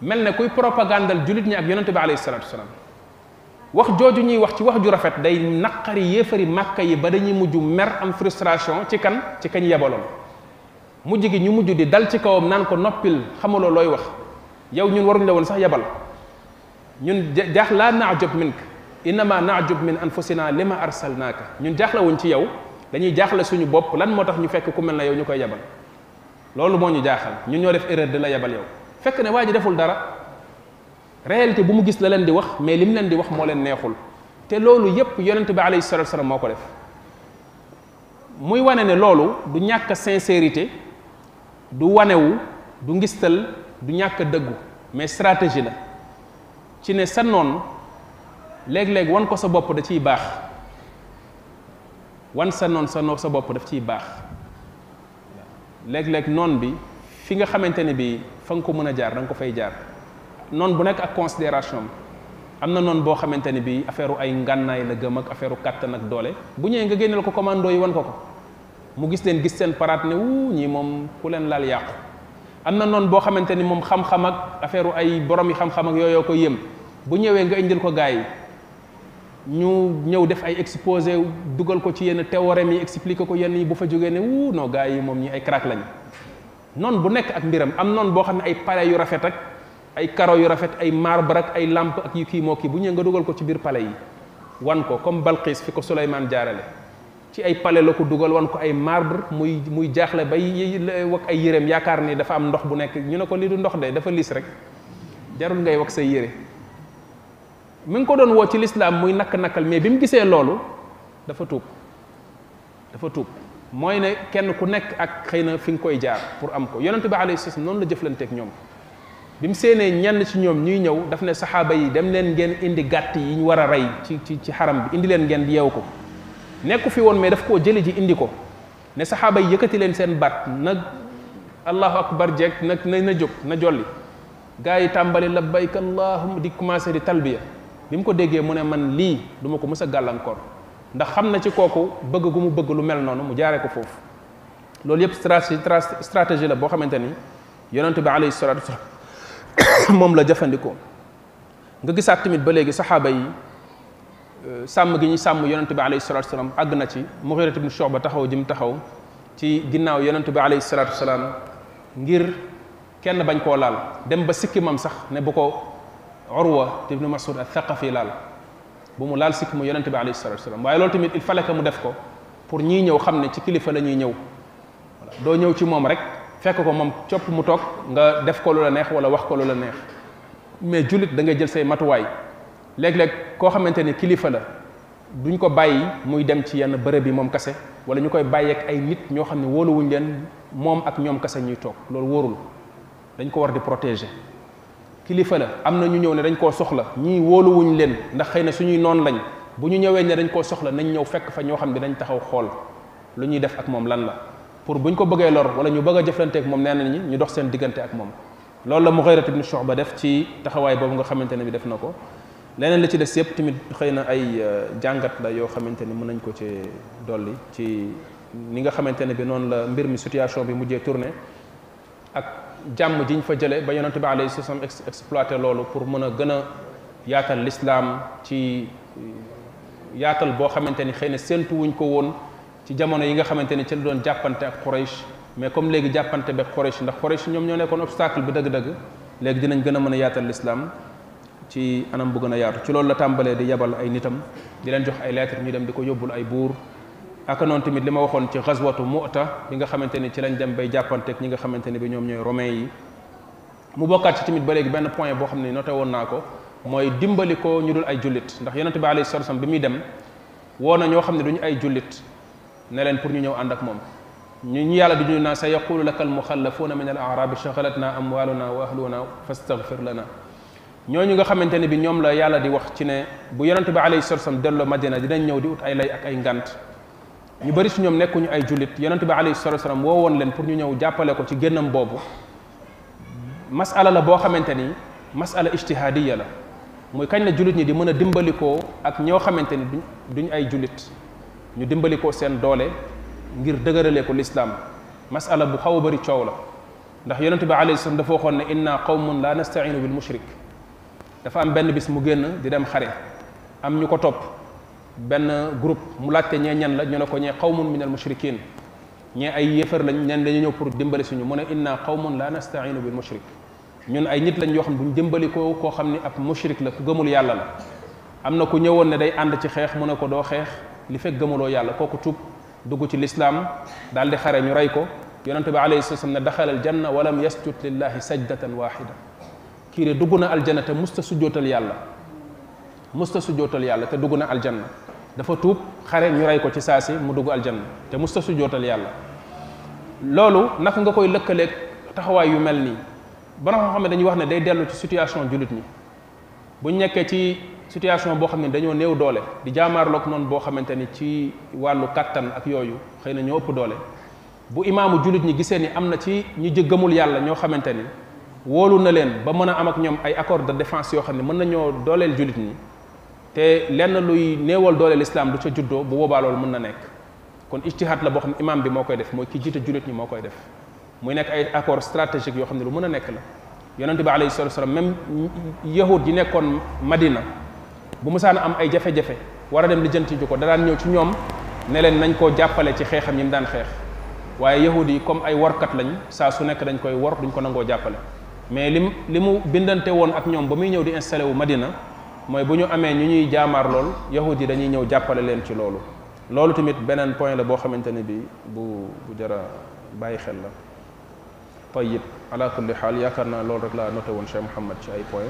mel ne kuy propagandal jullit ñi ak yonente bi alayhi salatu wasalaam wax jooju ñuy wax ci wax ju rafet day naqari yéefari màkka yi ba dañuy mujj mer am frustration ci kan ci kañ yebaloon mujj gi ñu mujj di dal ci kawam naan ko noppil xamuloo looy wax yow ñun waruñ la woon sax yebal ñun jaax laa naajub mink innama naajub min anfusina lima arsalnaaka ñun jaaxle wuñ ci yow dañuy jaaxle suñu bopp lan moo tax ñu fekk ku mel na yow ñu koy yebal loolu moo ñu jaaxal ñun ñoo def erreur di la yebal yow fekk ne waa ji deful dara réalité bu mu gis la leen di wax mais li mu leen di wax moo leen neexul te loolu yépp yonente bi alayhi salatu wasalam moo ko def muy wane ne loolu du ñàkk sincérité du wanewu du ngistal du ñàkk dëggu mais stratégie la ci ne sa noonu léeg-léeg wan ko sa bopp da ciy baax wan sa noon sa sa bopp daf ciy baax léeg-léeg noon bi fi nga xamante ni bi fa nga ko mën a jaar da nga ko fay jaar noon bu nekk ak considération am na noonu boo xamante ni bi affaire ay ngànnaay la gëm ak affaire kàttan ak doole bu ñëwee nga génneel ko commando yi wan ko ko mu gis leen gis seen paraat ne wuu ñii moom ku leen laal yàqu am na noon boo xamante ni moom xam-xam ak affaire ay borom yi xam-xam ak yooyoo ko yëm bu ñëwee nga indil ko gars yi ñu ñëw def ay exposé dugal ko ci yenn théorème yi expliqué ko yenn yi bu fa jógee ne wuu non yi moom ñi ay crack lañ noon bu nekk ak mbiram am noon boo xam ne ay palais yu rafet ak ay karo yu rafet ay marbre ak ay lampe ak yu kii moo kii bu ñëwee nga dugal ko ci biir pale yi wan ko comme Balqis fi ko Souleymane jaarale ci ay palais la ko dugal wan ko ay marbre muy muy jaaxle bay wak ay yéreem yaakaar ni dafa am ndox bu nekk ñu ne ko lii du ndox de dafa liis rek jarul ngay wax say yére mu ngi ko doon woo ci lislaam muy nakk-nakkal mais bi mu gisee loolu dafa tuub dafa tuub mooy ne kenn ku nekk ak xëy na fi nga koy jaar pour am ko yonent bi alayhi salaam noonu la jëflanteeg ñoom bi mu seenee ñenn ci ñoom ñuy ñëw daf ne saxaaba yi dem leen ngeen indi gàtt yi ñu war a rey ci ci ci xaram bi indi leen ngeen yeew ko nekku fi woon mais daf koo jëli ji indi ko ne saxaaba yi yëkkati leen seen baat na allahu akbar jekk na na jóg na jolli gars yi tàmbali labbayk allahum di commencé di talbiya bi mu ko déggee mu ne man lii duma ko mës a gàllankoor ndax xam na ci kooku bëgg gu mu bëgg lu mel noonu mu jaaree ko foofu loolu yëpp stratégie la boo xamante ni yonente bi alayhi salatu wasalam moom la jëfandikoo nga gisaat tamit ba léegi saxaaba yi sàmm gi ñu sàmm yonente bi alayhi salatu wasalaam àgg na ci Muxirat ibnu Shuba taxaw jëm taxaw ci ginnaaw yonente bi alayhi salatu wasalaam ngir kenn bañ koo laal dem ba sikki mam sax ne bu ko Urwa ibnu Mas'ud al-Thaqafi laal bu mu laal sikkimu yonente bi alayhi salatu wasalaam waaye loolu tamit il fallait mu def ko pour ñii ñëw xam ne ci kilifa la ñuy ñëw doo ñëw ci moom rek fekk ko moom copp mu toog nga def ko lu la neex wala wax ko lu la neex mais jullit da ngay jël say matuwaay léeg-léeg koo xamante ne kilifa la duñ ko bàyyi muy dem ci yenn bërëb yi moom kase wala ñu koy bàyyeek ay nit ñoo xam ne wóoluwuñ leen moom ak ñoom kase ñuy toog loolu warul dañ ko war di protéger kilifa la am na ñu ñëw ne dañ koo soxla ñii wóoluwuñ leen ndax xëy na suñuy noon lañ bu ñu ñëwee ne dañ koo soxla nañ ñëw fekk fa ñoo xam ne dañ taxaw xool lu ñuy def ak moom lan la pour buñ ko bëggee lor wala ñu bëgg a jëflante ak moom nee nañ ñu dox seen diggante ak moom loolu la Mughayrat ibn Shu'ba def ci taxawaay boobu nga xamante ne bi def na ko leneen la ci des yëpp tamit xëy na ay euh, jàngat la yoo xamante ni mën nañ ko ci dolli ci ni nga xamante ne bi noonu la mbir mi situation bi mujjee tourné ak jàmm jiñ fa jële ba yonent bi alayhi salaam exploité loolu pour mën a gën a yaatal l'islam ci euh, yaatal boo xamante ni xëy na séntu ko woon ci jamono yi nga xamante ni ci la doon jàppante ak Quraysh mais comme léegi jàppante beeg Quraysh ndax Quraysh ñoom ñoo nekkoon obstacle bi dëgg-dëgg léegi dinañ gën a mën a yaatal l'islam ci anam bu na a yaatu ci loolu la tàmbalee di yabal ay nitam di leen jox ay lettre ñuy dem di ko yóbbul ay buur aka noonu tamit li ma waxoon ci xaswatu mu'ta bi nga xamante ni ci lañ dem bay jàppanteek ñi nga xamante ni bi ñoom ñooy romain yi mu bokkaat ci tamit ba léegi benn point boo xam ne noté woon naa ko mooy dimbali ko ñu dul ay jullit ndax yonent bi alayhi salaatu salaam bi muy dem woo na ñoo xam ne duñu ay jullit ne leen pour ñu ñëw ànd ak moom ñu ñu yàlla di ñu naa sa yaqulu laka al muxallafuuna min al arabi shagalatna amwaluna wa ahluna fastaghfir lana ñoo ñu nga xamante ne bi ñoom la yàlla di wax ci ne bu yonente bi alayhi salatu wasallam delloo madina dinañ ñëw di ut ay lay ak ay ngant ñu bëri si ñoom nekkuñu ay jullit yonente bi alayhi salatu wasallam woo woon leen pour ñu ñëw jàppale ko ci génnam boobu masala la boo xamante ni masala ijtihadiya la muy kañ la jullit ñi di mën a dimbalikoo ak ñoo xamante ni duñ ay jullit ñu dimbalikoo seen doole ngir dëgëralee ko lislaam masala bu xaw a bëri coow la ndax yonente bi alayhi salatu wasallam dafa waxoon ne inna qawmun la nastainu bil mushrik dafa am benn bis mu génn di dem xare am ñu ko topp benn groupe mu laajte ñee ñan la ñu ne ko ñee qawmun min al mushrikin ñee ay yéefar lañ ñen dañu ñëw pour dimbali suñu mu ne inna qawmun la nastainu bil mushrik ñun ay nit lañ yoo xam ne duñ dimbali ko koo xam ni ab mushrik la ku gëmul yàlla la am na ku ñëwoon ne day ànd ci xeex mu ne ko doo xeex li fekk gëmuloo yàlla kooku tuub dugg ci lislaam daal di xare ñu rey ko yonente bi sa salaam ne daxala aljanna walam yasjud lillahi sajdatan waxida kii dugg na aljanna te musta sujjootal yàlla musta sujjootal yàlla te dugg na aljanna dafa tuub xare ñu rey ko ci saa si mu dugg aljanna te musta sujjootal yàlla loolu naka nga koy lëkkaleek taxawaay yu mel nii ba nga xam ne dañuy wax ne day dellu ci situation jullit ñi bu ñu nekkee ci situation boo xam ne dañoo néew doole di jaamaarloog noonu boo xamante ni ci wàllu kattan ak yooyu xëy na ñoo ëpp doole bu imaamu jullit ñi gisee ni am na ci ñi jëggëmul yàlla ñoo xamante ni woolu na leen ba mën a am ak ñoom ay accord de défense yoo xam ne mën nañoo dooleel jullit ñi te lenn luy néewal dooleel islam du ca juddoo bu boobaa loolu mën na nekk kon ijtihaad la boo xam ne imam bi moo koy def mooy ki jiite jullit moo koy def muy nekk ay accord stratégique yoo xam ne lu mën a nekk la yonente bi alayhi salatu wasalam même yahud yi nekkoon madina bu musaana am ay jafe-jafe war a dem ju ko daraan ñëw ci ñoom ne leen nañ koo jàppale ci xeexam yi mu daan xeex waaye yahud yi comme ay warkat lañ saa su nekk dañ koy wor duñ ko nangoo jàppale mais lim li mu bindante woon ak ñoom ba muy ñëw di installé wu Madina mooy bu ñu amee ñu ñuy jaamaar lool yahud yi dañuy ñëw jàppale leen ci loolu loolu tamit beneen point la boo xamante ne bi bu bu jara bàyyi xel la tayib ala kulli xaal yaakaar naa loolu rek laa noté woon Cheikh Mouhamed ci ay point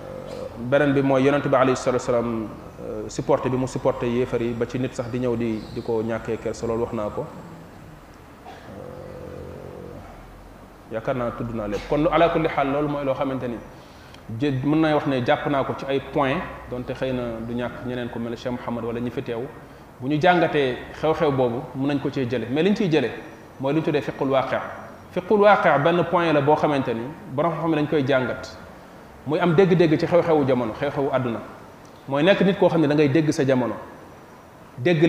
euh, beneen bi mooy yonent bi alayhi salatu salaam euh, supporté bi mu supporté yéefar yi ba ci nit sax di ñëw di di ko ñàkkee kersa loolu wax naa ko yaakaar naa tudd naa lépp kon ala kulli xaal loolu mooy loo xamante ni jë mën naa wax ne jàpp naa ko ci ay point donte xëy na du ñàkk ñeneen ko mel Cheikh Mouhamad wala ñi fi teew bu ñu jàngatee xew-xew boobu mun nañ ko cee jële mais li ciy jële mooy li ñu tuddee fiqul waaqe fiqul waaqe benn point la boo xamante ni borom xam ne dañ koy jàngat muy am dégg-dégg ci xew-xewu jamono xew-xewu àdduna mooy nekk nit koo xam ne da ngay dégg sa jamono dégg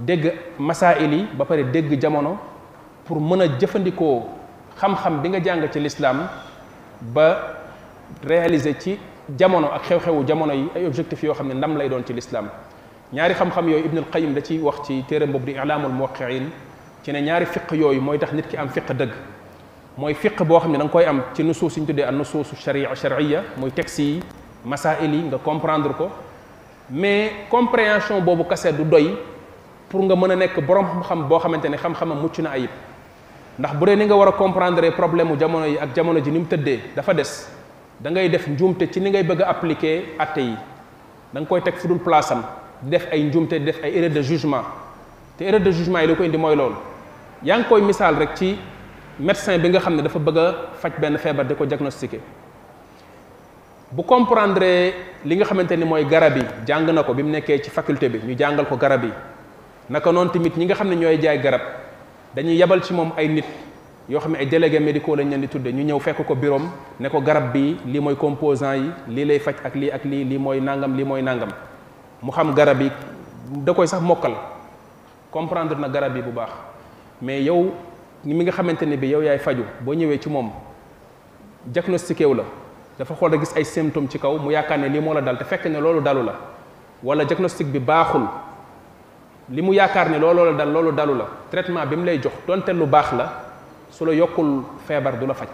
dégg masaa'il yi ba pare dégg jamono pour mën a jëfandikoo xam-xam bi nga jàng ci lislaam ba réaliser ci jamono ak xew-xewu jamono yi ay objectifs yoo xam ne ndam lay doon ci lislaam ñaari xam-xam yooyu ibnul qayim da ci wax ci téeram boobu di ilaamul muwaqqiin ci ne ñaari fiq yooyu mooy tax nit ki am fiq dëgg mooy fiq boo xam ne da nga koy am ci nusuus yi ñu tuddee an nusuusu sharia sharia muy texte yi masail yi nga comprendre ko mais compréhension boobu kase du doy pour nga mën a nekk borom xam boo xamante ne xam-xamam mucc na ayib ndax bu dee ni nga war a comprendre problème mu jamono yi ak jamono ji ni mu tëddee dafa des da ngay def njuumte ci ni ngay bëgg a appliquer atte yi da nga koy teg fu dul place am di def ay njuumte di def ay erreur de jugement te erreur de jugement yi li ko indi mooy loolu yaa ngi koy misaal rek ci médecin bi nga xam ne dafa bëgg a faj benn feebar di ko diagnostiquer bu comprendre li nga xamante ni mooy garab yi jàng na ko bi mu nekkee ci faculté bi ñu jàngal ko garab yi naka noonu tamit ñi nga xam ne ñooy jaay garab. dañuy yebal ci moom ay nit yoo xam ne ay délégués médicaux lañ leen di tudde ñu ñëw fekk ko biroom ne ko garab bi lii mooy composant yi lii lay faj ak lii ak lii lii mooy nangam lii mooy nangam mu xam garab yi da koy sax mokkal comprendre na garab yi bu baax mais yow mi nga xamante ne bi yow yaay faju boo ñëwee ci moom diagnostiqué wu la dafa xool a gis ay symptômes ci kaw mu yaakaar ne lii moo la dal te fekk ne loolu dalu la wala diagnostic bi baaxul li mu yaakaar ni looloo la dal loolu dalu la traitement bi mu lay jox donte lu baax la su la yokkul feebar du la faj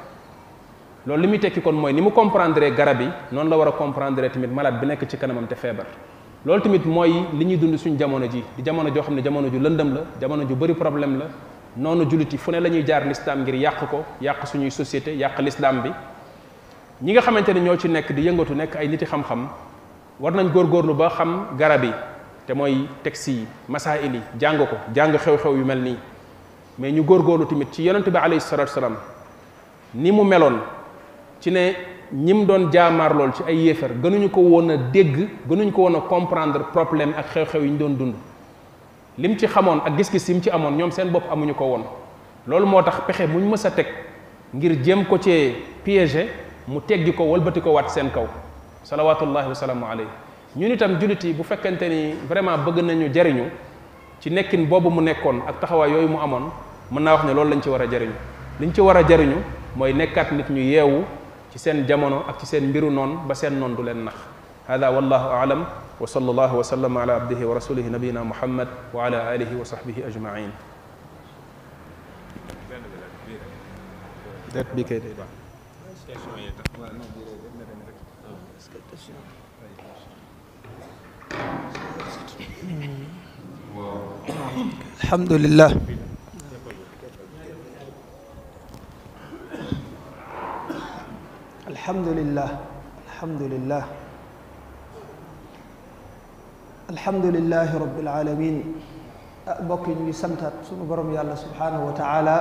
loolu li muy tekki kon mooy ni mu comprendre garab yi noonu la war a comprendre tamit malade bi nekk ci kanamam te feebar loolu tamit mooy li ñuy dund suñu jamono ji di jamono joo xam ne jamono ju lëndëm la jamono ju bari problème la noonu jullit yi fu ne la ñuy jaar lislaam ngir yàq ko yàq suñuy société yàq lislaam bi ñi nga xamante ne ñoo ci nekk di yëngatu nekk ay niti xam-xam war nañ góorgóorlu ba xam garab yi te mooy teg si masaa'il yi jàng ko jàng xew-xew yu mel nii mais ñu góor góorgóorlu tamit ci yonent bi alayhi salaatu salaam ni mu meloon ci ne ñim doon jaamaar lool ci ay yéefar gënuñu ko woon a dégg gënuñu ko woon a comprendre problème ak xew-xew yi ñu doon dund lim ci xamoon ak gis-gis yim ci amoon ñoom seen bopp amuñu ko woon loolu moo tax pexe muñ mës a teg ngir jéem ko ci piéger mu teggi ko walbati ko waat seen kaw salawaatullahi wa salaamu alayhi ñun itam jullit bu fekkente ni vraiment bëgg nañu jariñu ci nekkin boobu mu nekkoon ak taxawaay yooyu mu amoon mën naa wax ne loolu lañ ci war a jariñu liñ ci war a jariñu mooy nekkaat nit ñu yeewu ci seen jamono ak ci seen mbiru noon ba seen noon du leen nax hada wallahu aalam wa sallallahu wa sallama ala abdihi wa rasulihi nabiyina muhammad wa ala alihi wa sahbihi ajmain det bi kay day baax alhamdulillah alhamdulillah alhamdulillah alhamdulillahi rabbil alamin ah, mbokk yi ñuy santaat sunu borom yàlla subhaanahu wa taala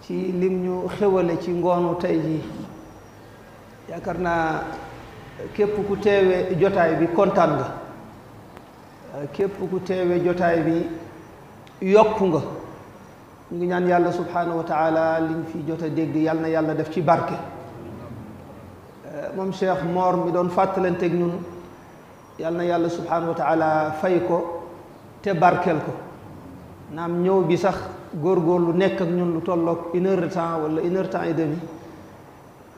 ci lim ñu xéwale ci ngoonu tey ji yaakaar naa képp ku teewe jotaay bi kontaan nga képp ku teewe jotaay bi yokku nga mu ngi ñaan yàlla subhaanahu wa taala liñ fi jot a dégg yàlla na yàlla def ci barke moom Cheikh Mor mi doon fàttalanteeg ñun yàlla na yàlla subhaanahu wa taala fay ko te barkeel ko naam ñëw bi sax góor góorgóorlu nekk ak ñun lu tollook une heure de temps wala une heure temps et demi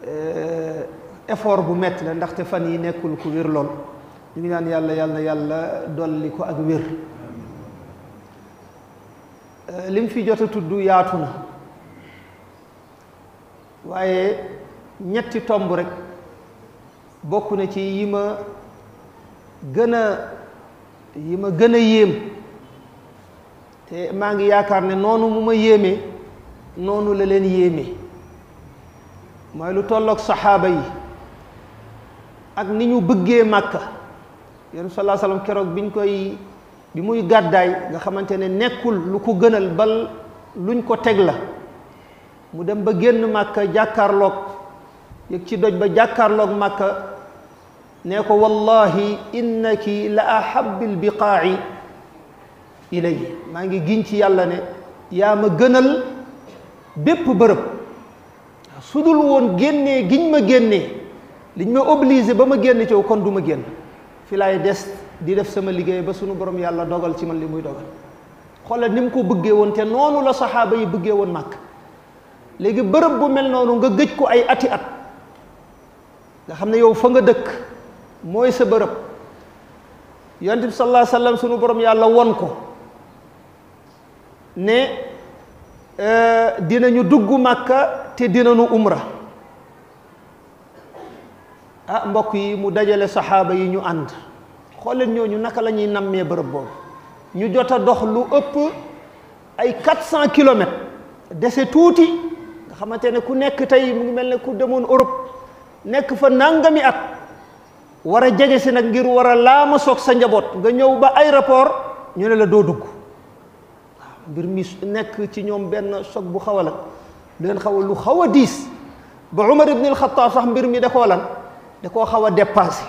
euh, effort bu metti la ndaxte fan yi nekkul ku wér lool ñu ngi naan yàlla yàlla yàlla dolli ko ak wér euh, lim fi jot a tudd yaatu na waaye ñetti tomb rekk bokk na ci yi ma gën a yi ma gën a yéem te maa ngi yaakaar ne noonu mu ma yéemee noonu la leen yéemee mooy lu tollook saxaaba yi ak ni ñu bëggee màkka yéen sallallahu alayhi wasallam keroog biñ koy bi muy gàddaay nga xamante ne nekkul lu ko gënal bal luñ ko teg la mu dem ba génn màkka jàkkaarloog yëg ci doj ba jàkkaarloog makk ne ko wallahi innaki la ahabbil biqaa'i ilay maa ngi giñ ci yàlla ne yaa ma gënal bépp bërëb sudul woon génnee giñ ma génnee liñ ma obligé ba ma génn ci kon du ma génn fi des di def sama liggéey ba sunu borom yàlla dogal ci man li muy dogal xoolal ni mu ko bëggee woon te noonu la saxaaba yi bëggee woon màkk léegi bërëb bu mel noonu nga gëj ko ay ati at nga xam ne yow fa nga dëkk mooy sa bërëb yonent bi sallallahu sunu borom yàlla won ko ne euh, dinañu dugg màkka te dinañu umra ah mbokk yi mu dajale saxaaba yi ñu ànd xool leen ñu naka la ñuy nammee bërëb boobu ñu jot a dox lu ëpp ay 400 kilomètres dese tuuti nga xamante ne ku nekk tey mu ngi mel ne ku demoon Europe nekk fa nangami at war a jege si nag ngir war a laama soog sa njaboot nga ñëw ba aéroport ñu ne la doo dugg waaw mbir mi nekk ci ñoom benn choc bu xaw a la leen xaw lu xaw a diis ba Umar ibn al-Khattab sax mbir mi da koo lan da koo xaw a dépassé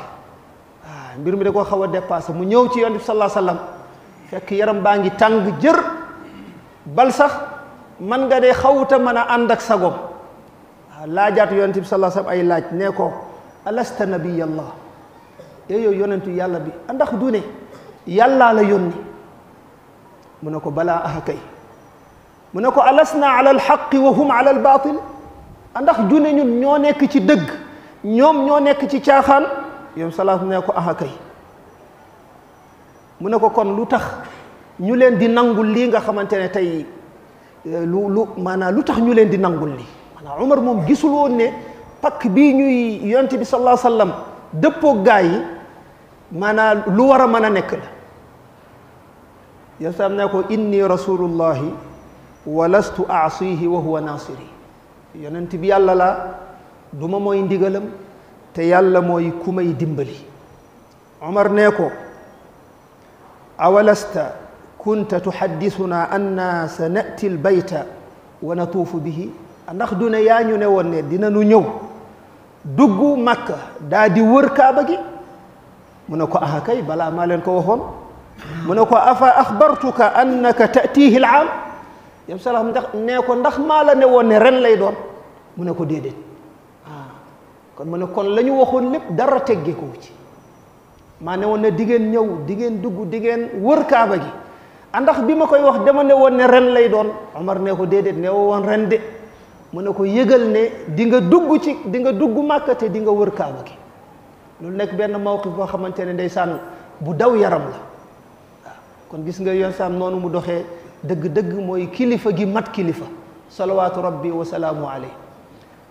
waaw ah, mbir mi da koo xaw a dépassé mu ñëw ci yonent bi sallallahu alayhi wasallam fekk yaram baa ngi tàng jër bal sax man nga de xawuta mën a ànd ak sagom ah, laajaat yonent bi sallallahu alayhi wasallam ay laaj nee ko alasta nabiyallah eh, yow yonentu yàlla bi ah, ndax du ne yàllaa la yónni mu ne ko balaa ah mu ne ko alasna ala alxaqi wa hum ala albatil ndax du ne ñun ñoo nekk ci dëgg ñoom ñoo nekk ci caaxaan yow salaas ne ko aha kay mu ne ko kon lu tax ñu leen di nangul lii nga xamante ne tey euh, lu lu maanaam lu tax ñu leen di nangul lii maanaam Umar moom gisul woon ne pakk bi ñuy yonent bi sallallahu alayhi dëppoo gaa yi maanaam lu war a mën a nekk la yow salaam ne ko inni rasulullahi wa lastu aasihi wa huwa naasiri yonent bi yàlla la du ma mooy ndigalam te yàlla mooy ku may dimbali umar nee ko awalasta kunta tuhaddisuna anna sa nati l bayta wa natuufu bihi ndax du ne yaa ñu ne woon ne dina nu ñëw dugg màkka daa di wër kaaba gi mu ne ko aha kay balaa maa leen ko waxoon mu ne ko afa axbartuka annaka taatihi l aam yam salaam ndax nee ko ndax maa la ne woon ne ren lay doon mu ne ko déedéet kon mu ne kon la ñu waxoon lépp dara teggeeku ci maa ne woon na di ngeen ñëw di ngeen dugg di ngeen wër kaaba gi andax ah, bi ma koy wax dama ne woon ne ren lay doon Omar ne ko déedéet ne woon ren de mu ne ko yëgal ne dinga dugg ci di nga dugg Màkka te di nga wër kaaba gi loolu nekk benn mawqif boo xamante ne day ndeysaan bu daw yaram la waaw ah, kon gis nga yoon saam noonu mu doxee dëgg-dëgg mooy kilifa gi mat kilifa salawaatu rabbi wa salaamu alayhi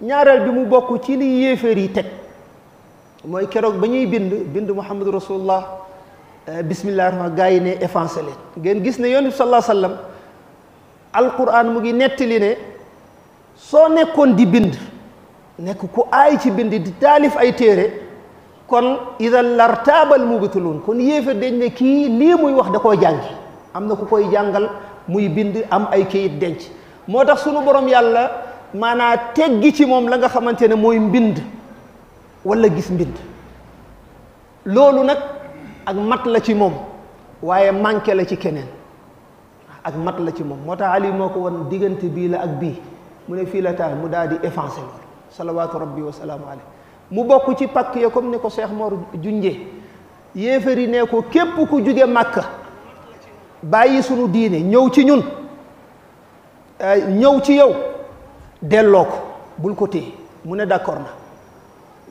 ñaareel bi mu bokk ci li yéeféer yi teg mooy keroog ba ñuy bind bind muhammadu rasulullah eh, bismillah rahman gaa yi ne effacé ngeen gis ne yonent bi sallallahu alayhi mu ngi nettali ne soo nekkoon di bind nekk ku aay ci bind di taalif ay téere kon idan lartaabal mubtiluun kon yéeféer dañ ne kii lii muy wax da koo jàngi am na ku koy jàngal muy bind am ay kayit denc moo tax sunu borom yàlla maanaa teggi ci moom la nga xamante ne mooy mbind walla gis mbind loolu nag ak mat la ci moom waaye manqué la ci keneen ak mat la ci moom moo tax ali moo ko won diggante bii la ak bii mu ne fii la taal mu daal di effacé loolu salawaatu rabbi wa salaamu mu bokk ci pakk ya comme ni ko seex Mor junjee yéefari ne ko képp ku jóge Màkka bàyyi sunu diine ñëw ci ñun eh, ñëw ci yow delloo ko bul ko téye mu ne d'accord na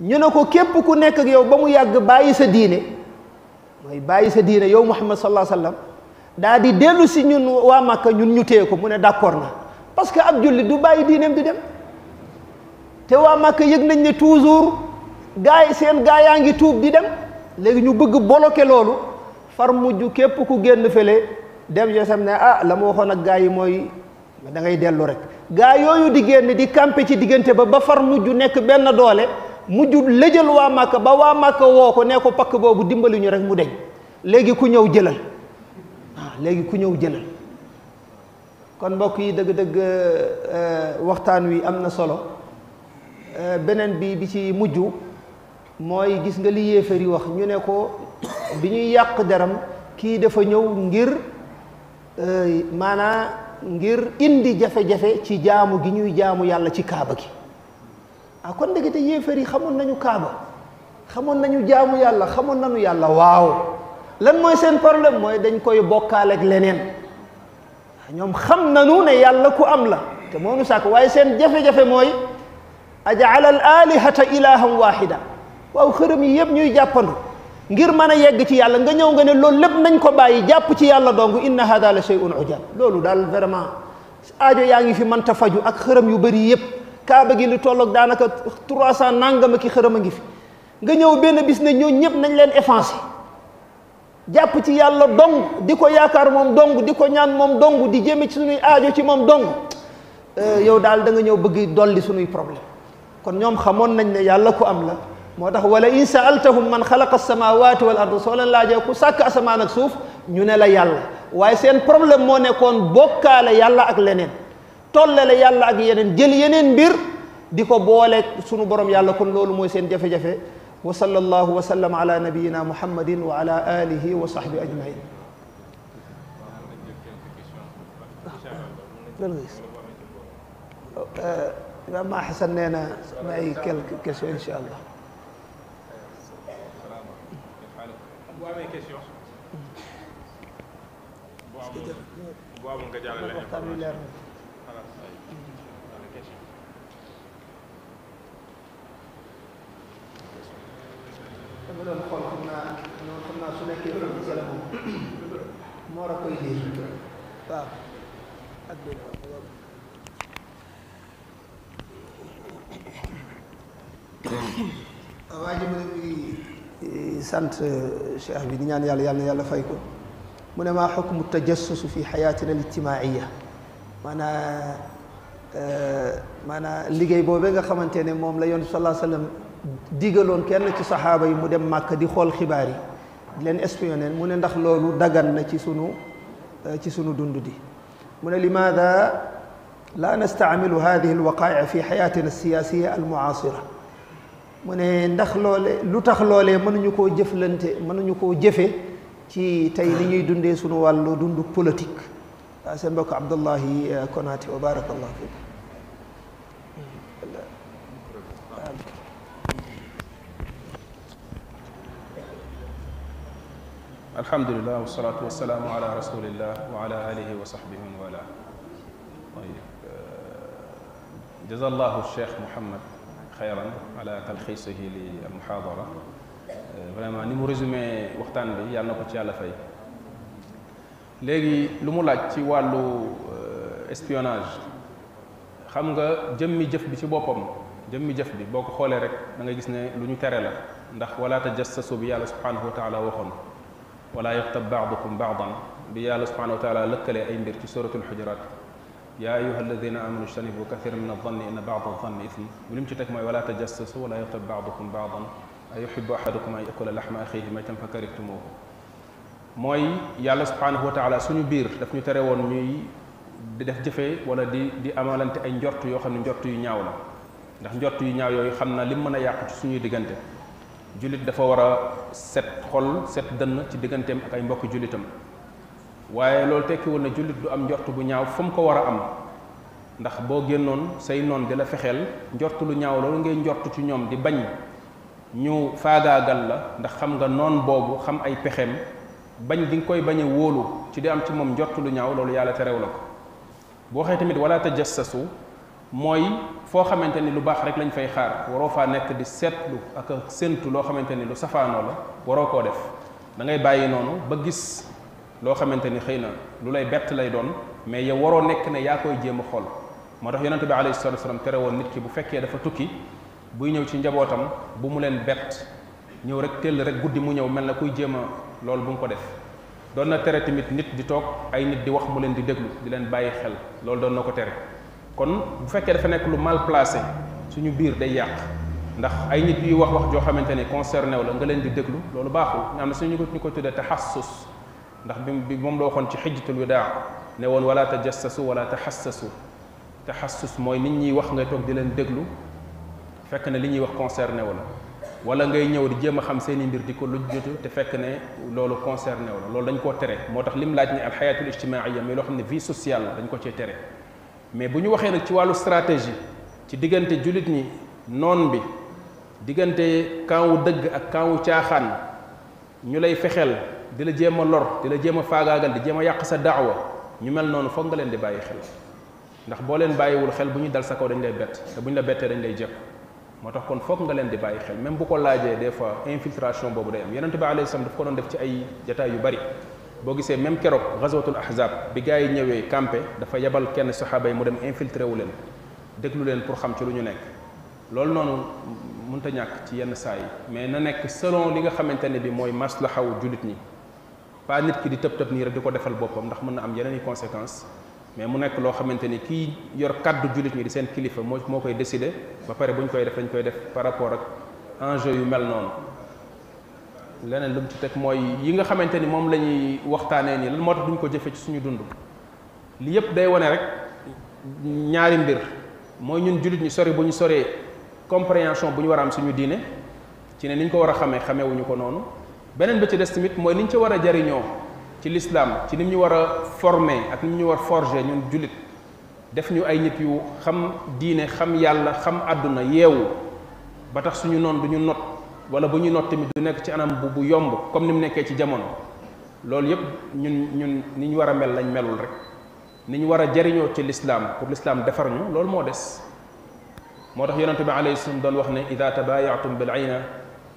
ñu ne ko képp ku nekk yow ba mu yàgg bàyyi sa diine mooy bàyyi sa diine yow Muhammad sallallahu alayhi wasallam daa di dellu si ñun waa Makka ñun ñu téye ko mu ne d'accord na parce que ab jullit du bàyyi diineem di dem te waa Makka yëg nañ ne toujours gaa yi seen gaa yaa ngi tuub di dem léegi ñu bëgg bloquer loolu far mujj képp ku génn fële dem yoo xam ne ah la ma waxoon ak gaa yi mooy da ngay dellu rek gaa yooyu di génn di campé ci diggante ba ba far mujj nekk benn doole mujj lëjal waa Màkka ba waa Màkka woo ko ne ko pakk boobu dimbali ñu rek mu deñ léegi ku ñëw jëlal waaw ah, léegi ku ñëw jëlal kon mbokk yi dëgg-dëgg euh, waxtaan wi am na solo euh, beneen bi bi ci mujj mooy gis nga li yéefar yi wax ñu ne ko bi ñuy yàq deram kii dafa ñëw ngir euh, maanaa ngir indi jafe-jafe ci jaamu gi ñuy jaamu yàlla ci kaaba gi ah kon ndekete yéefar yi xamoon nañu kaaba xamoon nañu jaamu yàlla xamoon nañu yàlla waaw lan mooy seen problème mooy dañ koy bokkaale leneen ah, ñoom xam na nañu ne yàlla ku am la te moo nu sàkk waaye seen jafe-jafe mooy ajaala al alihata ilahan wahida waaw xërëm yi yëpp ñuy jàppandu ngir mën a yegg ci yàlla nga ñëw nga ne loolu lépp nañ ko bàyyi jàpp ci yàlla dong inna hada la shay'un ujab loolu daal vraiment aajo yaa ngi fi mënta faju ak xërëm yu bëri yëpp kaaba gi lu tollook daanaka 300 nangam ak i xërëm a ngi fi nga ñëw benn bis ne ñoo ñëpp nañ leen effacé jàpp ci yàlla dong di ko yaakaar moom dong di ko ñaan moom dong di jëmme ci suñuy aajo ci moom dong euh, yow daal danga ñëw bëgg dolli suñuy problème kon ñoom xamoon nañ ne yàlla ku am la moo tax wala in saaltahum man xalaqa samawati wal ardu soo leen laajee ku sàkk asamaan ak suuf ñu ne la yàlla waaye seen problème moo nekkoon bokkaale yàlla ak leneen tollale yàlla ak yeneen jël yeneen mbir di ko boole sunu borom yàlla kon loolu mooy seen jafe-jafe wa sallallahu wa sallam ala nabiyina muhammadin wa ala alihi wa sahbi ajmain Imam Hassan nee na may quelques questions incha allah Mm. dama doon xool xam naa noonu xam naa su nekkee loolu gis la moom moo war a koy liir waaw ak waa ji mu ne sant eh, cheikh bi di ñaan yàlla yàlla yàlla fay ko mu ne maa xukmu tajassus fi xayaatina lijtimaaiya maanaa eh, maanaa liggéey boobee nga xamante ne moom la yoon sallallahu alayhi wasallam digaloon kenn ci saxaaba yi mu dem màkk di xool xibaar yi di leen espionné mu ne ndax loolu dagan na ci sunu eh, ci sunu dund di mu ne limaada laa nastaamilu hadihi alwaqaaia fi xayaatina alsiyaasiya almuaasira mu ne ndax loole lu tax loolee mënuñu koo jëflante mënuñu koo jëfe ci tey li ñuy dundee sunu wàllu dundu politique waaw seen mbokk Abdullahi eh, Konaté wa barakallahu fiik alhamdulilah wasalaatu wasalaamu ala rasulillah wa ala alihi wa sahbihi wa wala eh, jazallahu cheikh Mouhamed xayran ala talxiisihi li almuxaadara vraiment ni mu waxtaan bi yàlla na ko ci yàlla léegi lu mu laaj ci wàllu euh, espionnage xam nga jëmmi jëf bi ci boppam jëmmi jëf bi boo ko xoolee rek da nga gis ne lu ñu tere la ndax wala tajassasu bi yàlla subhanahu wa taala waxoon wala yaxtab baadukum baadan bi yàlla subhanahu wa taala lëkkalee ay mbir ci suratul xujuraat yaa ayuha alladina amanu ijtanibu kathira min aldanni inna baad aldanni ithm bu lim ci teg mooy wala tajassasu wala yaxtab baadukum baadan ayuhibu ahadukum an yakula laxma axihi maytan mooy yàlla subhanahu wa suñu biir daf ñu tere woon ñuy di def jëfee wala di di amalante ay njort yoo xam ne njort yu ñaaw la ndax njort yu ñaaw yooyu xam na lim mën a yàqu suñuy diggante jullit dafa war a set xol set dënn ci digganteem ak ay mbokki jullitam waaye loolu tekkiwul na jullit du am njort bu ñaaw fa mu ko war a am ndax boo génnoon say noon di la fexeel njort lu ñaaw loolu ngay njort ci ñoom di bañ ñu faagaagal la ndax xam nga noon boobu xam ay pexeem bañ di nga koy bañ wóolu ci di am ci moom njort lu ñaaw loolu yàlla terew la ko bu waxee tamit sa tajassasu mooy foo xamante ni lu baax rek lañ fay xaar waroo faa nekk di seetlu ak a séntu loo xamante ni lu safaanoo la waroo koo def loo xamante ni xëy na lu lay bett lay doon mais yow waroo nekk ne yaa koy jéem a xool moo tax yonente bi alayhi salatu wasalam tere woon nit ki bu fekkee dafa tukki buy ñëw ci njabootam bu mu leen bett ñëw rek teel rek guddi mu ñëw mel na kuy jéem a loolu bu mu ko def doon na tere tamit nit di toog ay nit di wax mu leen di déglu di leen bàyyi xel loolu doon na ko tere kon bu fekkee dafa nekk lu mal placé suñu biir day yàq ndax ay nit yuy wax wax joo xamante ni concerné wu la nga leen di déglu loolu baaxul am suñu ñu ko tuddee taxassus ndax bi moom la waxoon ci xijjatul widaa ne woon wala tajassasu wala taxassasu taxassus mooy nit ñi wax ngay toog di leen déglu fekk ne li ñuy wax concerné wu la wala ngay ñëw di jéem a xam seen i mbir di ko lujjatu te fekk ne loolu concerné wu la loolu dañ koo tere moo tax lim laaj ne alxayaatul ijtimaaiya mais loo xam ne vie sociale la dañ ko cee tere mais bu ñu waxee nag ci wàllu stratégie ci diggante jullit ñi noon bi diggante kaawu dëgg ak kaawu caaxaan ñu lay fexeel di la jéem a lor di la jéem a faagaagal di jéem a yàq sa daawa ñu mel noonu foog nga leen di bàyyi xel ndax boo leen bàyyiwul xel bu ñu dal sa kaw dañu lay bett te bu ñu la bettee dañ lay jekku moo tax kon foog nga leen di bàyyi xel même bu ko laajee des fois infiltration boobu day am yonente bi alayhi salaam daf ko doon def ci ay jataay yu bari boo gisee même keroog ghazwatul ahzab bi gars yi ñëwee campé dafa yebal kenn saxaaba yi mu dem infiltré wu leen déglu leen pour xam ci lu ñu nekk loolu noonu mënut a ñàkk ci yenn saa yi mais na nekk selon li nga xamante ne bi mooy maslahawu jullit ñi waa nit ki di tëb tëb nii rek di ko defal boppam ndax mën na am yeneen i conséquences mais mu nekk loo xamante ni kii yor kàddu jullit ñi di seen kilifa moo moo koy décider ba pare bu ñu koy def dañ koy def par rapport ak enjeu yu mel noonu. leneen lu mu ci teg mooy yi nga xamante ni moom la ñuy waxtaanee nii lan moo tax duñ ko jëfee ci suñu dund lii yëpp day wane rek ñaari mbir mooy ñun jullit ñi sori bu ñu soree compréhension bu ñu war a am suñu diine ci ne ni ko war a xamee xamee ko noonu. beneen ba ci des tamit mooy li ñu war a jariñoo ci lislaam ci ni ñu war a former ak ni ñu war forge ñun jullit def ñu ay nit yu xam diine xam yàlla xam àdduna yeewu ba tax suñu noon du ñu not wala bu ñu not tamit du nekk ci anam bu bu yomb comme ni mu nekkee ci jamono loolu yépp ñun ñun ni ñu war a mel lañ melul rek ni ñu war a jariñoo ci lislaam pour lislaam defar ñu loolu moo des moo tax yonente bi alayhi salaam doon wax ne ida tabayaatum bil ayna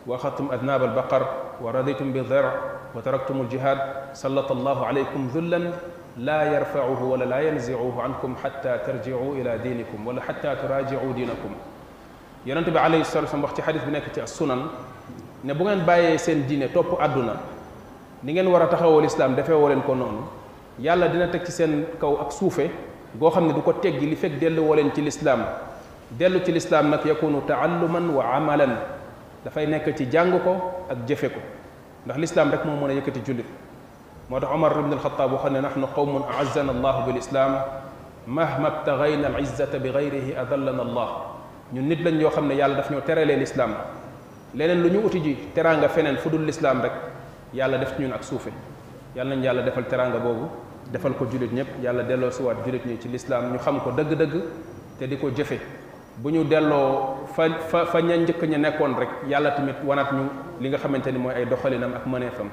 wa axadtum adnaab albaqar wa raditum bi der wa taraktum aljihad sallat allahu alaykum dullan laa yarfacuhu wala laa yanzicuhu ankum xata tarjicu ila diinikum wala xata turaajicu diinakum yonente bi alayhi salatu wasallam wax ci xadis bi nekk ci sunan ne bu ngeen bàyyee seen diine topp àdduna ni ngeen war a taxawoo lislaam defee woo leen ko noonu yàlla dina teg ci seen kaw ak suufe goo xam ne du ko teggi li fekk dellu woo leen ci lislaam dellu ci lislaam nag yakunu taalluman wa amalan dafay nekk ci jàng ko ak jëfe ko ndax lislaam rek moo mën a yëkkati jullit moo tax omar ibn alxataab waxoon ne naxnu qawmun aazana allahu bil islaam mahma btaxayna al izzata bi gayrihi adallana allah ñun nit lañ yoo xam ne yàlla daf ñoo teralee lislaam leneen lu ñu uti ji teraanga feneen fu dul lislaam rek yàlla def ci ñun ak suufe yàlla nañ yàlla defal teraanga boobu defal ko jullit ñëpp yàlla delloo siwaat jullit ñi ci lislaam ñu xam ko dëgg-dëgg te di ko jëfe bu ñu delloo fa fa fa ña njëkk ñu nekkoon rek yàlla tamit wanaat ñu li nga xamante ni mooy ay doxalinam ak mëneefam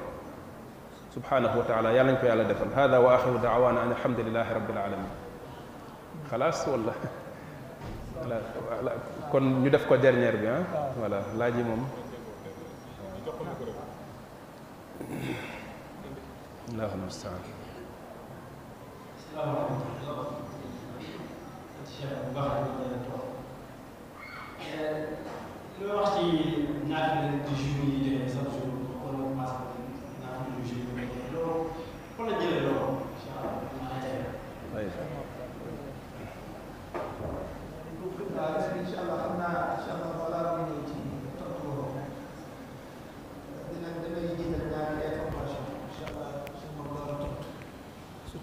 subhaanahu wa yàlla ñu ko yàlla defal hada wa axiru daawaana an alhamdulilahi rabbil alamin xalaas wala voilà kon ñu def ko dernière bi ah laaj yi moom loo wax ci naafila di jour yi demee su ma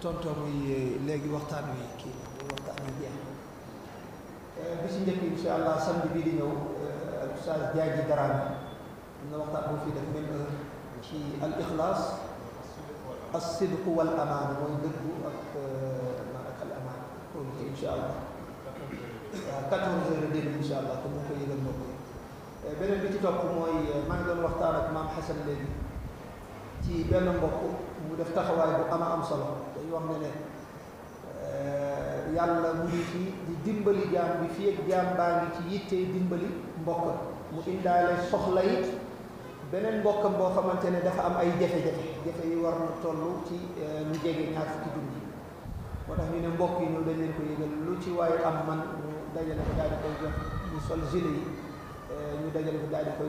ko tontu su léegi waxtaan wi kii bi si njëkk incha allah samedi bii di ñëw al euh, oustaz Diadji Darame am na waxtaan bu fi def même heure ci al ixlaas as-sidq wal amaana mooy dëggu ak euh, ak al amaana loolu ci incha allah waaw 14 heures et demi incha allah comme mu ko yëgal mbokk yi euh, beneen bi ci topp mooy maa ngi doon waxtaan ak maam Xasan léegi ci benn mbokk mu def taxawaay bu ama am solo dañu wax ne ne yàlla mu ngi fii dimbali jaam bi fi ak jaam baa ngi ci yittee dimbali mbokkam mu indaale soxla it beneen mbokkam boo xamante ne dafa am ay jafe-jafe jafe yi war na toll ci lu eh, jege ñaar fukki junni moo tax ñu ne mbokk yi ñëw dañ leen ko yëgal lu ci waaye am man ñu dajale ko daal koy jox ñu sol gilet yi eh, ñu dajale ko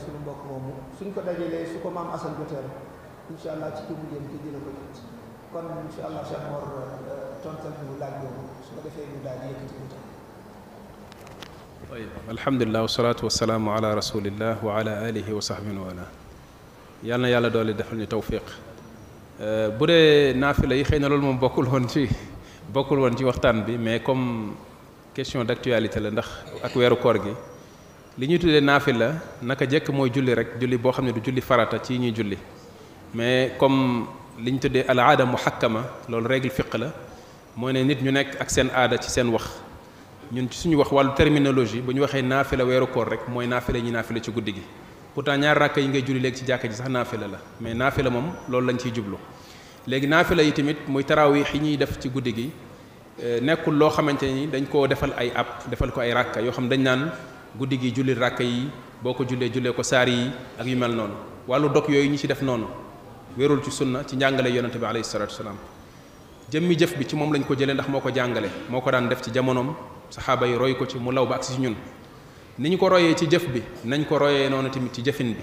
suñu mbokk moomu suñ ko dajalee su ko maam asal joteel incha allah ci ki mu jëm ki ko jot kon incha allah Cheikh Mor eh, tontal ñu laaj su ko defee ñu daal di yëkkati lu tax alhamdulilah wasalaatu wasalaamu ala rasulillah wa ala alihi wa sahbihi wa ala yal na yàlla doole defal ñu tawfiq euh, bu dee naafila yi xëy na loolu moom bokkul woon ci bokkul woon ci waxtaan bi mais comme question d'actualité la ndax ak weeru koor gi li ñuy tuddee naafila naka jekk mooy julli rek julli boo xam ne du julli farata ci ñuy julli mais comme li ñu tuddee al aada muhakkama loolu règle fiq la mooy ne nit ñu nekk ak seen aada ci seen wax ñun ci suñu wax wàllu terminologie bu ñu waxee naafila weeru koor rek mooy naafila ñi naafila ci guddi gi pourtant ñaar rakk yi ngay julli léegi ci jàkka ji sax naafila la mais naafila moom loolu lañ ciy jublu léegi naafila yi tamit muy tarawih yi ñuy def ci guddi gi eh, nekkul loo xamante ni dañ koo defal ay app defal ko ay rakka yoo xam dañ naan guddi gi julli rakka yi boo ko jullee jullee ko saar yi ak yu mel noonu wàllu dog yooyu ñi ci def noonu wérul ci sunna ci njàngale yonente bi alayhi salatu jëmmi jëf bi ci moom lañ ko jële ndax moo ko jàngale moo ko daan def ci jamonoom saxaaba yi roy ko ci mu law ba ak si ñun ni ñu ko royee ci jëf bi nañ ko royee noonu tamit ci jëfin bi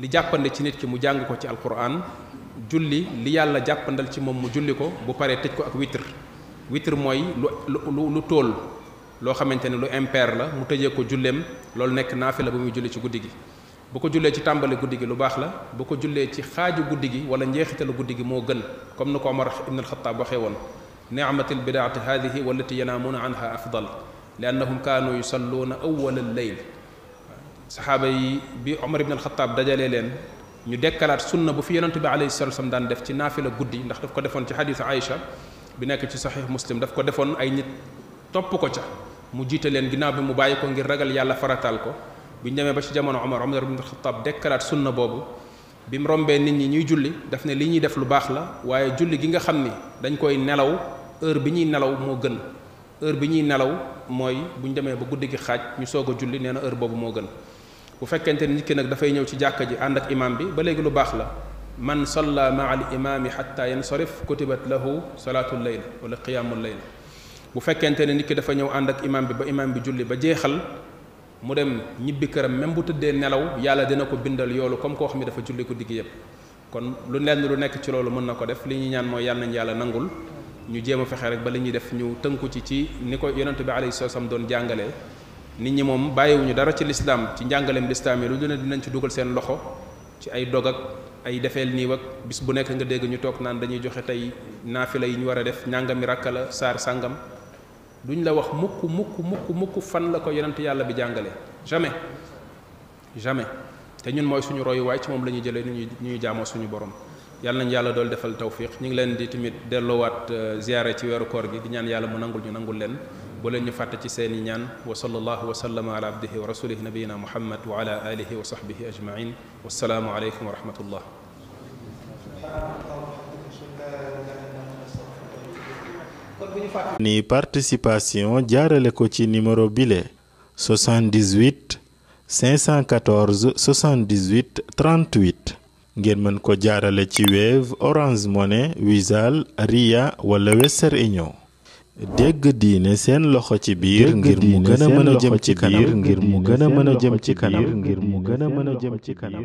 li jàppande ci nit ki mu jàng ko ci alquran julli li yàlla jàppandal ci moom mu julli ko bu paree tëj ko ak witr witr mooy lu lu lu tóol loo xamante ne lu impair la mu tëjee ko julleem loolu nekk la bu muy julli ci guddi gi bu ko jullee ci tàmbali guddi gi lu baax la bu ko jullee ci xaaju guddi gi wala njeexitalu guddi gi moo gën comme ni ko Omar ibn al-Khattab waxee woon ni'matil bidaati haadihi wallati yanaamuuna anha afdal li annahum kaanu yusalluuna awwala al-layl saxaaba yi bi Omar ibn al-Khattab dajalee leen ñu dekkalaat sunna bu fi yonente bi alayhi salatu wasallam daan def ci naafila guddi ndax daf ko defoon ci xadiisu Aïcha bi nekk ci saxiix muslim daf ko defoon ay nit topp ko ca mu jiite leen ginnaaw bi mu bàyyi ko ngir ragal yàlla faratal ko bu ñu ba ci jamono Omar Omar ibn Khattab dekkalaat sunna boobu bi mu rombee nit ñi ñuy julli daf ne li ñuy def lu baax la waaye julli gi nga xam ni dañ koy nelaw heure bi ñuy nelaw moo gën heure bi ñuy nelaw mooy bu ñu demee ba guddi gi xaaj ñu soog a julli nee na heure boobu moo gën bu fekkente ni nit ki nag dafay ñëw ci jàkka ji ànd ak imaam bi ba léegi lu baax la man salla maa al imaami xatta yansarif kutibat lahu salaatu leyl wala qiyaamu leyl bu fekkente ne nit dafa ñëw ànd ak imaam bi ba imaam bi julli ba jeexal mu dem ñibbi këram même bu tëddee nelaw yàlla dina ko bindal yoolu comme ko xam ne dafa julli ko digg yëpp kon lu lenn lu nekk ci loolu mën na ko def li ñuy ñaan mooy yàlla nañ yàlla nangul ñu jéem a fexe rek ba li ñuy def ñu tënku ci ci ni ko yonent bi alayhi salaam doon jàngalee nit ñi moom bàyyiwuñu dara ci lislaam ci njàngaleem lislaam yi lu dinañ ci dugal seen loxo ci ay dog ay defeel nii ak bu nekk nga dégg ñu toog naan dañuy joxe tey naafila yi ñu war a def ñàngami rakka la saar sàngam duñ la wax mukk mukk mukk mukk fan la ko yonent yàlla bi jàngale jamais jamais te ñun mooy suñu royuwaay ci moom la ñuy jëlee ñu ñuy jaamoo suñu borom yàlla nañ yàlla dool defal tawfiq ñu ngi leen di tamit delloowaat euh, ziyaare ci weeru koor gi di ñaan yàlla mu nangul ñu nangul leen bu leen ñu fàtte ci seeni ñaan wa sallallahu wa sallama ala abdihi wa rasulihi nabiyina muhammad wa ala alihi wa sahbihi ajmain wassalaamu aleykum wa rahmatullah ni participation jaarale ko ci numéro bile 78 514 78 38 ngeen mën ko jaarale ci Wave Orange Money Wizall Ria wala Western Union dégg diine seen loxo ci biir ngir mu gëna mëna mën jëm ci kanam ngir mu gëna mëna jëm ci kanam ngir mu gëna mëna mën jëm ci kanam